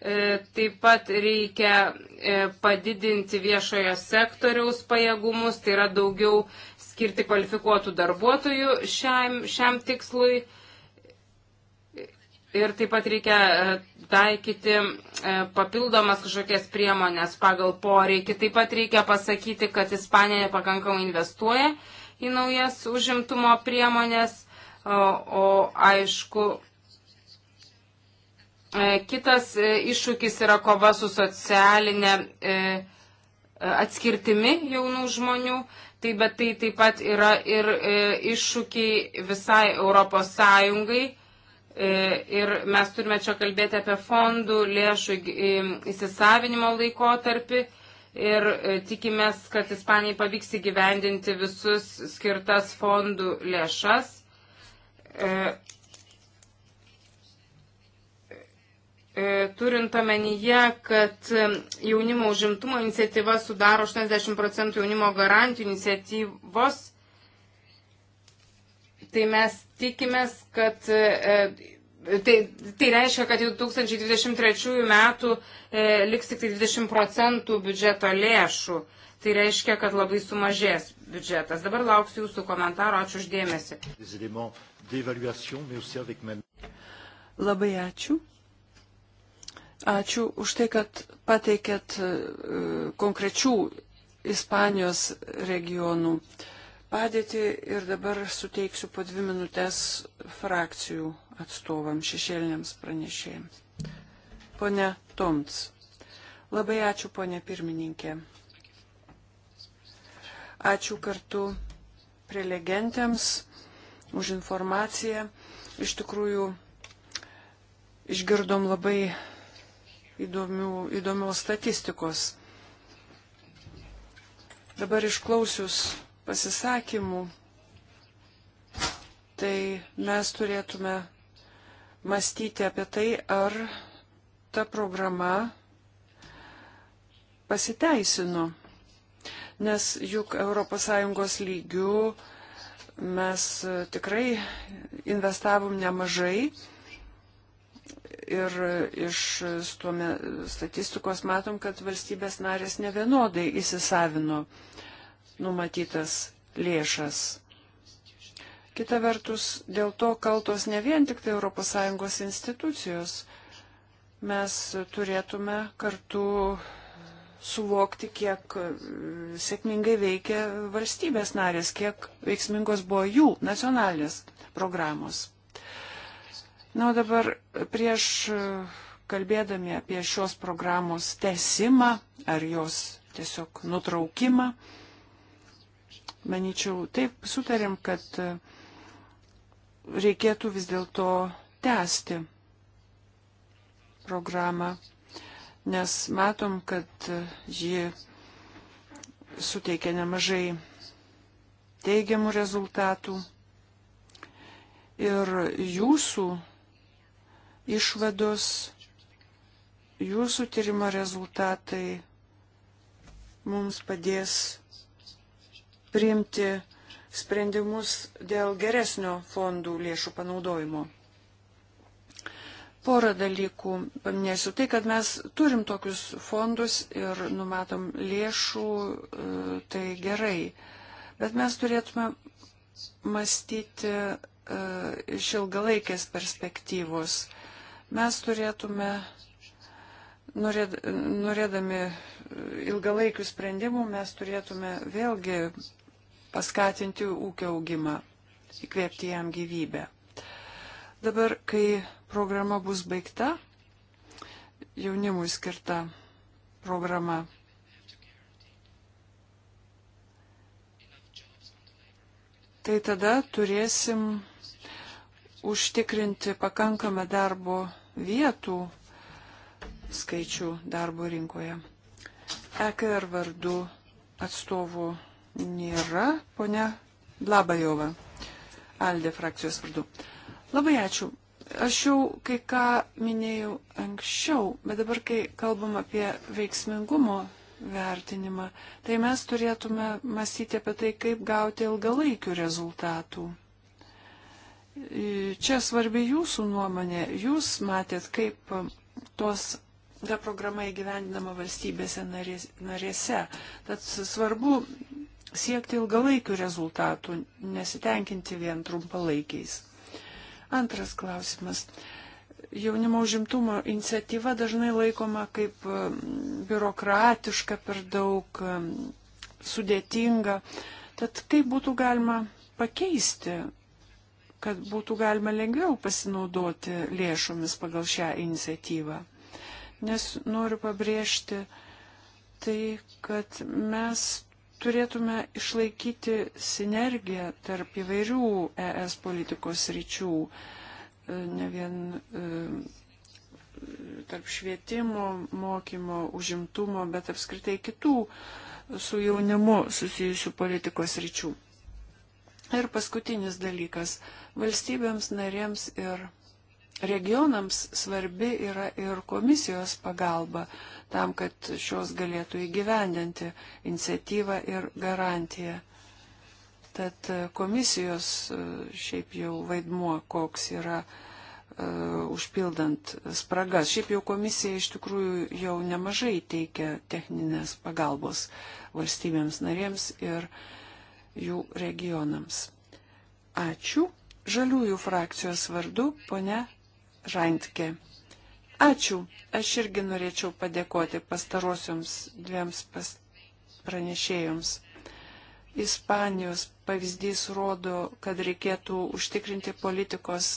E, taip pat reikia e, padidinti viešojo sektoriaus pajėgumus, tai yra daugiau skirti kvalifikuotų darbuotojų šiam, šiam tikslui. Ir taip pat reikia e, taikyti papildomas kažkokias priemonės pagal poreikį. Taip pat reikia pasakyti, kad Ispanija nepakankamai investuoja į naujas užimtumo priemonės. O, o aišku, E, kitas e, iššūkis yra kova su socialinė e, atskirtimi jaunų žmonių. Tai bet tai taip pat yra ir iššūkiai visai Europos Sąjungai. Ir mes turime čia kalbėti apie fondų lėšų įsisavinimo laikotarpį ir tikimės, kad Ispanijai pavyks įgyvendinti visus skirtas fondų lėšas. E, turint omenyje, kad jaunimo užimtumo iniciatyva sudaro 80 procentų jaunimo garantijų iniciatyvos, tai mes tikimės, kad e, tai, tai reiškia, kad jau 2023 metų e, liks tik tai 20 procentų biudžeto lėšų. Tai reiškia, kad labai sumažės biudžetas. Dabar lauksiu jūsų komentaro. Ačiū uždėmesi. Labai ačiū. Ačiū už tai, kad pateikėt e, konkrečių Ispanijos regionų padėtį ir dabar suteiksiu po dvi minutės frakcijų atstovams, šešėliniams pranešėjams. Pone Toms. Labai ačiū, ponė pirmininkė. Ačiū kartu prelegentėms už informaciją. Iš tikrųjų, išgirdom labai įdomių, įdomios statistikos. Dabar išklausius pasisakymų, tai mes turėtume mąstyti apie tai, ar ta programa pasiteisino. Nes juk ES lygių mes tikrai investavom nemažai Ir iš tuome statistikos matom, kad valstybės narės nevienodai įsisavino numatytas lėšas. Kita vertus, dėl to kaltos ne vien tik tai ES institucijos. Mes turėtume kartu suvokti, kiek sėkmingai veikia valstybės narės, kiek veiksmingos buvo jų nacionalinės programos. Na, o dabar prieš e, kalbėdami apie šios programos tesimą ar jos tiesiog nutraukimą, manyčiau, taip sutarėm, kad e, reikėtų vis dėlto tęsti programą, nes matom, kad e, ji suteikia nemažai teigiamų rezultatų. Ir jūsų išvados, jūsų tyrimo rezultatai mums padės priimti sprendimus dėl geresnio fondų lėšų panaudojimo. Porą dalykų paminėsiu. Tai, kad mes turim tokius fondus ir numatom lėšų, e, tai gerai. Bet mes turėtume mąstyti e, iš ilgalaikės perspektyvos Mes turėtume, norėd, norėdami ilgalaikių sprendimų, mes turėtume vėlgi paskatinti ūkio augimą, įkvėpti jam gyvybę. Dabar, kai programa bus baigta, jaunimui skirta programa tai tada turėsim užtikrinti pakankamą darbo vietų skaičių darbo rinkoje. EKR vardu atstovų nėra, ponia Blabajova, Aldė frakcijos vardu. Labai ačiū. Aš jau kai ką minėjau anksčiau, bet dabar, kai kalbam apie veiksmingumo vertinimą, tai mes turėtume mąstyti apie tai, kaip gauti ilgalaikių rezultatų. Čia svarbi jūsų nuomonė. Jūs matėt, kaip tos ta programa įgyvendinama valstybėse narėse. Tad svarbu siekti ilgalaikių rezultatų, nesitenkinti vien trumpalaikiais. Antras klausimas. Jaunimo užimtumo iniciatyva dažnai laikoma kaip um, biurokratiška, per daug um, sudėtinga. Tad kaip būtų galima pakeisti kad būtų galima lengviau pasinaudoti lėšomis pagal šią iniciatyvą. Nes noriu pabrėžti tai, kad mes turėtume išlaikyti sinergiją tarp įvairių ES politikos ryčių, e, ne vien e, tarp švietimo, mokymo, užimtumo, bet apskritai kitų su jaunimu susijusių politikos ryčių. Ir paskutinis dalykas Valstybėms narėms ir regionams svarbi yra ir komisijos pagalba tam, kad šios galėtų įgyvendinti iniciatyvą ir garantiją. Tad e, komisijos e, šiaip jau vaidmuo, koks yra e, užpildant spragas. Šiaip jau komisija iš tikrųjų jau nemažai teikia techninės pagalbos valstybėms narėms ir jų regionams. Ačiū žaliųjų frakcijos vardu ponia Žantke. Ačiū. Aš irgi norėčiau padėkoti pastarosioms dviems pas pranešėjoms. Ispanijos pavyzdys rodo, kad reikėtų užtikrinti politikos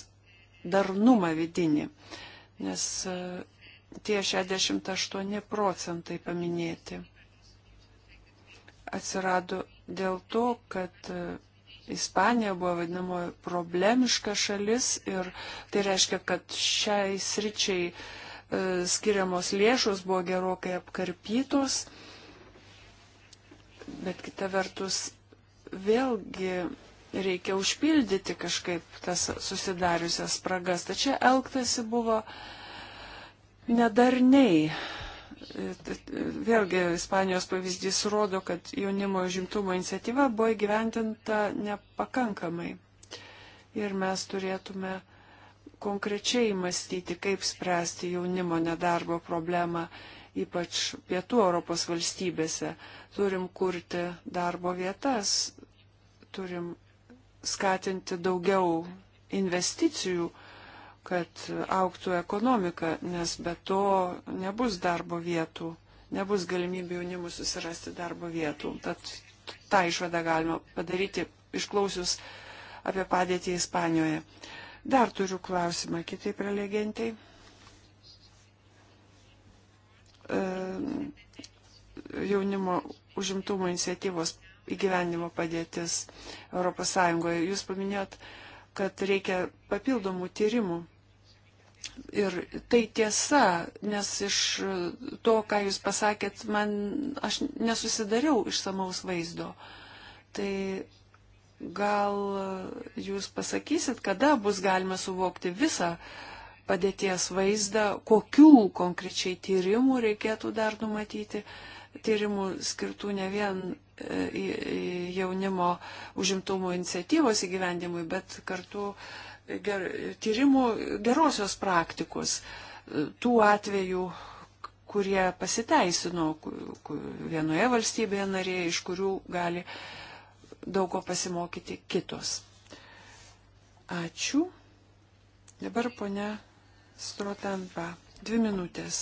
darnumą vidinį, nes e, tie 68 procentai paminėti atsirado dėl to, kad e, Ispanija buvo vadinama problemiška šalis ir tai reiškia, kad šiai sričiai e, skiriamos lėšos buvo gerokai apkarpytos, bet kita vertus vėlgi reikia užpildyti kažkaip tas susidariusias spragas. Tačiau elgtasi buvo nedarniai vėlgi Ispanijos pavyzdys rodo, kad jaunimo žimtumo iniciatyva buvo įgyvendinta nepakankamai. Ir mes turėtume konkrečiai mąstyti, kaip spręsti jaunimo nedarbo problemą, ypač pietų Europos valstybėse. Turim kurti darbo vietas, turim skatinti daugiau investicijų kad auktų ekonomika, nes be to nebus darbo vietų, nebus galimybių jaunimui susirasti darbo vietų. Tad tą išvadą galima padaryti išklausius apie padėtį Ispanijoje. Dar turiu klausimą kitai prelegentai. E, jaunimo užimtumo iniciatyvos įgyvendimo padėtis ES. Jūs paminėjot kad reikia papildomų tyrimų. Ir tai tiesa, nes iš to, ką jūs pasakėt, man aš nesusidariau išsamaus vaizdo. Tai gal jūs pasakysit, kada bus galima suvokti visą padėties vaizdą, kokių konkrečiai tyrimų reikėtų dar numatyti, tyrimų skirtų ne vien jaunimo užimtumo iniciatyvos įgyvendimui, bet kartu ger, tyrimų gerosios praktikos e, tų atvejų, kurie pasiteisino vienoje valstybėje narėje, iš kurių gali daug ko pasimokyti kitos. Ačiū. Dabar ponia Strotampa. Dvi minutės.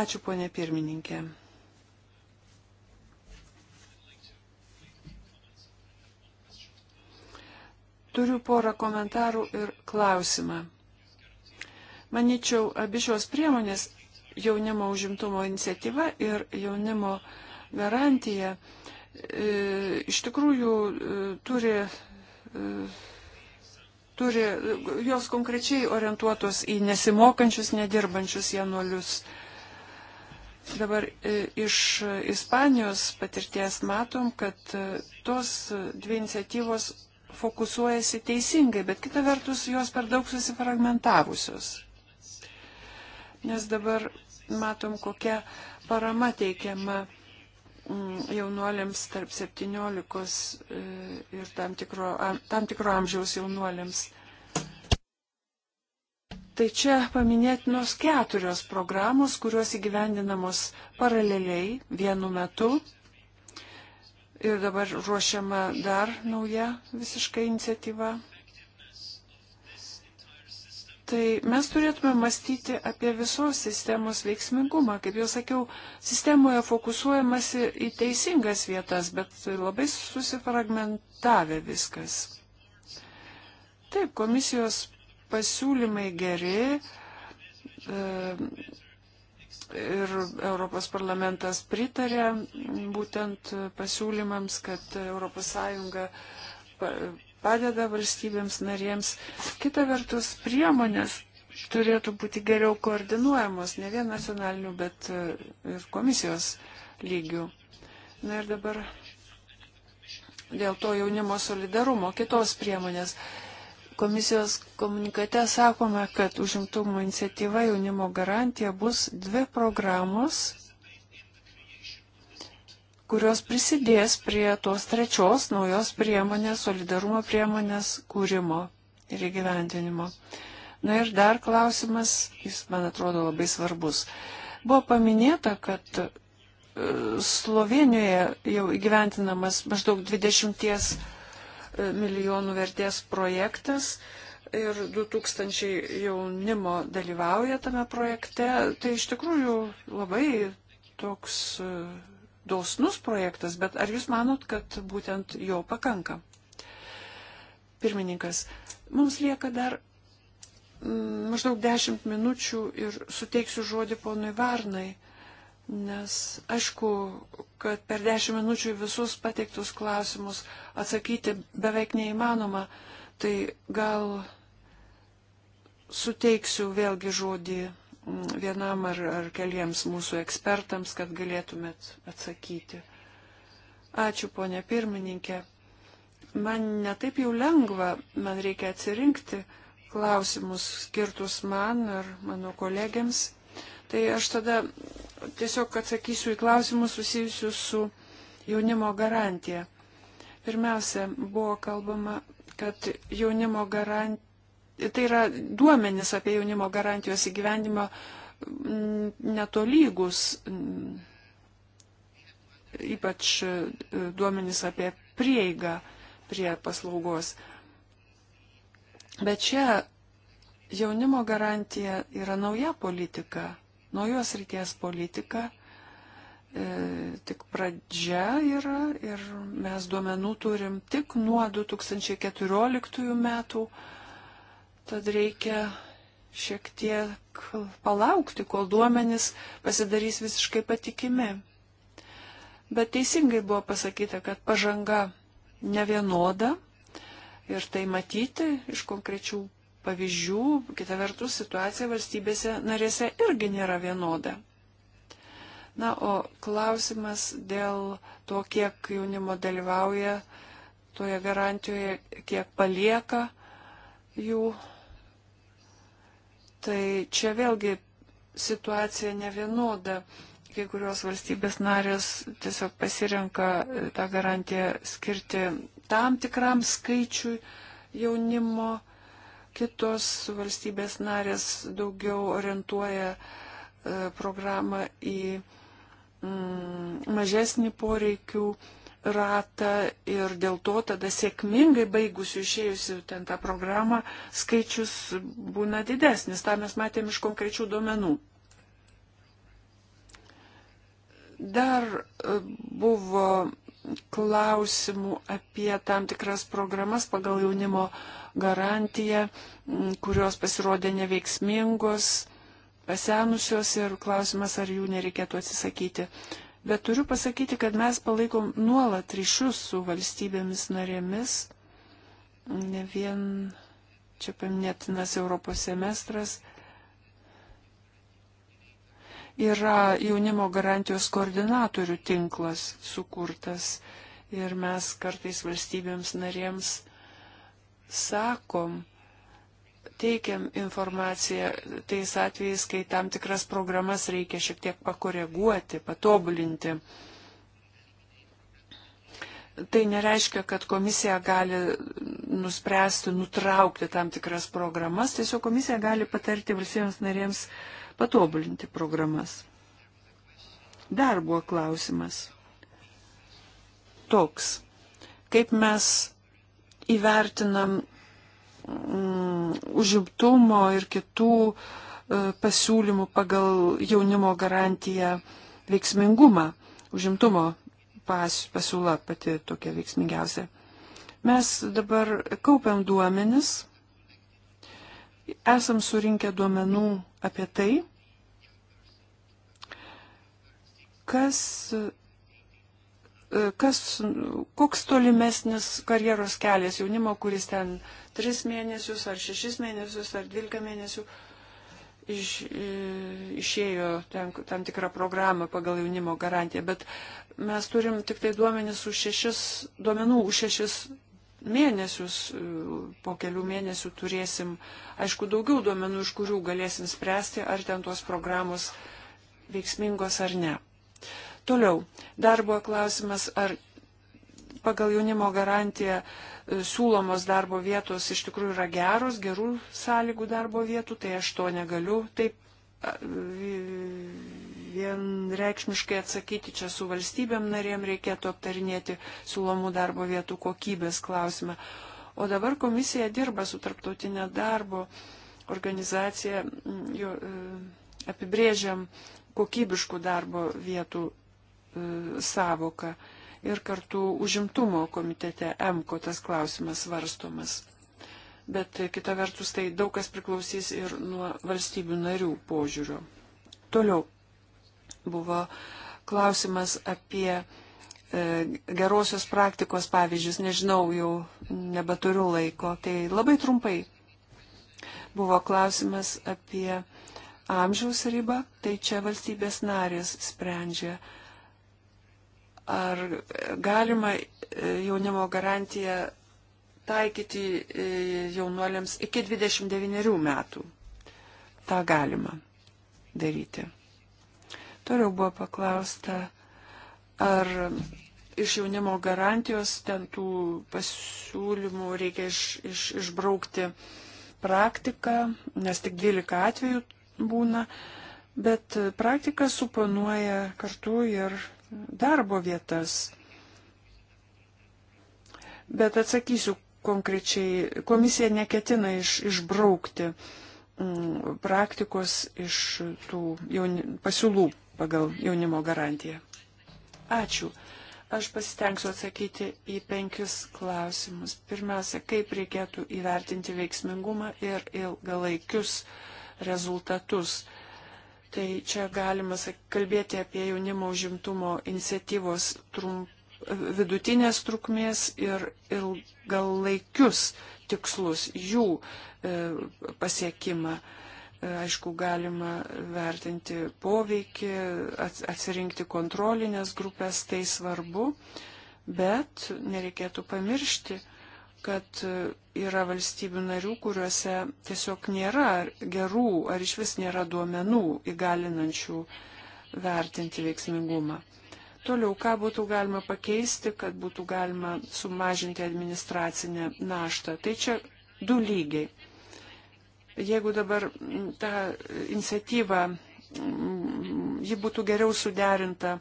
Ačiū, ponė pirmininkė. Turiu porą komentarų ir klausimą. Maničiau, abi šios priemonės jaunimo užimtumo iniciatyva ir jaunimo garantija e, iš tikrųjų e, turi, e, turi, jos konkrečiai orientuotos į nesimokančius, nedirbančius jaunuolius. Dabar iš Ispanijos patirties matom, kad tos dvi iniciatyvos fokusuojasi teisingai, bet kita vertus jos per daug susifragmentavusios. Nes dabar matom, kokia parama teikiama mm, jaunuolėms tarp 17 e, ir tam tikro, tam tikro amžiaus jaunuolėms. Tai čia paminėtinos keturios programos, kurios įgyvendinamos paraleliai vienu metu Ir dabar ruošiama dar nauja visiškai iniciatyva. Tai mes turėtume mąstyti apie visos sistemos veiksmingumą. Kaip jau sakiau, sistemoje fokusuojamasi į teisingas vietas, bet labai susifragmentavę viskas. Taip, komisijos pasiūlymai geri, e, ir Europos parlamentas pritarė būtent pasiūlymams, kad ES padeda valstybėms narėms. Kita vertus, priemonės turėtų būti geriau koordinuojamos ne vien nacionalinių, bet e, ir komisijos lygių. Na ir dabar dėl to jaunimo solidarumo kitos priemonės. Komisijos komunikate sakome, kad užimtumo iniciatyva jaunimo garantija bus dvi programos, kurios prisidės prie tos trečios naujos priemonės, solidarumo priemonės kūrimo ir įgyvendinimo. Na ir dar klausimas, jis man atrodo labai svarbus. Buvo paminėta, kad e, Slovenijoje jau įgyventinamas maždaug 20 milijonų vertės projektas ir 2000 jaunimo dalyvauja tame projekte. Tai iš tikrųjų labai toks e, dosnus projektas, bet ar jūs manot, kad būtent jo pakanka? Pirmininkas, mums lieka dar mm, maždaug 10 minučių ir suteiksiu žodį ponui Varnai Nes aišku, kad per dešimt minučių visus pateiktus klausimus atsakyti beveik neįmanoma, tai gal suteiksiu vėlgi žodį mm, vienam ar, ar keliems mūsų ekspertams, kad galėtumėt atsakyti. Ačiū, ponė pirmininkė. Man netaip jau lengva, man reikia atsirinkti klausimus skirtus man ar mano kolegiams. Tai aš tada tiesiog atsakysiu į klausimus susijusius su jaunimo garantija. Pirmiausia, buvo kalbama, kad jaunimo garantija, tai yra duomenis apie jaunimo garantijos įgyvendimą mm, netolygus, mm, ypač e, duomenis apie prieigą prie paslaugos. Bet čia jaunimo garantija yra nauja politika naujos ryties politika e, tik pradžia yra ir mes duomenų turim tik nuo 2014 metų, tad reikia šiek tiek palaukti, kol duomenys pasidarys visiškai patikimi. Bet teisingai buvo pasakyta, kad pažanga nevienoda ir tai matyti iš konkrečių pavyzdžių, kita vertus situacija valstybėse narėse irgi nėra vienoda. Na, o klausimas dėl to, kiek jaunimo dalyvauja toje garantijoje, kiek palieka jų, tai čia vėlgi situacija nevienoda. Kai kurios valstybės narės tiesiog pasirenka e, tą garantiją skirti tam tikram skaičiui jaunimo Kitos valstybės narės daugiau orientuoja e, programą į mm, mažesnį poreikių ratą ir dėl to tada sėkmingai baigusių išėjusių ten tą programą skaičius būna didesnis. Ta mes matėm iš konkrečių duomenų. Dar e, buvo klausimų apie tam tikras programas pagal jaunimo garantiją, kurios pasirodė neveiksmingos, pasenusios ir klausimas, ar jų nereikėtų atsisakyti. Bet turiu pasakyti, kad mes palaikom nuolat ryšius su valstybėmis narėmis, ne vien čia paminėtinas Europos semestras, yra jaunimo garantijos koordinatorių tinklas sukurtas ir mes kartais valstybėms narėms sakom, teikiam informaciją tais atvejais, kai tam tikras programas reikia šiek tiek pakoreguoti, patobulinti. Tai nereiškia, kad komisija gali nuspręsti, nutraukti tam tikras programas, tiesiog komisija gali patarti valstybėms narėms uh, patobulinti programas. Dar buvo klausimas toks, kaip mes įvertinam mm, užimtumo ir kitų e, pasiūlymų pagal jaunimo garantiją veiksmingumą. Užimtumo pas, pasiūla pati tokia veiksmingiausia. Mes dabar kaupiam duomenis esam surinkę duomenų apie tai, kas, kas, koks tolimesnis karjeros kelias jaunimo, kuris ten 3 mėnesius ar 6 mėnesius ar 12 mėnesių iš, išėjo ten, tam tikrą programą pagal jaunimo garantiją, bet mes turim tik tai duomenis už šešis, duomenų už šešis mėnesius, po kelių mėnesių turėsim, aišku, daugiau duomenų, iš kurių galėsim spręsti, ar ten tos programos veiksmingos ar ne. Toliau, darbo klausimas, ar pagal jaunimo garantiją e, siūlomos darbo vietos iš tikrųjų yra geros, gerų sąlygų darbo vietų, tai aš to negaliu taip vienreikšmiškai atsakyti čia su valstybėm narėm, reikėtų aptarinėti siūlomų darbo vietų kokybės klausimą. O dabar komisija dirba su tarptautinė darbo organizacija, mm, jo, e, apibrėžiam kokybiškų darbo vietų e, savoką ir kartu užimtumo komitete MKO tas klausimas svarstomas. Bet kita vertus tai daug kas priklausys ir nuo valstybių narių požiūrio. Toliau buvo klausimas apie e, gerosios praktikos pavyzdžius, nežinau, jau nebeturiu laiko, tai labai trumpai. Buvo klausimas apie amžiaus ribą, tai čia valstybės narės sprendžia, ar galima e, jaunimo garantiją taikyti e, jaunuoliams iki 29 metų. Ta galima daryti. Toliau buvo paklausta, ar iš jaunimo garantijos ten tų pasiūlymų reikia iš, iš, išbraukti praktiką, nes tik 12 atvejų būna, bet praktika suponuoja kartu ir darbo vietas. Bet atsakysiu konkrečiai, komisija neketina iš, išbraukti m, mm, praktikos iš tų jauni, pasiūlų pagal jaunimo garantiją. Ačiū. Aš pasistengsiu atsakyti į penkius klausimus. Pirmiausia, kaip reikėtų įvertinti veiksmingumą ir ilgalaikius rezultatus. Tai čia galima kalbėti apie jaunimo užimtumo iniciatyvos trump, vidutinės trukmės ir ilgalaikius tikslus, jų e, pasiekimą. E, Aišku, galima vertinti poveikį, atsirinkti kontrolinės grupės, tai svarbu, bet nereikėtų pamiršti, kad yra valstybių narių, kuriuose tiesiog nėra gerų ar iš vis nėra duomenų įgalinančių vertinti veiksmingumą. Toliau, ką būtų galima pakeisti, kad būtų galima sumažinti administracinę naštą. Tai čia du lygiai. Jeigu dabar ta iniciatyva, ji būtų geriau suderinta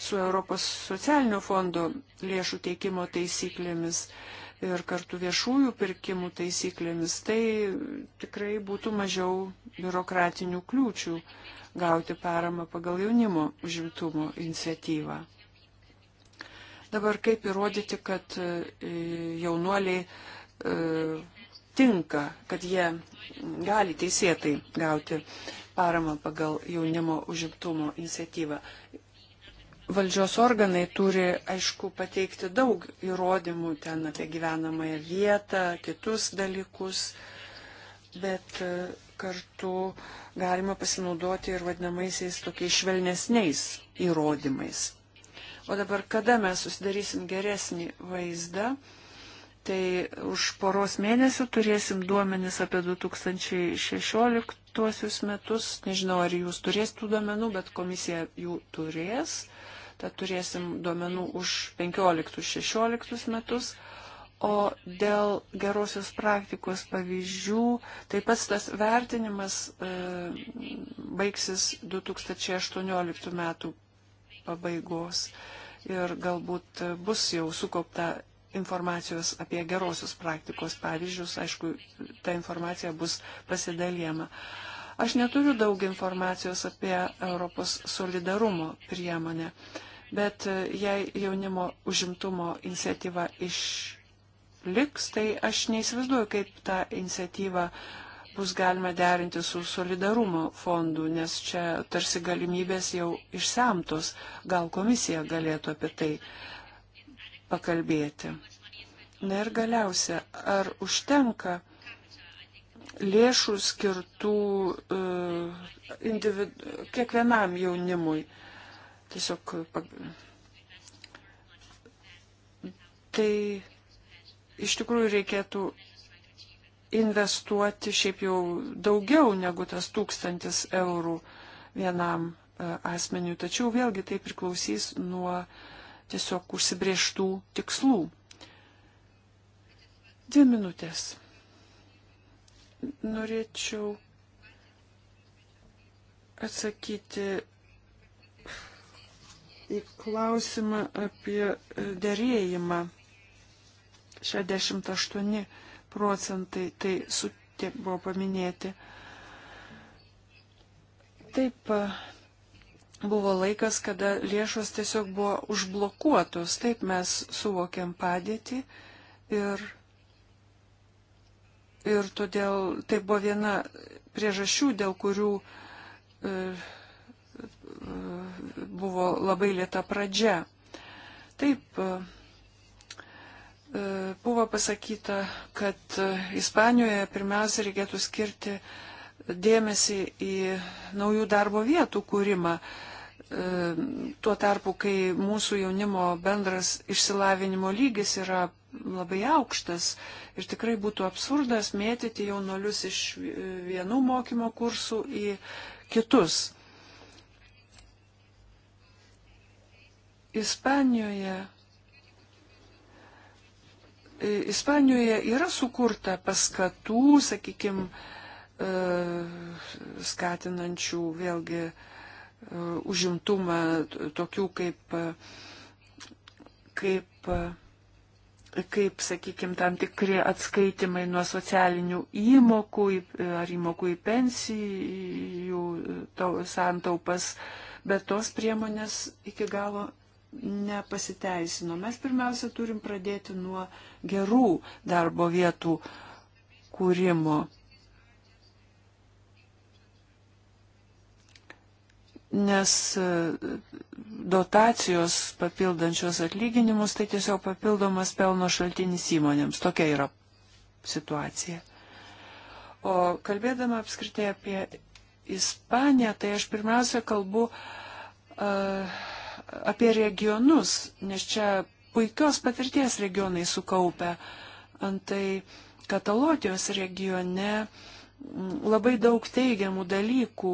su Europos socialinio fondo lėšų teikimo taisyklėmis ir kartu viešųjų pirkimų taisyklėmis, tai tikrai būtų mažiau biurokratinių kliūčių gauti paramą pagal jaunimo užimtumo iniciatyvą. Dabar kaip įrodyti, kad e, jaunuoliai e, tinka, kad jie gali teisėtai gauti paramą pagal jaunimo užimtumo iniciatyvą. Valdžios organai turi, aišku, pateikti daug įrodymų ten apie gyvenamąją vietą, kitus dalykus, bet e, kartu galima pasinaudoti ir vadinamaisiais tokiais švelnesniais įrodymais. O dabar, kada mes susidarysim geresnį vaizdą, Tai už poros mėnesių turėsim duomenis apie 2016 metus. Nežinau, ar jūs turės tų duomenų, bet komisija jų turės. Tad turėsim duomenų už 15-16 metus. O dėl gerosios praktikos pavyzdžių, taip pat tas vertinimas e, baigsis 2018 metų pabaigos ir galbūt bus jau sukaupta informacijos apie gerosios praktikos pavyzdžius, aišku, ta informacija bus pasidalijama. Aš neturiu daug informacijos apie Europos solidarumo priemonę, bet e, jei jaunimo užimtumo iniciatyva išliks, tai aš neįsivaizduoju, kaip tą iniciatyvą bus galima derinti su solidarumo fondu, nes čia tarsi galimybės jau išsemtos, gal komisija galėtų apie tai pakalbėti. Na ir galiausia, ar užtenka lėšų skirtų uh, individu, kiekvienam jaunimui? Tiesiog tai iš tikrųjų reikėtų investuoti šiaip jau daugiau negu tas tūkstantis eurų vienam e, asmeniu. Tačiau vėlgi tai priklausys nuo uh, tiesiog užsibrieštų tikslų. Dvi minutės. Norėčiau atsakyti į klausimą apie dėrėjimą. 68 procentai tai su tiek buvo paminėti. Taip, buvo laikas, kada lėšos tiesiog buvo užblokuotos. Taip mes suvokiam padėtį ir, ir todėl tai buvo viena priežasčių, dėl kurių e, e buvo labai lėta pradžia. Taip, e, e buvo pasakyta, kad e, Ispanijoje pirmiausia reikėtų skirti dėmesį į naujų darbo vietų kūrimą. E, E, tuo tarpu, kai mūsų jaunimo bendras išsilavinimo lygis yra labai aukštas ir tikrai būtų absurdas mėtyti jaunolius iš vienų mokymo kursų į kitus. Ispanijoje e, Ispanijoje yra sukurta paskatų, sakykime, skatinančių vėlgi uh, Uh, užimtumą tokių kaip, uh, kaip, uh, kaip sakykime, tam tikri atskaitimai nuo socialinių įmokų ar įmokų į pensijų santaupas, bet tos priemonės iki galo nepasiteisino. Mes pirmiausia turim pradėti nuo gerų darbo vietų kūrimo nes e, dotacijos papildančios atlyginimus tai tiesiog papildomas pelno šaltinis įmonėms. Tokia yra situacija. O kalbėdama apskritai apie Ispaniją, tai aš pirmiausia kalbu uh, apie regionus, nes čia puikios patirties regionai sukaupę. Antai Katalotijos regione uh, Labai daug teigiamų dalykų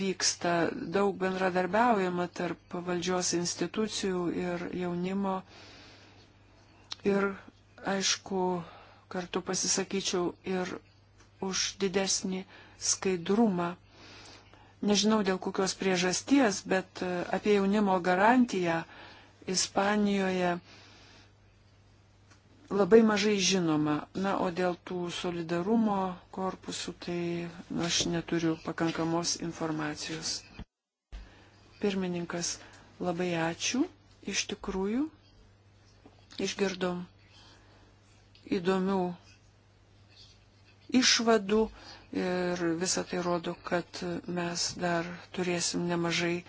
vyksta, daug bendradarbiaujama tarp valdžios institucijų ir jaunimo. Ir, aišku, kartu pasisakyčiau ir už didesnį skaidrumą. Nežinau dėl kokios priežasties, bet e, apie jaunimo garantiją Ispanijoje labai mažai žinoma. Na, o dėl tų solidarumo korpusų, tai aš neturiu pakankamos informacijos. Pirmininkas, labai ačiū. Iš tikrųjų, išgirdom įdomių išvadų ir visą tai rodo, kad mes dar turėsim nemažai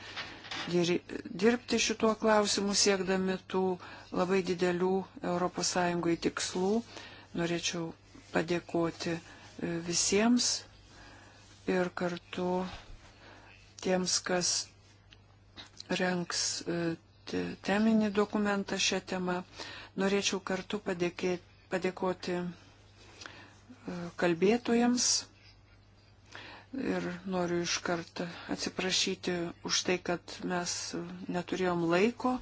dirbti šituo klausimu siekdami tų uh, labai didelių ES tikslų. Norėčiau padėkoti e, visiems ir kartu tiems, kas renks e, teminį dokumentą šią temą. Norėčiau kartu padėkėti, padėkoti e, kalbėtojams ir noriu iš karto atsiprašyti už tai, kad mes neturėjom laiko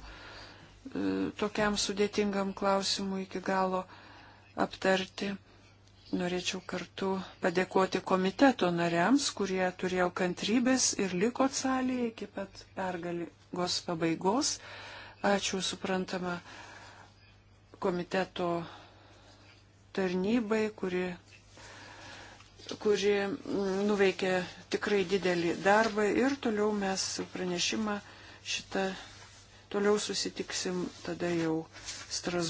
E, tokiam sudėtingam klausimui iki galo aptarti. Norėčiau kartu padėkoti komiteto nariams, kurie turėjo kantrybės ir liko salėje iki pat pergalgos pabaigos. Ačiū suprantama komiteto tarnybai, kuri, kuri mm, nuveikė tikrai didelį darbą ir toliau mes pranešimą šitą Toliau susitiksim tada jau Strasbūrė.